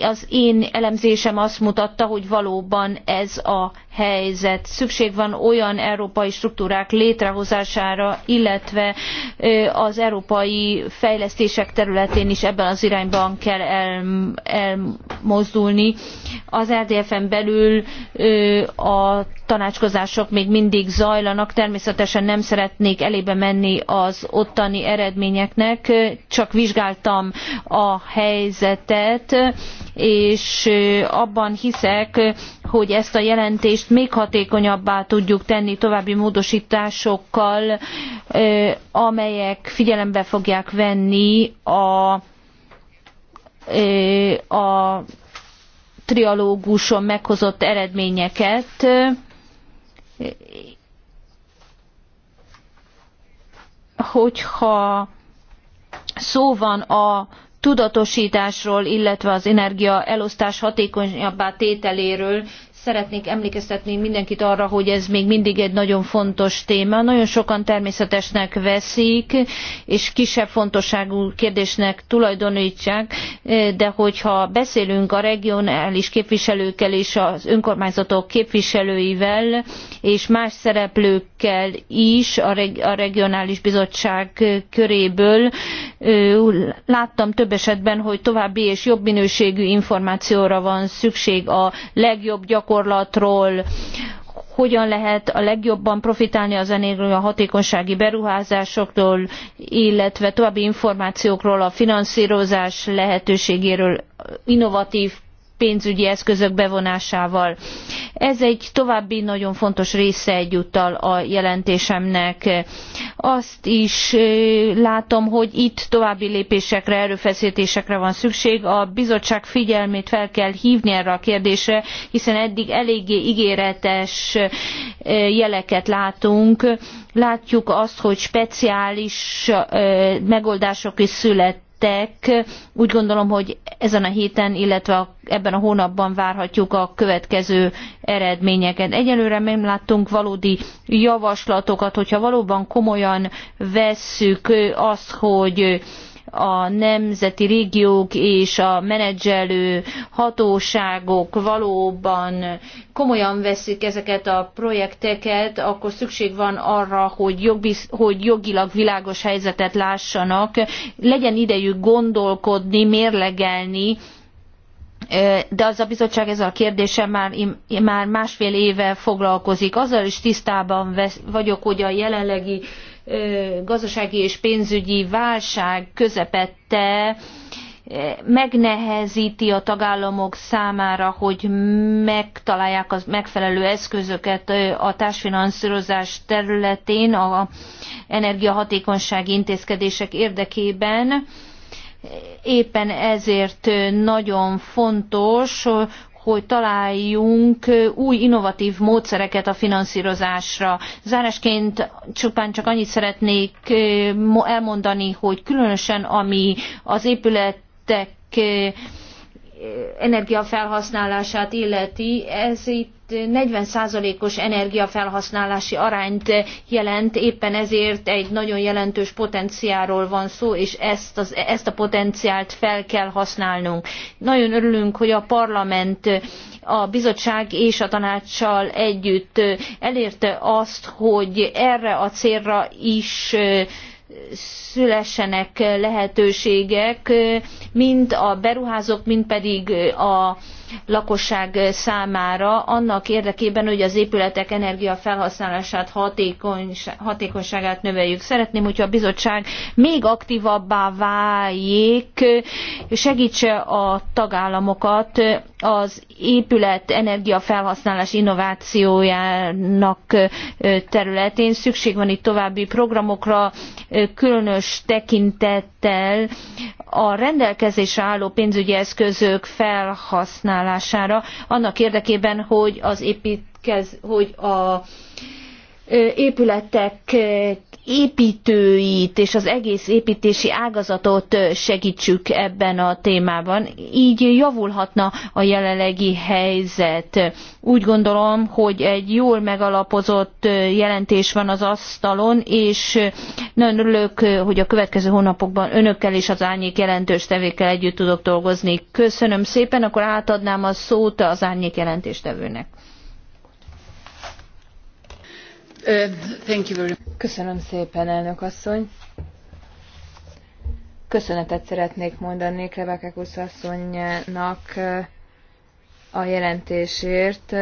az én elemzésem azt mutatta, hogy valóban ez a helyzet. Szükség van olyan európai struktúrák létrehozására, illetve az európai fejlesztések területén is ebben az irányban kell elmozdulni. Az RDF-en belül a tanácskozások még mindig zajlanak, természetesen nem szeretnék elébe menni az ottani eredményeknek, csak vizsgáltam a helyzetet, vezet, és abban hiszek, hogy ezt a jelentést még hatékonyabbá tudjuk tenni további módosításokkal, amelyek figyelembe fogják venni a, a trialóguson meghozott eredményeket, hogyha szó van a tudatosításról, illetve az energia elosztás hatékonyabbá tételéről Szeretnék emlékeztetni mindenkit arra, hogy ez még mindig egy nagyon fontos téma. Nagyon sokan természetesnek veszik, és kisebb fontosságú kérdésnek tulajdonítsák, de hogyha beszélünk a regionális képviselőkkel és az önkormányzatok képviselőivel, és más szereplőkkel is a regionális bizottság köréből, láttam több esetben, hogy további és jobb minőségű információra van szükség a legjobb gyakorlatokról, gyakorlatról, hogyan lehet a legjobban profitálni az hatékonysági beruházásoktól, illetve további információkról, a finanszírozás lehetőségéről, innovatív pénzügyi eszközök bevonásával. Ez egy további nagyon fontos része egyúttal a jelentésemnek. Azt is látom, hogy itt további lépésekre, erőfeszítésekre van szükség. A bizottság figyelmét fel kell hívni erre a kérdésre, hiszen eddig eléggé ígéretes jeleket látunk. Látjuk azt, hogy speciális megoldások is születtek tettek. Úgy gondolom, hogy ezen a héten, illetve a, ebben a hónapban várhatjuk a következő eredményeket. Egyelőre nem láttunk valódi javaslatokat, hogyha valóban komolyan vesszük azt, hogy a nemzeti régiók és a menedzselő hatóságok valóban komolyan veszik ezeket a projekteket, akkor szükség van arra, hogy, jogbiz, hogy jogilag világos helyzetet lássanak, legyen idejük gondolkodni, mérlegelni, de az a bizottság ezzel a kérdéssel már, már másfél éve foglalkozik. Azzal is tisztában vagyok, hogy a jelenlegi gazdasági és pénzügyi válság közepette megnehezíti a tagállamok számára, hogy megtalálják a megfelelő eszközöket a társfinanszírozás területén, a energiahatékonysági intézkedések érdekében. Éppen ezért nagyon fontos, hogy találjunk új innovatív módszereket a finanszírozásra. Zárásként csupán csak annyit szeretnék elmondani, hogy különösen ami az épületek energiafelhasználását illeti, ez itt 40%-os energiafelhasználási arányt jelent, éppen ezért egy nagyon jelentős potenciáról van szó, és ezt, az, ezt a potenciált fel kell használnunk. Nagyon örülünk, hogy a parlament a bizottság és a tanácssal együtt elérte azt, hogy erre a célra is szülessenek lehetőségek, mind a beruházók, mind pedig a lakosság számára annak érdekében, hogy az épületek energiafelhasználását, hatékonyságát növeljük. Szeretném, hogyha a bizottság még aktívabbá váljék, segítse a tagállamokat az épület energiafelhasználás innovációjának területén. Szükség van itt további programokra, különös tekintettel a rendelkezésre álló pénzügyi eszközök felhasználására felhasználására annak érdekében, hogy az építkez, hogy a épületek építőit és az egész építési ágazatot segítsük ebben a témában. Így javulhatna a jelenlegi helyzet. Úgy gondolom, hogy egy jól megalapozott jelentés van az asztalon, és nagyon örülök, hogy a következő hónapokban önökkel és az árnyék jelentős tevékkel együtt tudok dolgozni. Köszönöm szépen, akkor átadnám a szót az árnyék jelentéstevőnek. Köszönöm szépen, elnök asszony. Köszönetet szeretnék mondani Klebekekusz asszonynak eh, a jelentésért.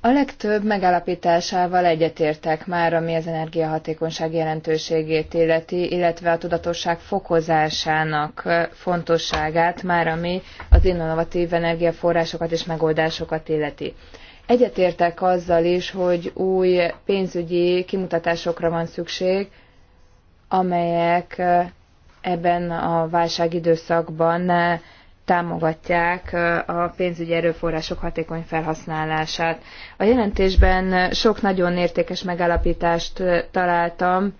A legtöbb megállaptásával egyetértek már, ami az energiahatékonyság jelentőségét illeti, illetve a tudatosság fokozásának eh, fontosságát, már ami az innovatív energiaforrásokat és megoldásokat illeti. Egyetértek azzal is, hogy új pénzügyi kimutatásokra van szükség, amelyek ebben a válságidőszakban támogatják a pénzügyi erőforrások hatékony felhasználását. A jelentésben sok nagyon értékes megállapítást találtam,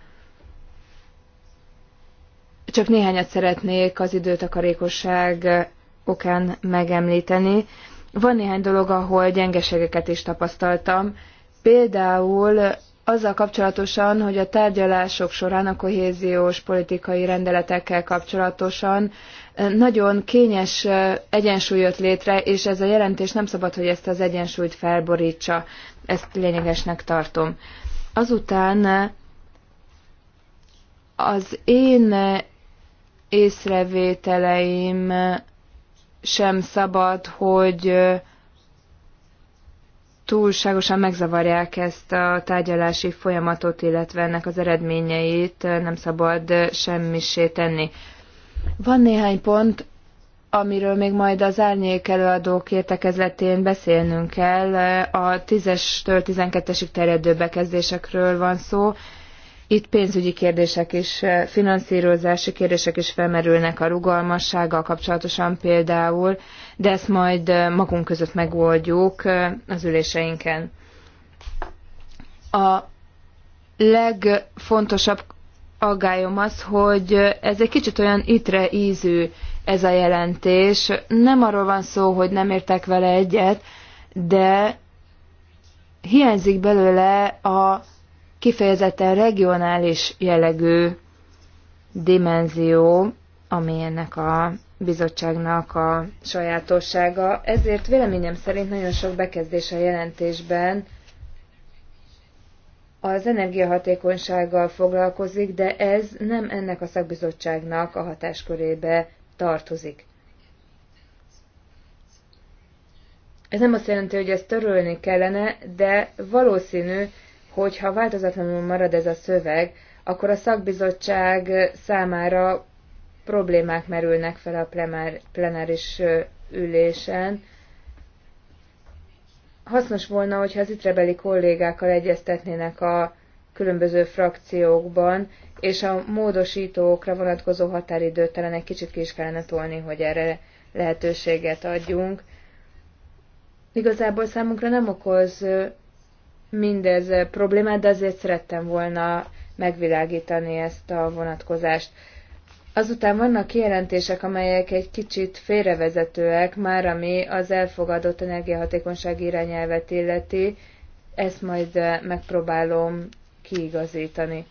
csak néhányat szeretnék az időtakarékosság okán megemlíteni. Van néhány dolog, ahol gyengeségeket is tapasztaltam. Például azzal kapcsolatosan, hogy a tárgyalások során a kohéziós politikai rendeletekkel kapcsolatosan eh, nagyon kényes eh, egyensúly jött létre, és ez a jelentés nem szabad, hogy ezt az egyensúlyt felborítsa. Ezt lényegesnek tartom. Azután eh, az én észrevételeim sem szabad, hogy túlságosan megzavarják ezt a tárgyalási folyamatot, illetve ennek az eredményeit nem szabad semmisé tenni. Van néhány pont, amiről még majd az árnyék előadók értekezletén beszélnünk kell. A 10-től 12-esig terjedő bekezdésekről van szó. Itt pénzügyi kérdések is, eh, finanszírozási kérdések is felmerülnek a rugalmassággal kapcsolatosan például, de ezt majd eh, magunk között megoldjuk eh, az üléseinken. A legfontosabb aggályom az, hogy ez egy kicsit olyan itre ízű ez a jelentés. Nem arról van szó, hogy nem értek vele egyet, de hiányzik belőle a kifejezetten regionális jellegű dimenzió, ami ennek a bizottságnak a sajátossága. Ezért véleményem szerint nagyon sok bekezdés a jelentésben az energiahatékonysággal foglalkozik, de ez nem ennek a szakbizottságnak a hatáskörébe tartozik. Ez nem azt jelenti, hogy ezt törölni kellene, de valószínű, hogyha változatlanul marad ez a szöveg, akkor a szakbizottság számára problémák merülnek fel a plenáris ülésen. Hasznos volna, hogyha az itrebeli kollégákkal egyeztetnének a különböző frakciókban, és a módosítókra vonatkozó határidőt talán egy kicsit ki is kellene tolni, hogy erre lehetőséget adjunk. Igazából számunkra nem okoz mindez problémát, de azért szerettem volna megvilágítani ezt a vonatkozást. Azután vannak kijelentések, amelyek egy kicsit félrevezetőek, már ami az elfogadott energiahatékonyság irányelvet illeti, ezt majd megpróbálom kiigazítani.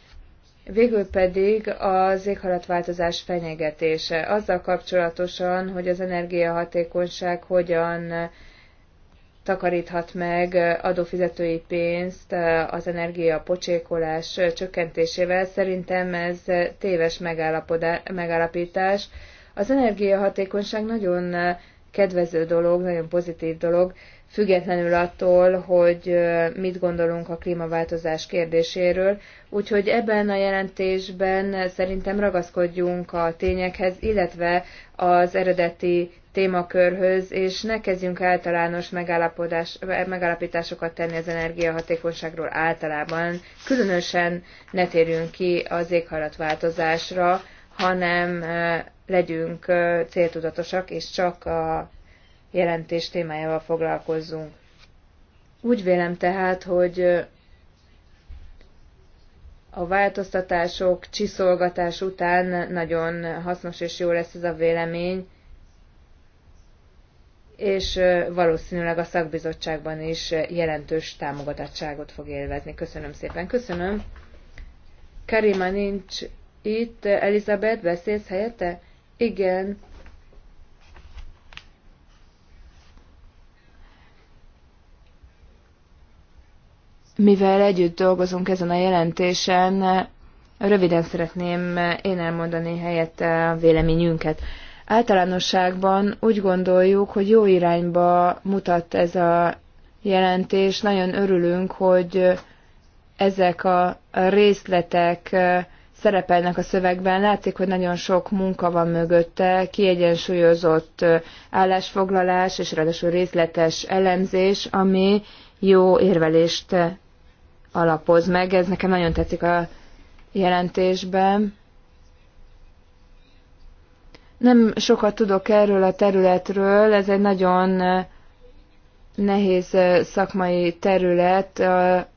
Végül pedig az éghalatváltozás fenyegetése. Azzal kapcsolatosan, hogy az energiahatékonyság hogyan takaríthat meg adófizetői pénzt az energia pocsékolás csökkentésével. Szerintem ez téves megállapítás. Az energiahatékonyság nagyon kedvező dolog, nagyon pozitív dolog, függetlenül attól, hogy mit gondolunk a klímaváltozás kérdéséről. Úgyhogy ebben a jelentésben szerintem ragaszkodjunk a tényekhez, illetve az eredeti témakörhöz, és ne kezdjünk általános megállapításokat tenni az energiahatékonyságról általában, különösen ne térjünk ki az éghajlatváltozásra, hanem e, legyünk e, céltudatosak, és csak a jelentés témájával foglalkozzunk. Úgy vélem tehát, hogy e, a változtatások, csiszolgatás után nagyon hasznos és jó lesz ez a vélemény, és valószínűleg a szakbizottságban is jelentős támogatottságot fog élvezni. Köszönöm szépen. Köszönöm. Karima nincs itt. Elizabeth, beszélsz helyette? Igen. Mivel együtt dolgozunk ezen a jelentésen, röviden szeretném én elmondani helyette a véleményünket. Általánosságban úgy gondoljuk, hogy jó irányba mutat ez a jelentés. Nagyon örülünk, hogy ezek a részletek szerepelnek a szövegben. Látszik, hogy nagyon sok munka van mögötte, kiegyensúlyozott állásfoglalás és ráadásul részletes elemzés, ami jó érvelést alapoz meg. Ez nekem nagyon tetszik a jelentésben. Nem sokat tudok erről a területről, ez egy nagyon eh, nehéz eh, szakmai terület, a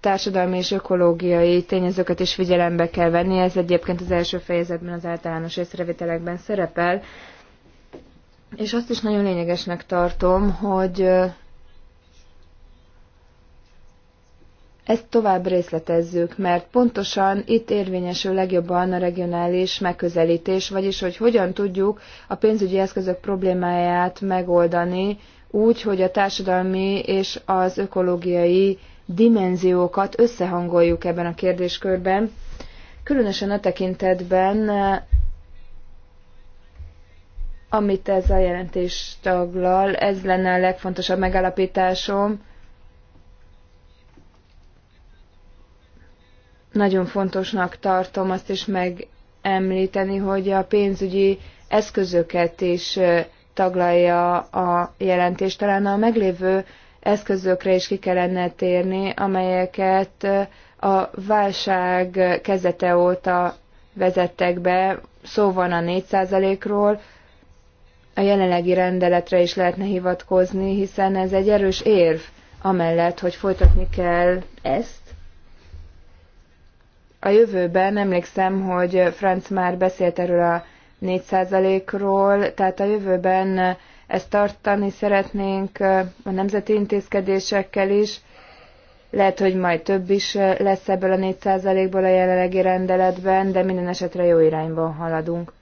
társadalmi és ökológiai tényezőket is figyelembe kell venni, ez egyébként az első fejezetben az általános észrevételekben szerepel, és azt is nagyon lényegesnek tartom, hogy eh, Ezt tovább részletezzük, mert pontosan itt érvényesül legjobban a regionális megközelítés, vagyis hogy hogyan tudjuk a pénzügyi eszközök problémáját megoldani úgy, hogy a társadalmi és az ökológiai dimenziókat összehangoljuk ebben a kérdéskörben, különösen a tekintetben, amit ez a jelentés taglal, ez lenne a legfontosabb megállapításom, Nagyon fontosnak tartom azt is megemlíteni, hogy a pénzügyi eszközöket is taglalja a jelentés. Talán a meglévő eszközökre is ki kellene térni, amelyeket a válság kezete óta vezettek be. Szó van a 4%-ról, a jelenlegi rendeletre is lehetne hivatkozni, hiszen ez egy erős érv amellett, hogy folytatni kell ezt, a jövőben emlékszem, hogy Franz már beszélt erről a 4%-ról, tehát a jövőben ezt tartani szeretnénk a nemzeti intézkedésekkel is. Lehet, hogy majd több is lesz ebből a 4%-ból a jelenlegi rendeletben, de minden esetre jó irányban haladunk.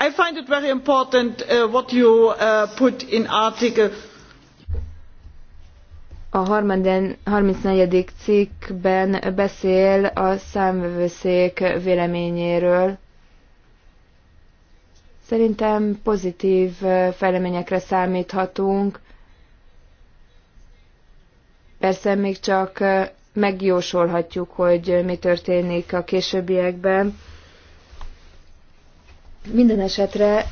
I find it very important uh, what you uh, put in article a 34. cikkben beszél a számvevőszék véleményéről. Szerintem pozitív fejleményekre számíthatunk. Persze még csak megjósolhatjuk, hogy mi történik a későbbiekben. Minden esetre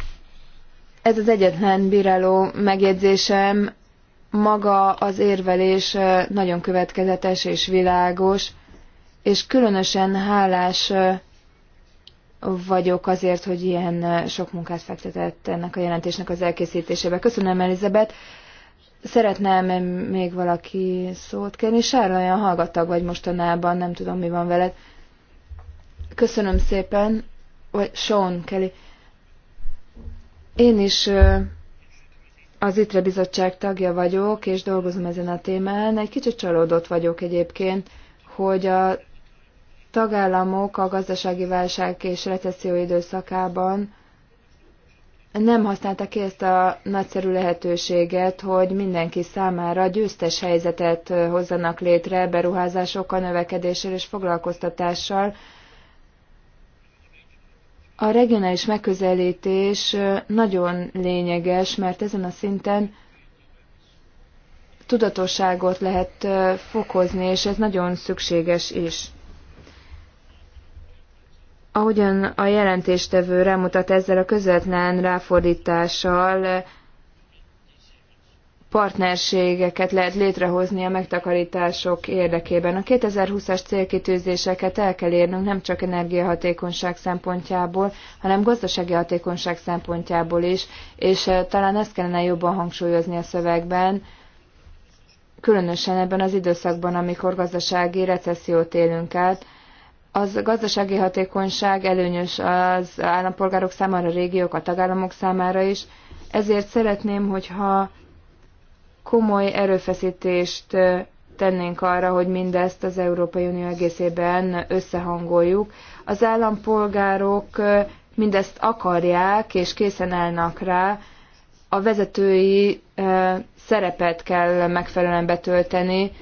ez az egyetlen bíráló megjegyzésem maga az érvelés nagyon következetes és világos, és különösen hálás vagyok azért, hogy ilyen sok munkát fektetett ennek a jelentésnek az elkészítésébe. Köszönöm, Elizabeth. Szeretném még valaki szót kérni? Sár olyan hallgatag vagy mostanában, nem tudom, mi van veled. Köszönöm szépen, vagy Sean Kelly. Én is az ITRE bizottság tagja vagyok, és dolgozom ezen a témán. Egy kicsit csalódott vagyok egyébként, hogy a tagállamok a gazdasági válság és recesszió időszakában nem használtak ki ezt a nagyszerű lehetőséget, hogy mindenki számára győztes helyzetet hozzanak létre beruházásokkal, növekedéssel és foglalkoztatással, a regionális megközelítés nagyon lényeges, mert ezen a szinten tudatosságot lehet fokozni, és ez nagyon szükséges is. Ahogyan a jelentéstevő rámutat ezzel a közvetlen ráfordítással, partnerségeket lehet létrehozni a megtakarítások érdekében. A 2020-as célkitűzéseket el kell érnünk nem csak energiahatékonyság szempontjából, hanem gazdasági hatékonyság szempontjából is, és eh, talán ezt kellene jobban hangsúlyozni a szövegben, különösen ebben az időszakban, amikor gazdasági recessziót élünk át, az gazdasági hatékonyság előnyös az állampolgárok számára, a régiók, a tagállamok számára is, ezért szeretném, hogyha komoly erőfeszítést tennénk arra, hogy mindezt az Európai Unió egészében összehangoljuk. Az állampolgárok mindezt akarják és készen állnak rá, a vezetői szerepet kell megfelelően betölteni,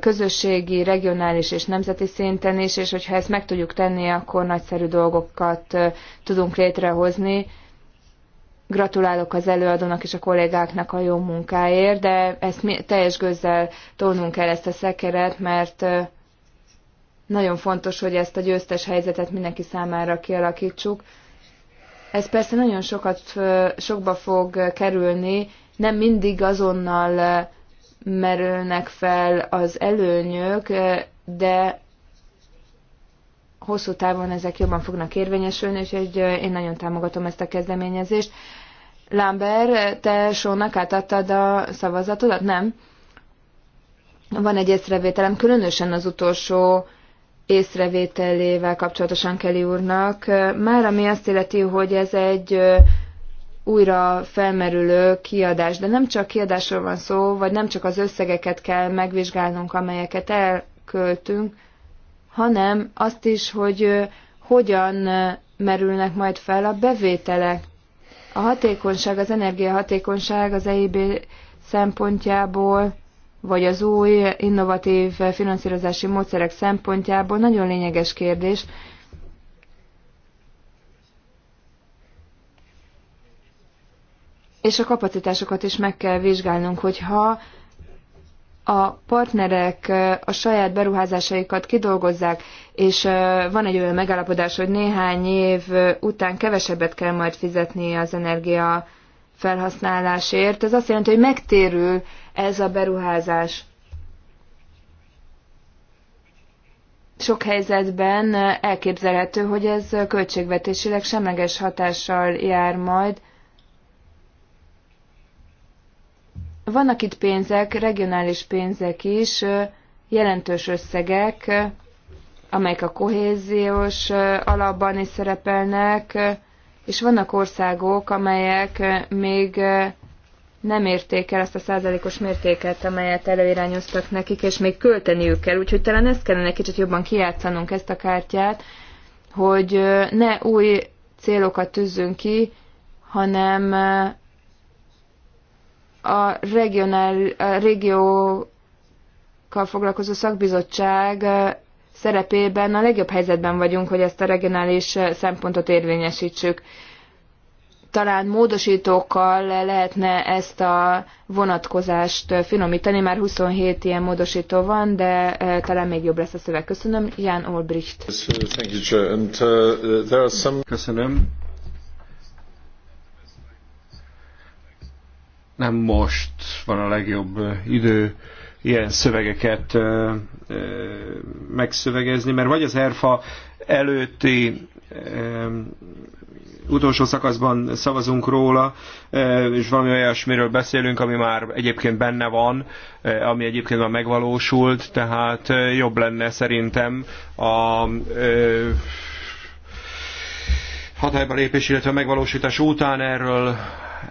közösségi, regionális és nemzeti szinten is, és hogyha ezt meg tudjuk tenni, akkor nagyszerű dolgokat tudunk létrehozni. Gratulálok az előadónak és a kollégáknak a jó munkáért, de ezt mi teljes gőzzel tolnunk kell ezt a szekeret, mert nagyon fontos, hogy ezt a győztes helyzetet mindenki számára kialakítsuk. Ez persze nagyon sokat, sokba fog kerülni, nem mindig azonnal merülnek fel az előnyök, de hosszú távon ezek jobban fognak érvényesülni, úgyhogy én nagyon támogatom ezt a kezdeményezést. Lambert, te Sónak átadtad a szavazatodat? Nem. Van egy észrevételem, különösen az utolsó észrevételével kapcsolatosan Kelly úrnak. Már ami azt illeti, hogy ez egy újra felmerülő kiadás, de nem csak kiadásról van szó, vagy nem csak az összegeket kell megvizsgálnunk, amelyeket elköltünk, hanem azt is, hogy hogyan merülnek majd fel a bevételek. A hatékonyság, az energiahatékonyság az EIB szempontjából, vagy az új innovatív finanszírozási módszerek szempontjából nagyon lényeges kérdés. És a kapacitásokat is meg kell vizsgálnunk, hogyha a partnerek a saját beruházásaikat kidolgozzák, és van egy olyan megállapodás, hogy néhány év után kevesebbet kell majd fizetni az energia felhasználásért. Ez azt jelenti, hogy megtérül ez a beruházás. Sok helyzetben elképzelhető, hogy ez költségvetésileg semleges hatással jár majd, Vannak itt pénzek, regionális pénzek is, jelentős összegek, amelyek a kohéziós alapban is szerepelnek, és vannak országok, amelyek még nem érték el azt a százalékos mértéket, amelyet előirányoztak nekik, és még költeniük kell. Úgyhogy talán ezt kellene kicsit jobban kijátszanunk ezt a kártyát, hogy ne új célokat tűzzünk ki, hanem a, regionál, a régiókkal foglalkozó szakbizottság szerepében a legjobb helyzetben vagyunk, hogy ezt a regionális szempontot érvényesítsük. Talán módosítókkal lehetne ezt a vonatkozást finomítani, már 27 ilyen módosító van, de talán még jobb lesz a szöveg. Köszönöm, Jan Olbricht. Uh, Köszönöm. nem most van a legjobb idő ilyen szövegeket ö, ö, megszövegezni, mert vagy az ERFA előtti ö, utolsó szakaszban szavazunk róla, ö, és valami olyasmiről beszélünk, ami már egyébként benne van, ö, ami egyébként már megvalósult, tehát ö, jobb lenne szerintem a ö, hatályba lépés, illetve a megvalósítás után erről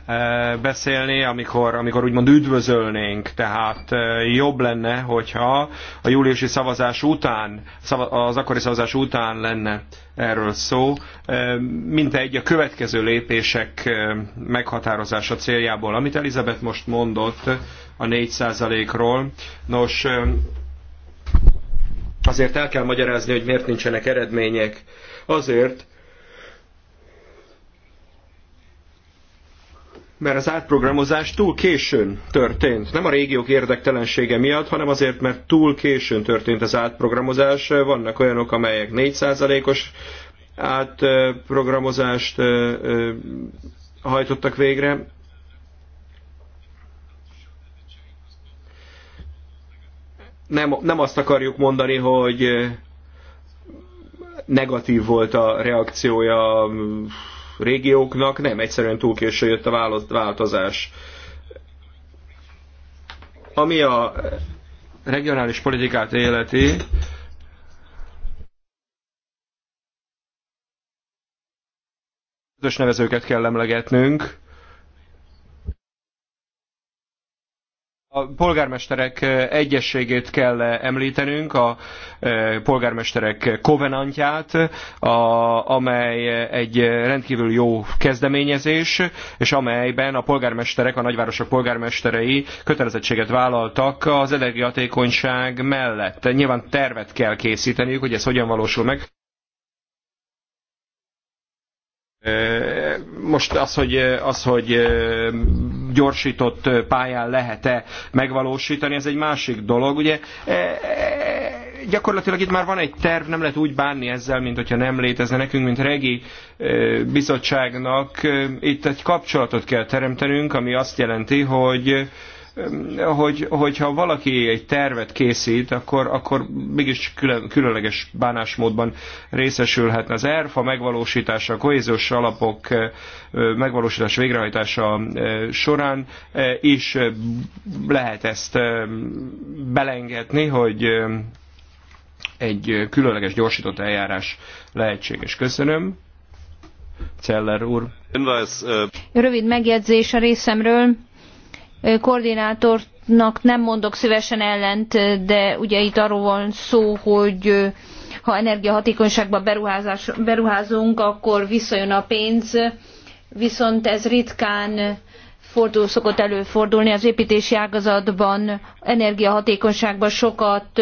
Eh, beszélni, amikor, amikor úgymond üdvözölnénk. Tehát eh, jobb lenne, hogyha a júliusi szavazás után, az akkori szavazás után lenne erről szó, eh, mint egy a következő lépések meghatározása céljából. Amit Elizabeth most mondott a 4%-ról, nos, azért el kell magyarázni, hogy miért nincsenek eredmények. Azért, mert az átprogramozás túl későn történt. Nem a régiók érdektelensége miatt, hanem azért, mert túl későn történt az átprogramozás. Vannak olyanok, amelyek 4%-os átprogramozást hajtottak végre. Nem, nem azt akarjuk mondani, hogy negatív volt a reakciója régióknak, nem, egyszerűen túl késő jött a változás. Ami a regionális politikát életi, közös nevezőket kell emlegetnünk, A polgármesterek egyességét kell említenünk, a polgármesterek kovenantját, a, amely egy rendkívül jó kezdeményezés, és amelyben a polgármesterek, a nagyvárosok polgármesterei kötelezettséget vállaltak az energiatékonyság mellett. Nyilván tervet kell készíteniük, hogy ez hogyan valósul meg. Most az, hogy, az, hogy gyorsított pályán lehet-e megvalósítani, ez egy másik dolog. Ugye e, e, gyakorlatilag itt már van egy terv, nem lehet úgy bánni ezzel, mint hogyha nem létezne nekünk, mint regi bizottságnak. Itt egy kapcsolatot kell teremtenünk, ami azt jelenti, hogy hogy, hogyha valaki egy tervet készít, akkor, akkor mégis külön, különleges bánásmódban részesülhetne. Az ERFA megvalósítása, a kohéziós alapok megvalósítás végrehajtása során is lehet ezt belengetni, hogy egy különleges gyorsított eljárás lehetséges. Köszönöm. Celler úr. Rövid megjegyzés a részemről koordinátornak nem mondok szívesen ellent, de ugye itt arról van szó, hogy ha energiahatékonyságba beruházunk, akkor visszajön a pénz, viszont ez ritkán fordul, szokott előfordulni az építési ágazatban, energiahatékonyságban sokat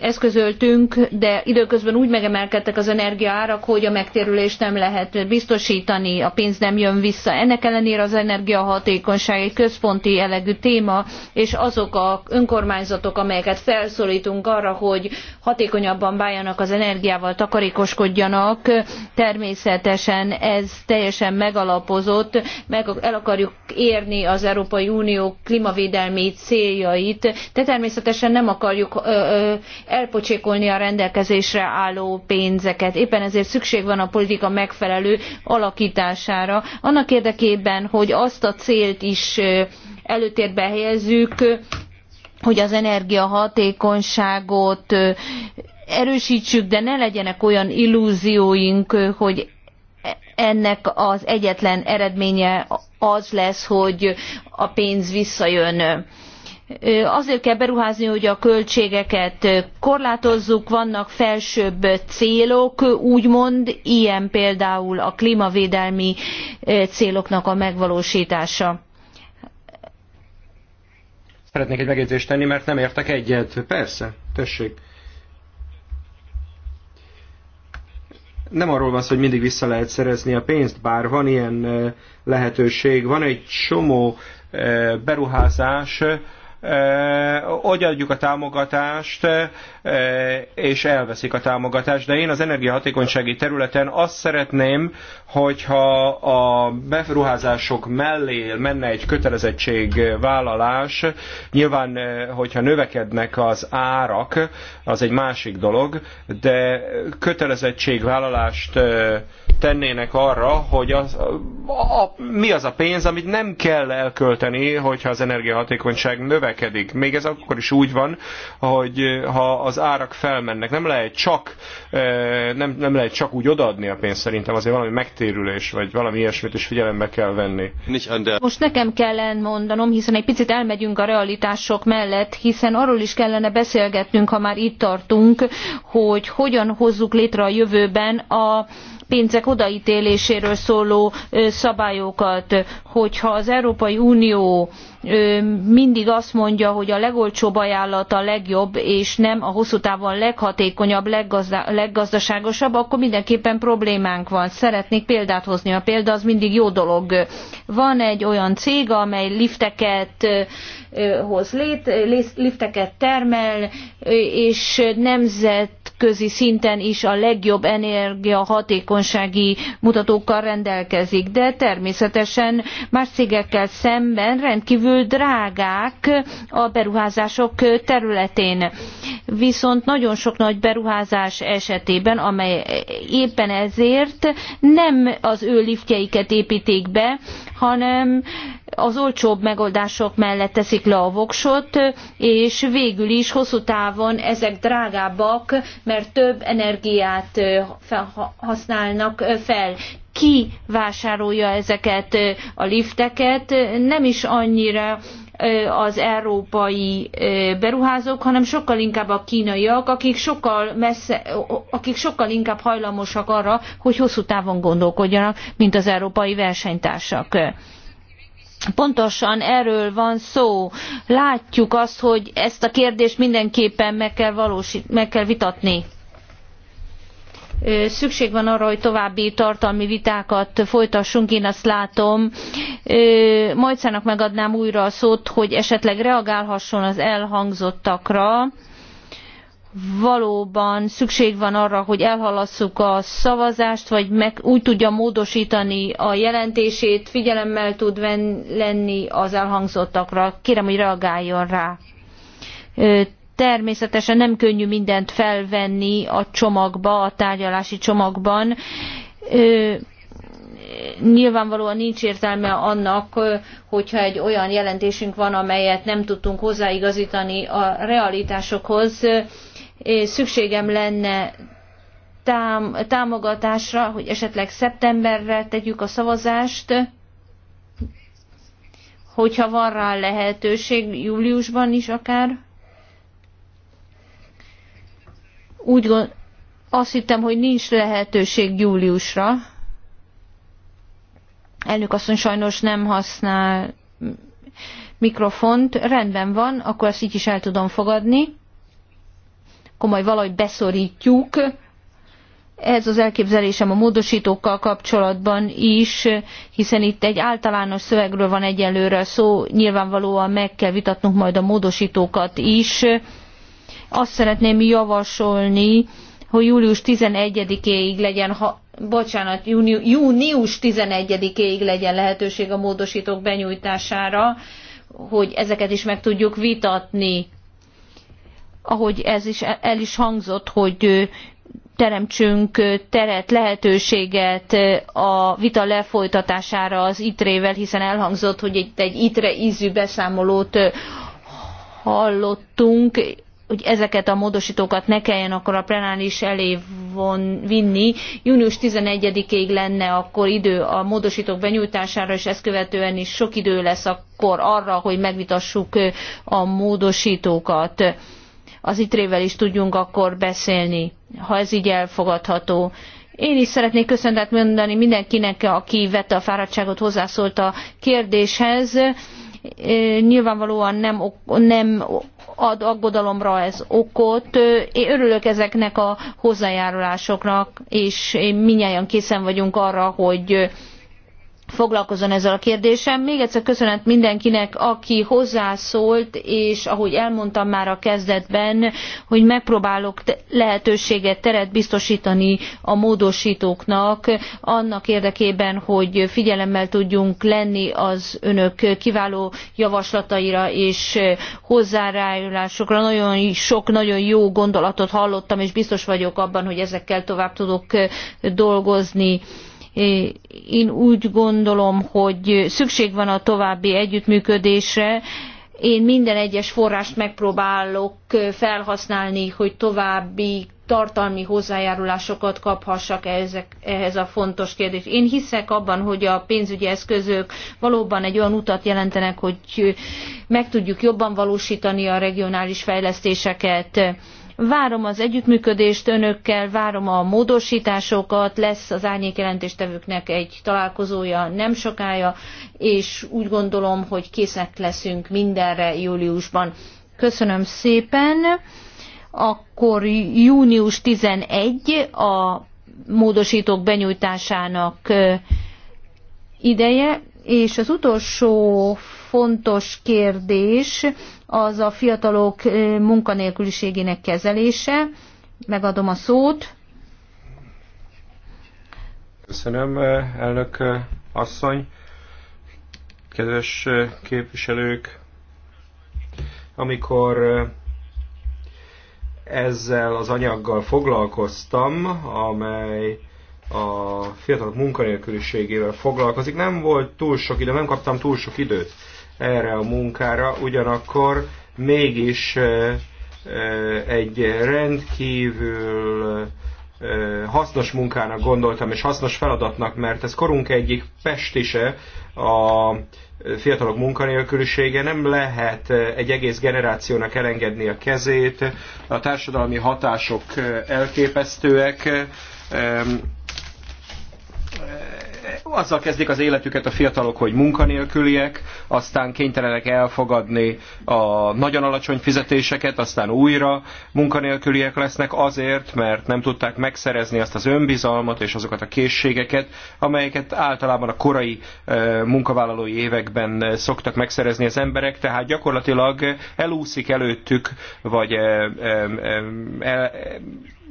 eszközöltünk, de időközben úgy megemelkedtek az energiaárak, hogy a megtérülést nem lehet biztosítani, a pénz nem jön vissza. Ennek ellenére az energiahatékonyság egy központi elegű téma, és azok a önkormányzatok, amelyeket felszólítunk arra, hogy hatékonyabban bánjanak az energiával, takarékoskodjanak, természetesen ez teljesen megalapozott, meg el akarjuk érni az Európai Unió klímavédelmi céljait, de természetesen nem akarjuk elpocsékolni a rendelkezésre álló pénzeket. Éppen ezért szükség van a politika megfelelő alakítására, annak érdekében, hogy azt a célt is előtérbe helyezzük, hogy az energiahatékonyságot erősítsük, de ne legyenek olyan illúzióink, hogy ennek az egyetlen eredménye az lesz, hogy a pénz visszajön azért kell beruházni, hogy a költségeket korlátozzuk, vannak felsőbb célok, úgymond, ilyen például a klímavédelmi céloknak a megvalósítása. Szeretnék egy megjegyzést tenni, mert nem értek egyet. Persze, tessék. nem arról van szó, hogy mindig vissza lehet szerezni a pénzt, bár van ilyen lehetőség, van egy csomó beruházás, adjuk a támogatást, és elveszik a támogatást, de én az energiahatékonysági területen azt szeretném, hogyha a beruházások mellé menne egy kötelezettségvállalás, nyilván, hogyha növekednek az árak, az egy másik dolog, de kötelezettségvállalást tennének arra, hogy az, a, a, mi az a pénz, amit nem kell elkölteni, hogyha az energiahatékonyság növekedik, emelkedik. Még ez akkor is úgy van, hogy eh, ha az árak felmennek, nem lehet csak, eh, nem, nem lehet csak úgy odaadni a pénzt szerintem, azért valami megtérülés, vagy valami ilyesmit is figyelembe kell venni. Most nekem kell mondanom, hiszen egy picit elmegyünk a realitások mellett, hiszen arról is kellene beszélgetnünk, ha már itt tartunk, hogy hogyan hozzuk létre a jövőben a pénzek odaítéléséről szóló szabályokat, hogyha az Európai Unió mindig azt mondja, hogy a legolcsóbb ajánlat a legjobb, és nem a hosszú távon leghatékonyabb, leggazda, leggazdaságosabb, akkor mindenképpen problémánk van. Szeretnék példát hozni, a példa az mindig jó dolog. Van egy olyan cég, amely lifteket hoz lét, lifteket termel, és nemzet nemzetközi szinten is a legjobb energiahatékonysági mutatókkal rendelkezik, de természetesen más cégekkel szemben rendkívül drágák a beruházások területén. Viszont nagyon sok nagy beruházás esetében, amely éppen ezért nem az ő liftjeiket építik be, hanem az olcsóbb megoldások mellett teszik le a voksot, és végül is hosszú távon ezek drágábbak, mert több energiát használnak fel. Ki vásárolja ezeket a lifteket? Nem is annyira az európai beruházók, hanem sokkal inkább a kínaiak, akik sokkal, messze, akik sokkal inkább hajlamosak arra, hogy hosszú távon gondolkodjanak, mint az európai versenytársak Pontosan erről van szó. Látjuk azt, hogy ezt a kérdést mindenképpen meg kell, valósít, meg kell vitatni szükség van arra, hogy további tartalmi vitákat folytassunk, én azt látom. Majcának megadnám újra a szót, hogy esetleg reagálhasson az elhangzottakra valóban szükség van arra, hogy elhalasszuk a szavazást, vagy meg úgy tudja módosítani a jelentését, figyelemmel tud ven, lenni az elhangzottakra. Kérem, hogy reagáljon rá. Természetesen nem könnyű mindent felvenni a csomagba, a tárgyalási csomagban nyilvánvalóan nincs értelme annak, hogyha egy olyan jelentésünk van, amelyet nem tudtunk hozzáigazítani a realitásokhoz, szükségem lenne tám támogatásra, hogy esetleg szeptemberre tegyük a szavazást, hogyha van rá lehetőség, júliusban is akár. Úgy gond, azt hittem, hogy nincs lehetőség júliusra. Elnök asszony sajnos nem használ mikrofont. Rendben van, akkor ezt így is el tudom fogadni majd valahogy beszorítjuk. Ez az elképzelésem a módosítókkal kapcsolatban is, hiszen itt egy általános szövegről van egyelőre szó, nyilvánvalóan meg kell vitatnunk majd a módosítókat is. Azt szeretném javasolni, hogy július 11-éig legyen, ha, bocsánat, júni, június 11-éig legyen lehetőség a módosítók benyújtására, hogy ezeket is meg tudjuk vitatni ahogy ez is el is hangzott, hogy teremtsünk teret, lehetőséget a vita lefolytatására az ITRE-vel, hiszen elhangzott, hogy itt egy ITRE ízű beszámolót hallottunk, hogy ezeket a módosítókat ne kelljen akkor a plenáris elé von, vinni. Június 11-ig lenne akkor idő a módosítók benyújtására, és ezt követően is sok idő lesz akkor arra, hogy megvitassuk a módosítókat az itre vel is tudjunk akkor beszélni, ha ez így elfogadható. Én is szeretnék köszönetet mondani mindenkinek, aki vette a fáradtságot, hozzászólt a kérdéshez. E, nyilvánvalóan nem, nem ad aggodalomra ez okot. E, én örülök ezeknek a hozzájárulásoknak, és minnyáján készen vagyunk arra, hogy foglalkozon ezzel a kérdéssel. Még egyszer köszönet mindenkinek, aki hozzászólt, és ahogy elmondtam már a kezdetben, hogy megpróbálok lehetőséget, teret biztosítani a módosítóknak annak érdekében, hogy figyelemmel tudjunk lenni az önök kiváló javaslataira és hozzárájulásokra. Nagyon sok, nagyon jó gondolatot hallottam, és biztos vagyok abban, hogy ezekkel tovább tudok dolgozni én úgy gondolom, hogy szükség van a további együttműködésre, én minden egyes forrást megpróbálok felhasználni, hogy további tartalmi hozzájárulásokat kaphassak ezek, ehhez a fontos kérdés. Én hiszek abban, hogy a pénzügyi eszközök valóban egy olyan utat jelentenek, hogy meg tudjuk jobban valósítani a regionális fejlesztéseket, Várom az együttműködést önökkel, várom a módosításokat, lesz az árnyékjelentéstevőknek egy találkozója nem sokája, és úgy gondolom, hogy készek leszünk mindenre júliusban. Köszönöm szépen. Akkor június 11 a módosítók benyújtásának ideje, és az utolsó fontos kérdés az a fiatalok munkanélküliségének kezelése. Megadom a szót. Köszönöm, elnök asszony, kedves képviselők. Amikor ezzel az anyaggal foglalkoztam, amely a fiatalok munkanélküliségével foglalkozik. Nem volt túl sok idő, nem kaptam túl sok időt erre a munkára, ugyanakkor mégis egy rendkívül hasznos munkának gondoltam, és hasznos feladatnak, mert ez korunk egyik pestise, a fiatalok munkanélkülisége nem lehet egy egész generációnak elengedni a kezét, a társadalmi hatások elképesztőek, azzal kezdik az életüket a fiatalok, hogy munkanélküliek, aztán kénytelenek elfogadni a nagyon alacsony fizetéseket, aztán újra munkanélküliek lesznek azért, mert nem tudták megszerezni azt az önbizalmat és azokat a készségeket, amelyeket általában a korai munkavállalói években szoktak megszerezni az emberek, tehát gyakorlatilag elúszik előttük, vagy el, el, el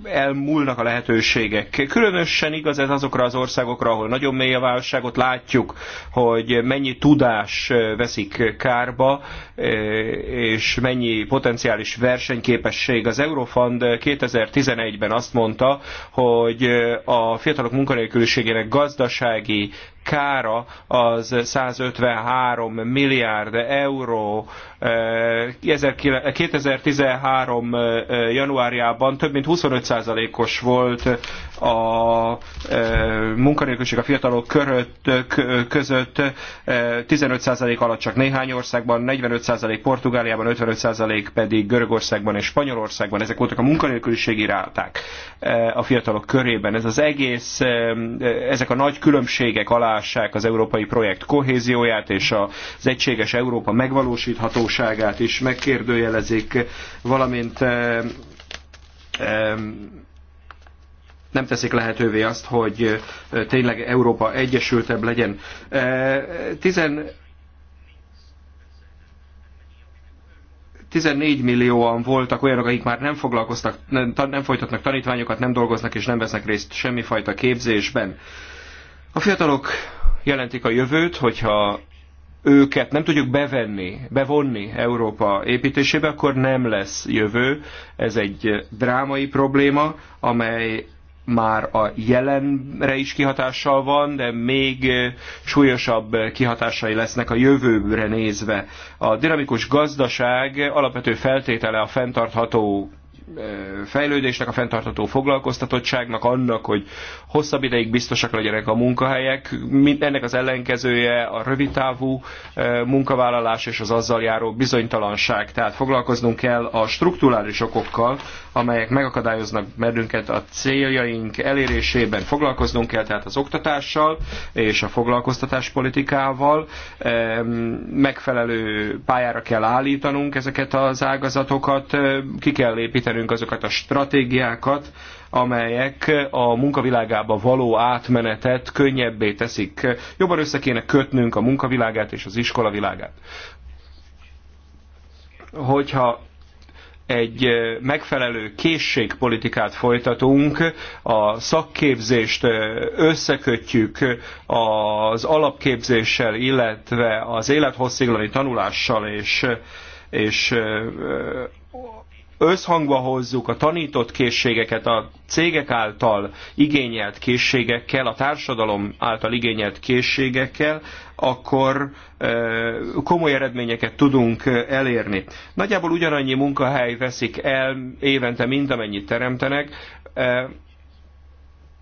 elmúlnak a lehetőségek. Különösen igaz ez azokra az országokra, ahol nagyon mély a válságot, látjuk, hogy mennyi tudás veszik kárba, és mennyi potenciális versenyképesség. Az Eurofund 2011-ben azt mondta, hogy a fiatalok munkanélküliségének gazdasági kára az 153 milliárd euró 2013 eh, eh, eh, januárjában több mint 25%-os volt a e, munkanélküliség a fiatalok között 15% e, alatt csak néhány országban, 45% Portugáliában, 55% pedig Görögországban és Spanyolországban. Ezek voltak a munkanélküliségi ráták e, a fiatalok körében. Ez az egész, ezek a nagy különbségek alássák az európai projekt kohézióját és az egységes Európa megvalósíthatóságát is megkérdőjelezik, valamint nem teszik lehetővé azt, hogy tényleg Európa egyesültebb legyen. Tizen 14 millióan voltak olyanok, akik már nem foglalkoztak, nem, nem folytatnak tanítványokat, nem dolgoznak és nem vesznek részt semmifajta képzésben. A fiatalok jelentik a jövőt, hogyha őket nem tudjuk bevenni, bevonni Európa építésébe, akkor nem lesz jövő. Ez egy drámai probléma, amely már a jelenre is kihatással van, de még súlyosabb kihatásai lesznek a jövőre nézve. A dinamikus gazdaság alapvető feltétele a fenntartható fejlődésnek, a fenntartató foglalkoztatottságnak, annak, hogy hosszabb ideig biztosak legyenek a munkahelyek. Ennek az ellenkezője a rövidtávú munkavállalás és az azzal járó bizonytalanság. Tehát foglalkoznunk kell a strukturális okokkal, amelyek megakadályoznak bennünket a céljaink elérésében. Foglalkoznunk kell tehát az oktatással és a foglalkoztatáspolitikával. Megfelelő pályára kell állítanunk ezeket az ágazatokat, ki kell építeni ismerünk, azokat a stratégiákat, amelyek a munkavilágába való átmenetet könnyebbé teszik. Jobban össze kéne kötnünk a munkavilágát és az iskolavilágát. Hogyha egy megfelelő készségpolitikát folytatunk, a szakképzést összekötjük az alapképzéssel, illetve az élethosszíglani tanulással és és összhangba hozzuk a tanított készségeket a cégek által igényelt készségekkel, a társadalom által igényelt készségekkel, akkor e, komoly eredményeket tudunk e, elérni. Nagyjából ugyanannyi munkahely veszik el évente, mint amennyit teremtenek e,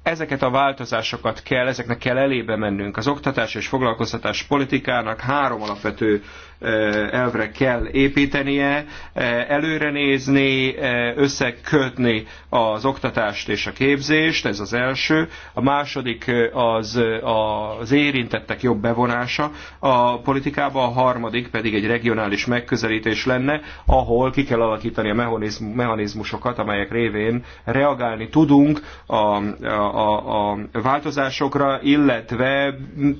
ezeket a változásokat kell, ezeknek kell elébe mennünk. Az oktatás és foglalkoztatás politikának három alapvető elvre kell építenie, előre nézni, összekötni az oktatást és a képzést, ez az első. A második az az érintettek jobb bevonása a politikába, a harmadik pedig egy regionális megközelítés lenne, ahol ki kell alakítani a mechanizmusokat, amelyek révén reagálni tudunk a, a, a változásokra, illetve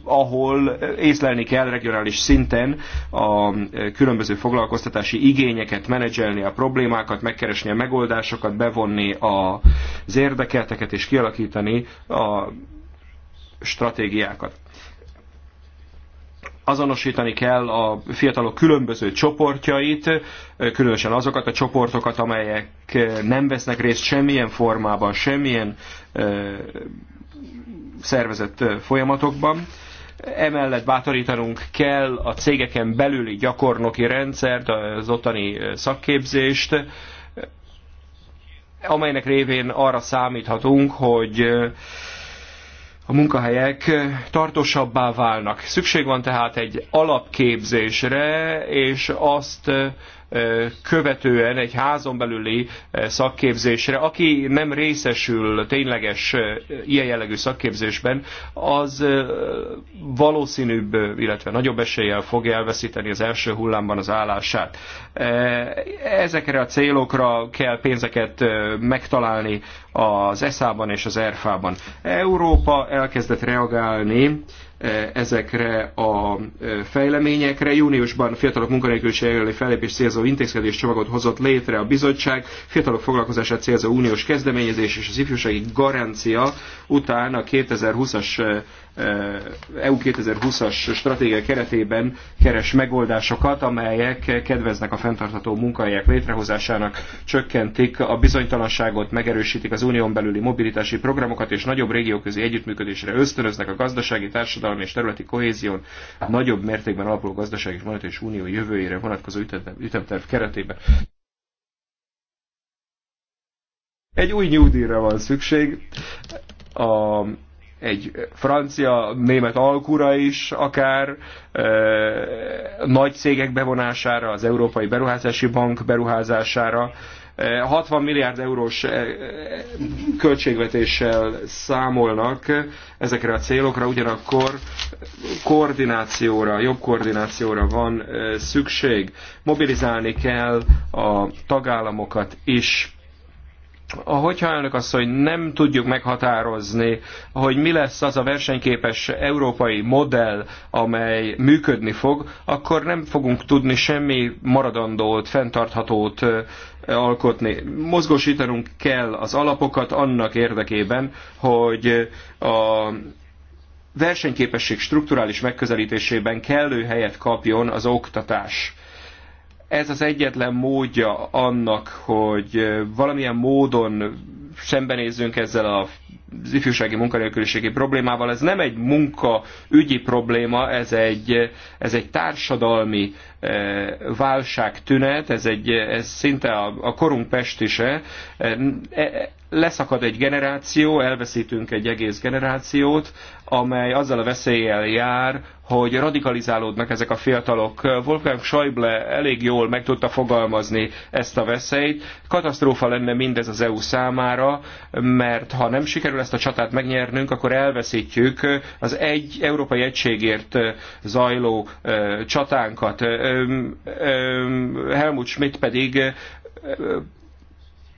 ahol észlelni kell regionális szinten a a e, különböző foglalkoztatási igényeket, menedzselni a problémákat, megkeresni a megoldásokat, bevonni az érdekelteket és kialakítani a stratégiákat azonosítani kell a fiatalok különböző csoportjait, e, különösen azokat a csoportokat, amelyek nem vesznek részt semmilyen formában, semmilyen e, szervezett folyamatokban. Emellett bátorítanunk kell a cégeken belüli gyakornoki rendszert, az ottani szakképzést, amelynek révén arra számíthatunk, hogy a munkahelyek tartósabbá válnak. Szükség van tehát egy alapképzésre, és azt követően egy házon belüli szakképzésre, aki nem részesül tényleges ilyen jellegű szakképzésben, az valószínűbb, illetve nagyobb eséllyel fog elveszíteni az első hullámban az állását. Ezekre a célokra kell pénzeket megtalálni az ESZÁ-ban és az ERFA-ban. Európa elkezdett reagálni E, ezekre a e, fejleményekre. Júniusban fiatalok munkanélkülség elleni fellépés célzó intézkedés csomagot hozott létre a bizottság, fiatalok foglalkozását célzó uniós kezdeményezés és az ifjúsági garancia után a 2020-as Eh, EU 2020-as stratégia keretében keres megoldásokat, amelyek kedveznek a fenntartható munkahelyek létrehozásának, csökkentik a bizonytalanságot, megerősítik az unión belüli mobilitási programokat, és nagyobb régióközi együttműködésre ösztönöznek a gazdasági, társadalmi és területi kohézión, nagyobb mértékben alapuló gazdasági és monetáris unió jövőjére vonatkozó ütemterv keretében. Egy új nyugdíjra van szükség. A egy francia, német alkura is akár, nagy cégek bevonására, az Európai Beruházási Bank beruházására, 60 milliárd eurós költségvetéssel számolnak ezekre a célokra, ugyanakkor koordinációra, jobb koordinációra van szükség. Mobilizálni kell a tagállamokat is hogyha elnök azt, hogy nem tudjuk meghatározni, hogy mi lesz az a versenyképes európai modell, amely működni fog, akkor nem fogunk tudni semmi maradandót, fenntarthatót alkotni. Mozgósítanunk kell az alapokat annak érdekében, hogy a versenyképesség strukturális megközelítésében kellő helyet kapjon az oktatás ez az egyetlen módja annak, hogy valamilyen módon szembenézzünk ezzel a az ifjúsági munkanélküliségi problémával. Ez nem egy munkaügyi probléma, ez egy, ez egy társadalmi válságtünet, ez, egy, ez szinte a, a korunk pestise. E, leszakad egy generáció, elveszítünk egy egész generációt, amely azzal a veszéllyel jár, hogy radikalizálódnak ezek a fiatalok. Wolfgang Schäuble elég jól meg tudta fogalmazni ezt a veszélyt. Katasztrófa lenne mindez az EU számára, mert ha nem sikerül ezt a csatát megnyernünk, akkor elveszítjük az egy európai egységért zajló csatánkat. Helmut Schmidt pedig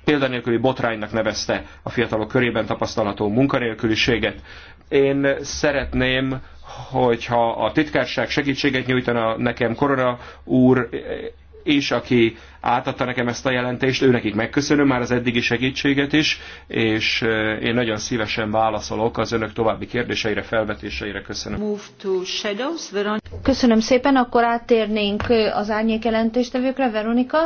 példanélküli botránynak nevezte a fiatalok körében tapasztalható munkanélküliséget. Én szeretném, hogyha a titkárság segítséget nyújtana nekem Korona úr és aki átadta nekem ezt a jelentést, ő nekik megköszönöm már az eddigi segítséget is, és én nagyon szívesen válaszolok az önök további kérdéseire, felvetéseire. Köszönöm. Move to shadows, Veron... Köszönöm szépen, akkor áttérnénk az árnyék jelentéstevőkre, Veronika.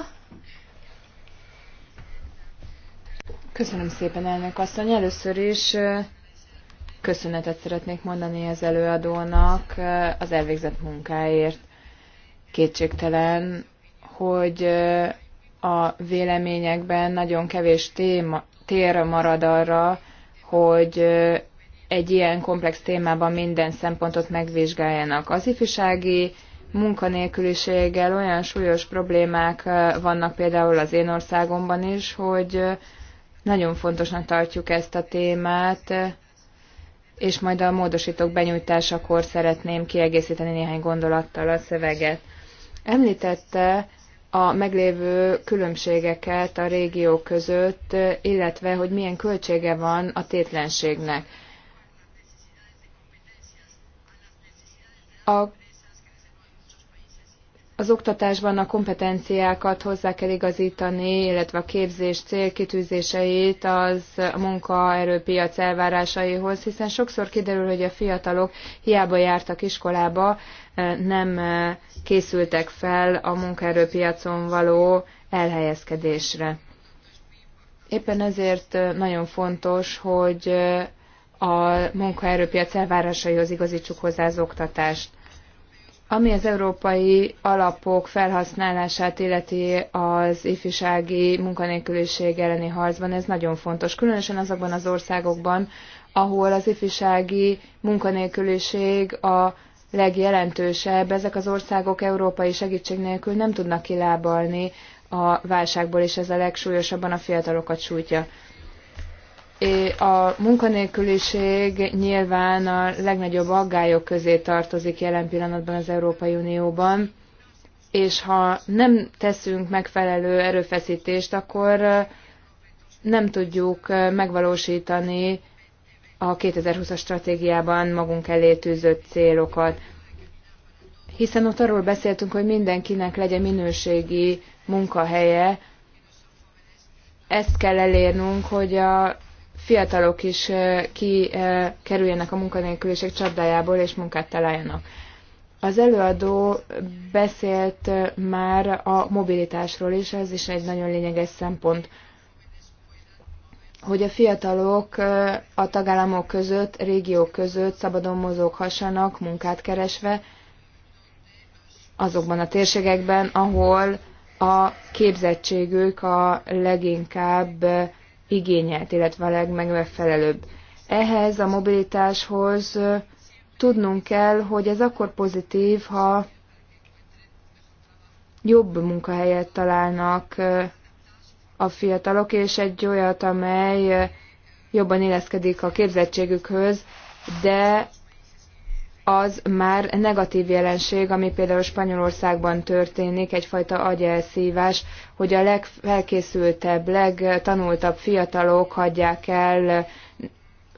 Köszönöm szépen, elnök asszony. Először is köszönetet szeretnék mondani az előadónak az elvégzett munkáért. Kétségtelen, hogy a véleményekben nagyon kevés téma, tér marad arra, hogy egy ilyen komplex témában minden szempontot megvizsgáljanak. Az ifjúsági munkanélküliséggel olyan súlyos problémák vannak például az én országomban is, hogy nagyon fontosnak tartjuk ezt a témát, és majd a módosítók benyújtásakor szeretném kiegészíteni néhány gondolattal a szöveget. Említette a meglévő különbségeket a régiók között, illetve hogy milyen költsége van a tétlenségnek. A az oktatásban a kompetenciákat hozzá kell igazítani, illetve a képzés célkitűzéseit az a munkaerőpiac elvárásaihoz, hiszen sokszor kiderül, hogy a fiatalok hiába jártak iskolába, nem készültek fel a munkaerőpiacon való elhelyezkedésre. Éppen ezért nagyon fontos, hogy a munkaerőpiac elvárásaihoz igazítsuk hozzá az oktatást. Ami az európai alapok felhasználását illeti az ifjúsági munkanélküliség elleni harcban, ez nagyon fontos, különösen azokban az országokban, ahol az ifjúsági munkanélküliség a legjelentősebb. Ezek az országok európai segítség nélkül nem tudnak kilábalni a válságból, és ez a legsúlyosabban a fiatalokat sújtja. A munkanélküliség nyilván a legnagyobb aggályok közé tartozik jelen pillanatban az Európai Unióban, és ha nem teszünk megfelelő erőfeszítést, akkor nem tudjuk megvalósítani a 2020-as stratégiában magunk elé tűzött célokat. Hiszen ott arról beszéltünk, hogy mindenkinek legyen minőségi munkahelye, ezt kell elérnünk, hogy a fiatalok is kikerüljenek a munkanélküliség csapdájából és munkát találjanak. Az előadó beszélt már a mobilitásról is, ez is egy nagyon lényeges szempont, hogy a fiatalok a tagállamok között, régiók között szabadon mozoghassanak munkát keresve azokban a térségekben, ahol a képzettségük a leginkább igényelt, illetve a legmegfelelőbb. Ehhez a mobilitáshoz tudnunk kell, hogy ez akkor pozitív, ha jobb munkahelyet találnak a fiatalok, és egy olyat, amely jobban illeszkedik a képzettségükhöz, de az már negatív jelenség, ami például Spanyolországban történik, egyfajta agyelszívás, hogy a legfelkészültebb, legtanultabb fiatalok hagyják el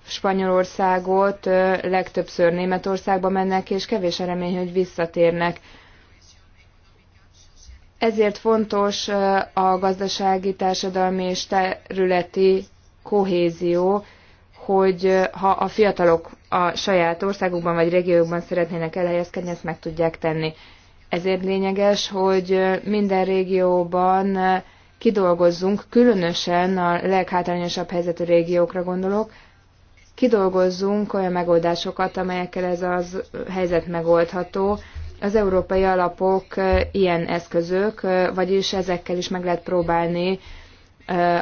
Spanyolországot, legtöbbször Németországba mennek, és kevés a remény, hogy visszatérnek. Ezért fontos a gazdasági, társadalmi és területi kohézió, hogy ha a fiatalok a saját országukban vagy régiókban szeretnének elhelyezkedni, ezt meg tudják tenni. Ezért lényeges, hogy minden régióban kidolgozzunk, különösen a leghátrányosabb helyzetű régiókra gondolok, kidolgozzunk olyan megoldásokat, amelyekkel ez az helyzet megoldható. Az európai alapok ilyen eszközök, vagyis ezekkel is meg lehet próbálni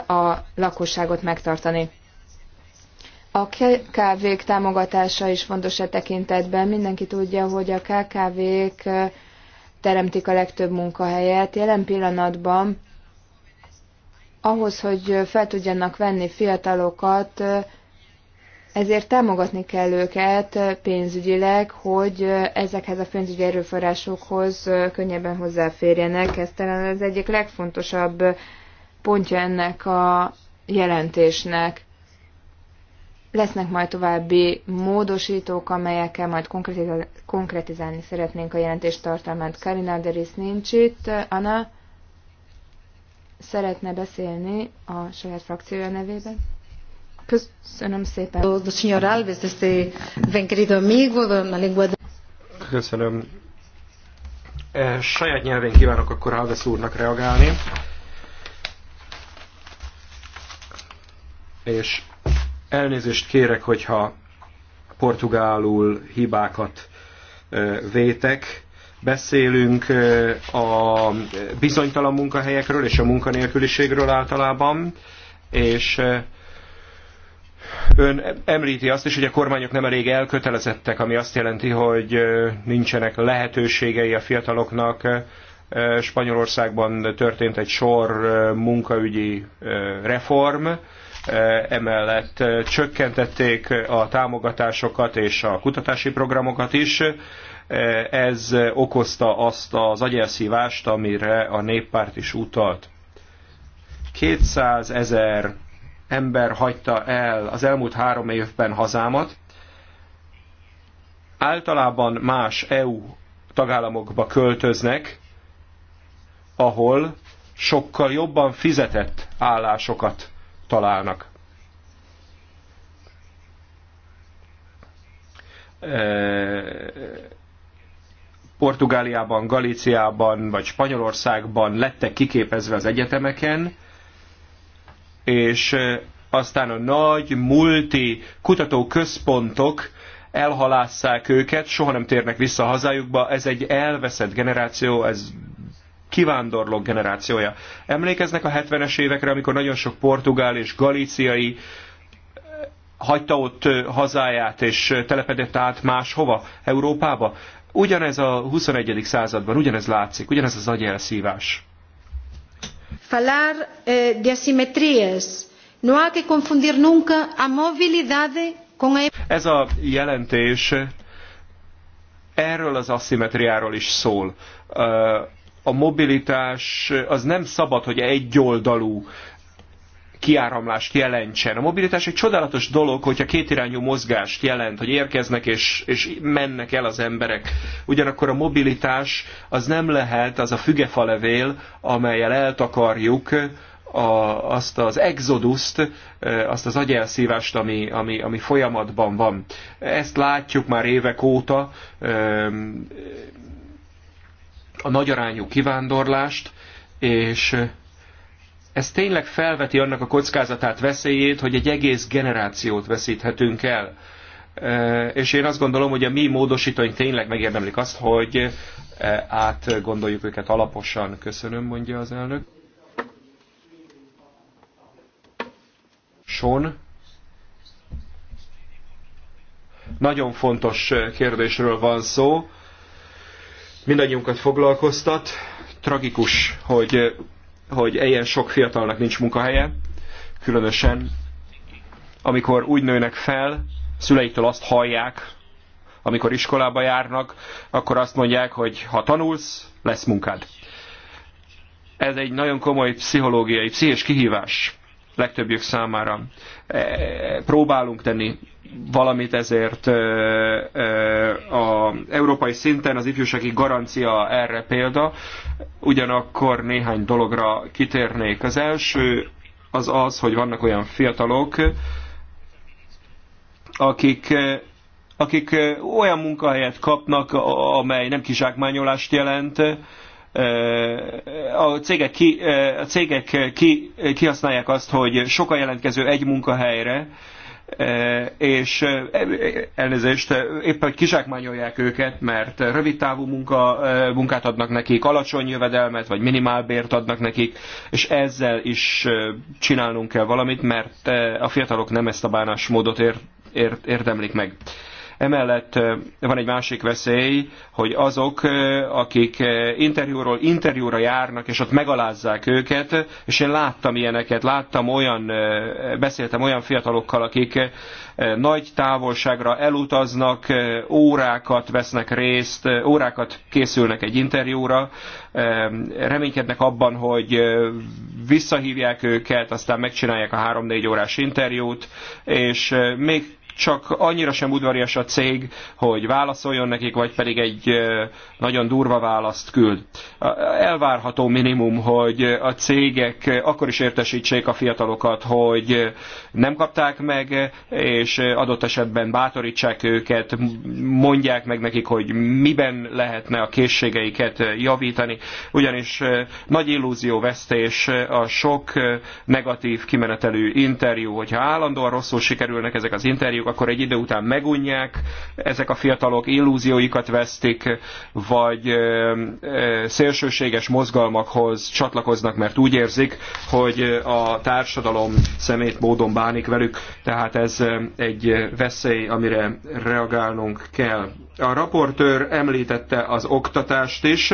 a lakosságot megtartani. A KKV-k támogatása is fontos e tekintetben. Mindenki tudja, hogy a KKV-k teremtik a legtöbb munkahelyet. Jelen pillanatban ahhoz, hogy fel tudjanak venni fiatalokat, ezért támogatni kell őket pénzügyileg, hogy ezekhez a pénzügyi erőforrásokhoz könnyebben hozzáférjenek. Ez talán az egyik legfontosabb pontja ennek a jelentésnek. Lesznek majd további módosítók, amelyekkel majd konkretizálni szeretnénk a jelentés tartalmát. Karina Deris nincs itt. Anna szeretne beszélni a saját frakciója nevében. Köszönöm szépen. Köszönöm. E, saját nyelvén kívánok akkor Alves úrnak reagálni. És Elnézést kérek, hogyha portugálul hibákat vétek. Beszélünk a bizonytalan munkahelyekről és a munkanélküliségről általában, és Ön említi azt is, hogy a kormányok nem elég elkötelezettek, ami azt jelenti, hogy nincsenek lehetőségei a fiataloknak. Spanyolországban történt egy sor munkaügyi reform, E, emellett e, csökkentették a támogatásokat és a kutatási programokat is. E, ez okozta azt az agyelszívást, amire a néppárt is utalt. 200 ezer ember hagyta el az elmúlt három évben hazámat. Általában más EU tagállamokba költöznek, ahol sokkal jobban fizetett állásokat találnak. Portugáliában, Galíciában vagy Spanyolországban lettek kiképezve az egyetemeken, és aztán a nagy multi kutatóközpontok elhalásszák őket, soha nem térnek vissza hazájukba, ez egy elveszett generáció, ez kivándorlók generációja. Emlékeznek a 70-es évekre, amikor nagyon sok portugál és galíciai eh, hagyta ott eh, hazáját és eh, telepedett át máshova, Európába? Ugyanez a 21. században, ugyanez látszik, ugyanez az agyelszívás. Falar de asimetrias. No ha que confundir nunca a mobilidade con a... Ez a jelentés erről az aszimetriáról is szól a mobilitás az nem szabad, hogy egyoldalú kiáramlást jelentsen. A mobilitás egy csodálatos dolog, hogyha kétirányú mozgást jelent, hogy érkeznek és, és mennek el az emberek. Ugyanakkor a mobilitás az nem lehet az a fügefalevél, amelyel eltakarjuk a, azt az exoduszt, azt az agyelszívást, ami, ami, ami folyamatban van. Ezt látjuk már évek óta a nagyarányú kivándorlást, és ez tényleg felveti annak a kockázatát, veszélyét, hogy egy egész generációt veszíthetünk el. És én azt gondolom, hogy a mi módosítóink tényleg megérdemlik azt, hogy átgondoljuk őket alaposan. Köszönöm, mondja az elnök. Son. Nagyon fontos kérdésről van szó mindannyiunkat foglalkoztat. Tragikus, hogy, hogy ilyen sok fiatalnak nincs munkahelye, különösen amikor úgy nőnek fel, szüleiktől azt hallják, amikor iskolába járnak, akkor azt mondják, hogy ha tanulsz, lesz munkád. Ez egy nagyon komoly pszichológiai, pszichés kihívás legtöbbjük számára. E, próbálunk tenni valamit ezért az európai szinten az ifjúsági garancia erre példa, ugyanakkor néhány dologra kitérnék. Az első az az, hogy vannak olyan fiatalok, akik akik olyan munkahelyet kapnak, amely nem kizsákmányolást jelent, a cégek, ki, a cégek ki, kihasználják azt, hogy sokan jelentkező egy munkahelyre, E, és e, elnézést, e, éppen kizsákmányolják őket, mert rövidtávú munka, munkát adnak nekik, alacsony jövedelmet, vagy minimálbért adnak nekik, és ezzel is csinálnunk kell valamit, mert a fiatalok nem ezt a bánásmódot ér, ér, érdemlik meg. Emellett van egy másik veszély, hogy azok, akik interjúról interjúra járnak, és ott megalázzák őket, és én láttam ilyeneket, láttam olyan, beszéltem olyan fiatalokkal, akik nagy távolságra elutaznak, órákat vesznek részt, órákat készülnek egy interjúra, reménykednek abban, hogy visszahívják őket, aztán megcsinálják a 3-4 órás interjút, és még csak annyira sem udvarias a cég, hogy válaszoljon nekik, vagy pedig egy nagyon durva választ küld. Elvárható minimum, hogy a cégek akkor is értesítsék a fiatalokat, hogy nem kapták meg, és adott esetben bátorítsák őket, mondják meg nekik, hogy miben lehetne a készségeiket javítani, ugyanis nagy illúzióvesztés a sok negatív kimenetelő interjú, hogyha állandóan rosszul sikerülnek ezek az interjúk, csináljuk, akkor egy idő után megunják, ezek a fiatalok illúzióikat vesztik, vagy szélsőséges mozgalmakhoz csatlakoznak, mert úgy érzik, hogy a társadalom szemét módon bánik velük, tehát ez egy veszély, amire reagálnunk kell. A raportőr említette az oktatást is,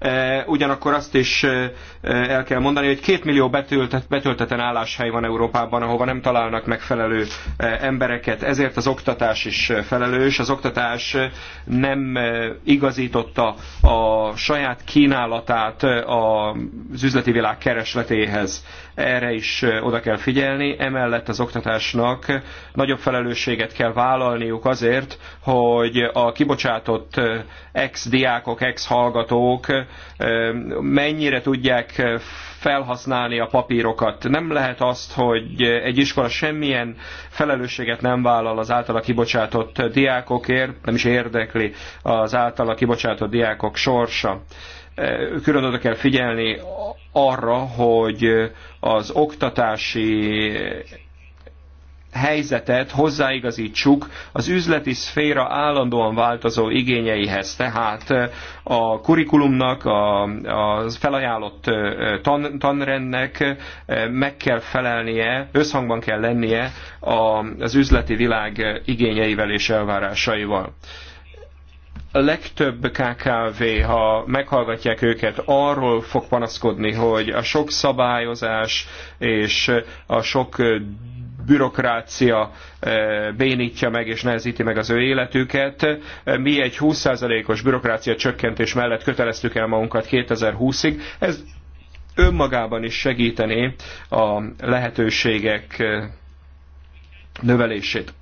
Eh, ugyanakkor azt is eh, eh, el kell mondani, hogy két millió betöltet, betölteten álláshely van Európában, ahova nem találnak megfelelő embereket. Ezért az oktatás is felelős. Az oktatás nem igazította a saját kínálatát az üzleti világ keresletéhez erre is oda kell figyelni. Emellett az oktatásnak nagyobb felelősséget kell vállalniuk azért, hogy a kibocsátott ex-diákok, ex-hallgatók mennyire tudják felhasználni a papírokat. Nem lehet azt, hogy egy iskola semmilyen felelősséget nem vállal az általa kibocsátott diákokért, nem is érdekli az általa kibocsátott diákok sorsa külön oda kell figyelni arra, hogy az oktatási helyzetet hozzáigazítsuk az üzleti szféra állandóan változó igényeihez. Tehát a kurikulumnak, a, a felajánlott tan, tanrendnek meg kell felelnie, összhangban kell lennie az üzleti világ igényeivel és elvárásaival a legtöbb KKV, ha meghallgatják őket, arról fog panaszkodni, hogy a sok szabályozás és a sok bürokrácia bénítja meg és nehezíti meg az ő életüket. Mi egy 20%-os bürokrácia csökkentés mellett köteleztük el magunkat 2020-ig. Ez önmagában is segítené a lehetőségek növelését.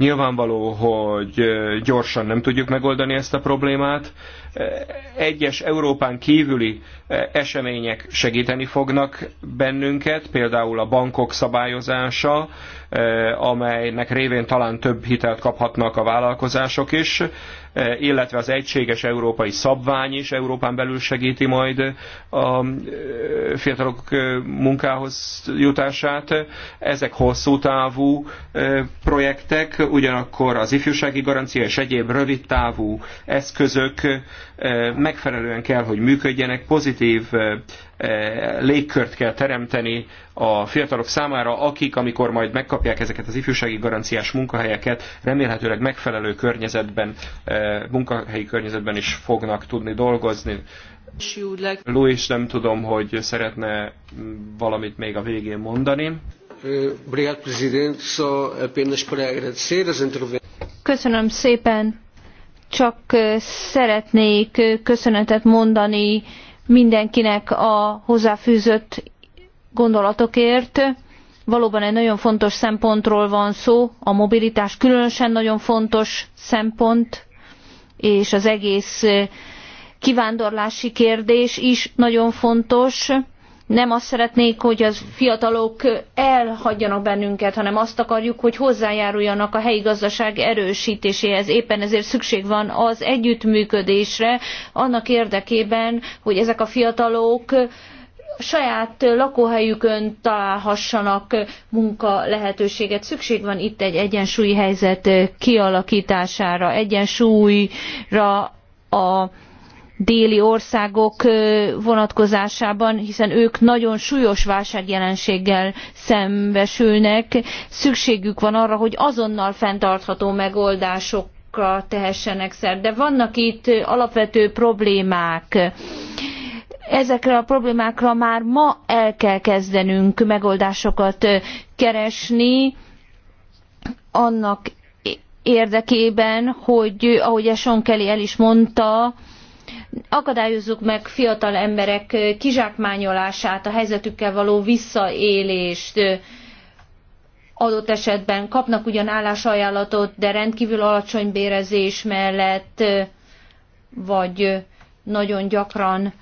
Nyilvánvaló, hogy gyorsan nem tudjuk megoldani ezt a problémát, egyes Európán kívüli e, események segíteni fognak bennünket, például a bankok szabályozása, e, amelynek révén talán több hitelt kaphatnak a vállalkozások is, e, illetve az egységes európai szabvány is Európán belül segíti majd a fiatalok munkához jutását. Ezek hosszú távú projektek, ugyanakkor az ifjúsági garancia és egyéb rövid távú eszközök megfelelően kell, hogy működjenek, pozitív légkört kell teremteni a fiatalok számára, akik, amikor majd megkapják ezeket az ifjúsági garanciás munkahelyeket, remélhetőleg megfelelő környezetben, munkahelyi környezetben is fognak tudni dolgozni. Louis, nem tudom, hogy szeretne valamit még a végén mondani. Köszönöm szépen csak szeretnék köszönetet mondani mindenkinek a hozzáfűzött gondolatokért. Valóban egy nagyon fontos szempontról van szó, a mobilitás különösen nagyon fontos szempont, és az egész kivándorlási kérdés is nagyon fontos nem azt szeretnék, hogy az fiatalok elhagyjanak bennünket, hanem azt akarjuk, hogy hozzájáruljanak a helyi gazdaság erősítéséhez. Éppen ezért szükség van az együttműködésre, annak érdekében, hogy ezek a fiatalok saját lakóhelyükön találhassanak munka lehetőséget. Szükség van itt egy egyensúlyi helyzet kialakítására, egyensúlyra a déli országok vonatkozásában, hiszen ők nagyon súlyos válságjelenséggel szembesülnek. Szükségük van arra, hogy azonnal fenntartható megoldásokra tehessenek szert. De vannak itt alapvető problémák ezekre a problémákra már ma el kell kezdenünk megoldásokat keresni annak érdekében, hogy ahogy Eson Kelly el is mondta, akadályozzuk meg fiatal emberek kizsákmányolását, a helyzetükkel való visszaélést, adott esetben kapnak ugyan állásajánlatot, de rendkívül alacsony bérezés mellett, vagy nagyon gyakran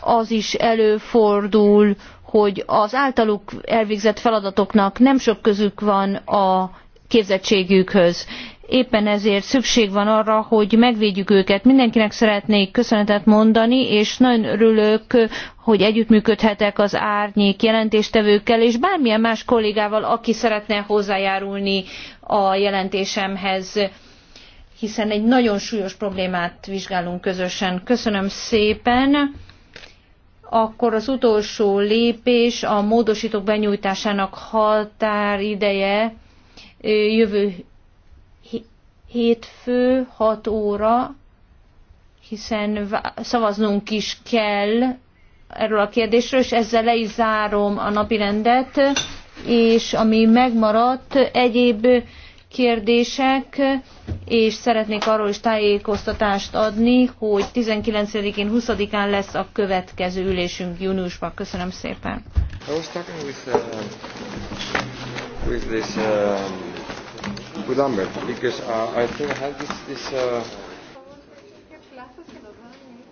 az is előfordul, hogy az általuk elvégzett feladatoknak nem sok közük van a képzettségükhöz éppen ezért szükség van arra, hogy megvédjük őket. Mindenkinek szeretnék köszönetet mondani, és nagyon örülök, hogy együttműködhetek az árnyék jelentéstevőkkel, és bármilyen más kollégával, aki szeretne hozzájárulni a jelentésemhez hiszen egy nagyon súlyos problémát vizsgálunk közösen. Köszönöm szépen! Akkor az utolsó lépés a módosítók benyújtásának határideje jövő hétfő 6 óra, hiszen szavaznunk is kell erről a kérdésről, és ezzel le is zárom a rendet, és ami megmaradt egyéb kérdések, és szeretnék arról is tájékoztatást adni, hogy 19-én, 20-án lesz a következő ülésünk júniusban. Köszönöm szépen. Uh, um, lambert because uh, I think I have this, this uh,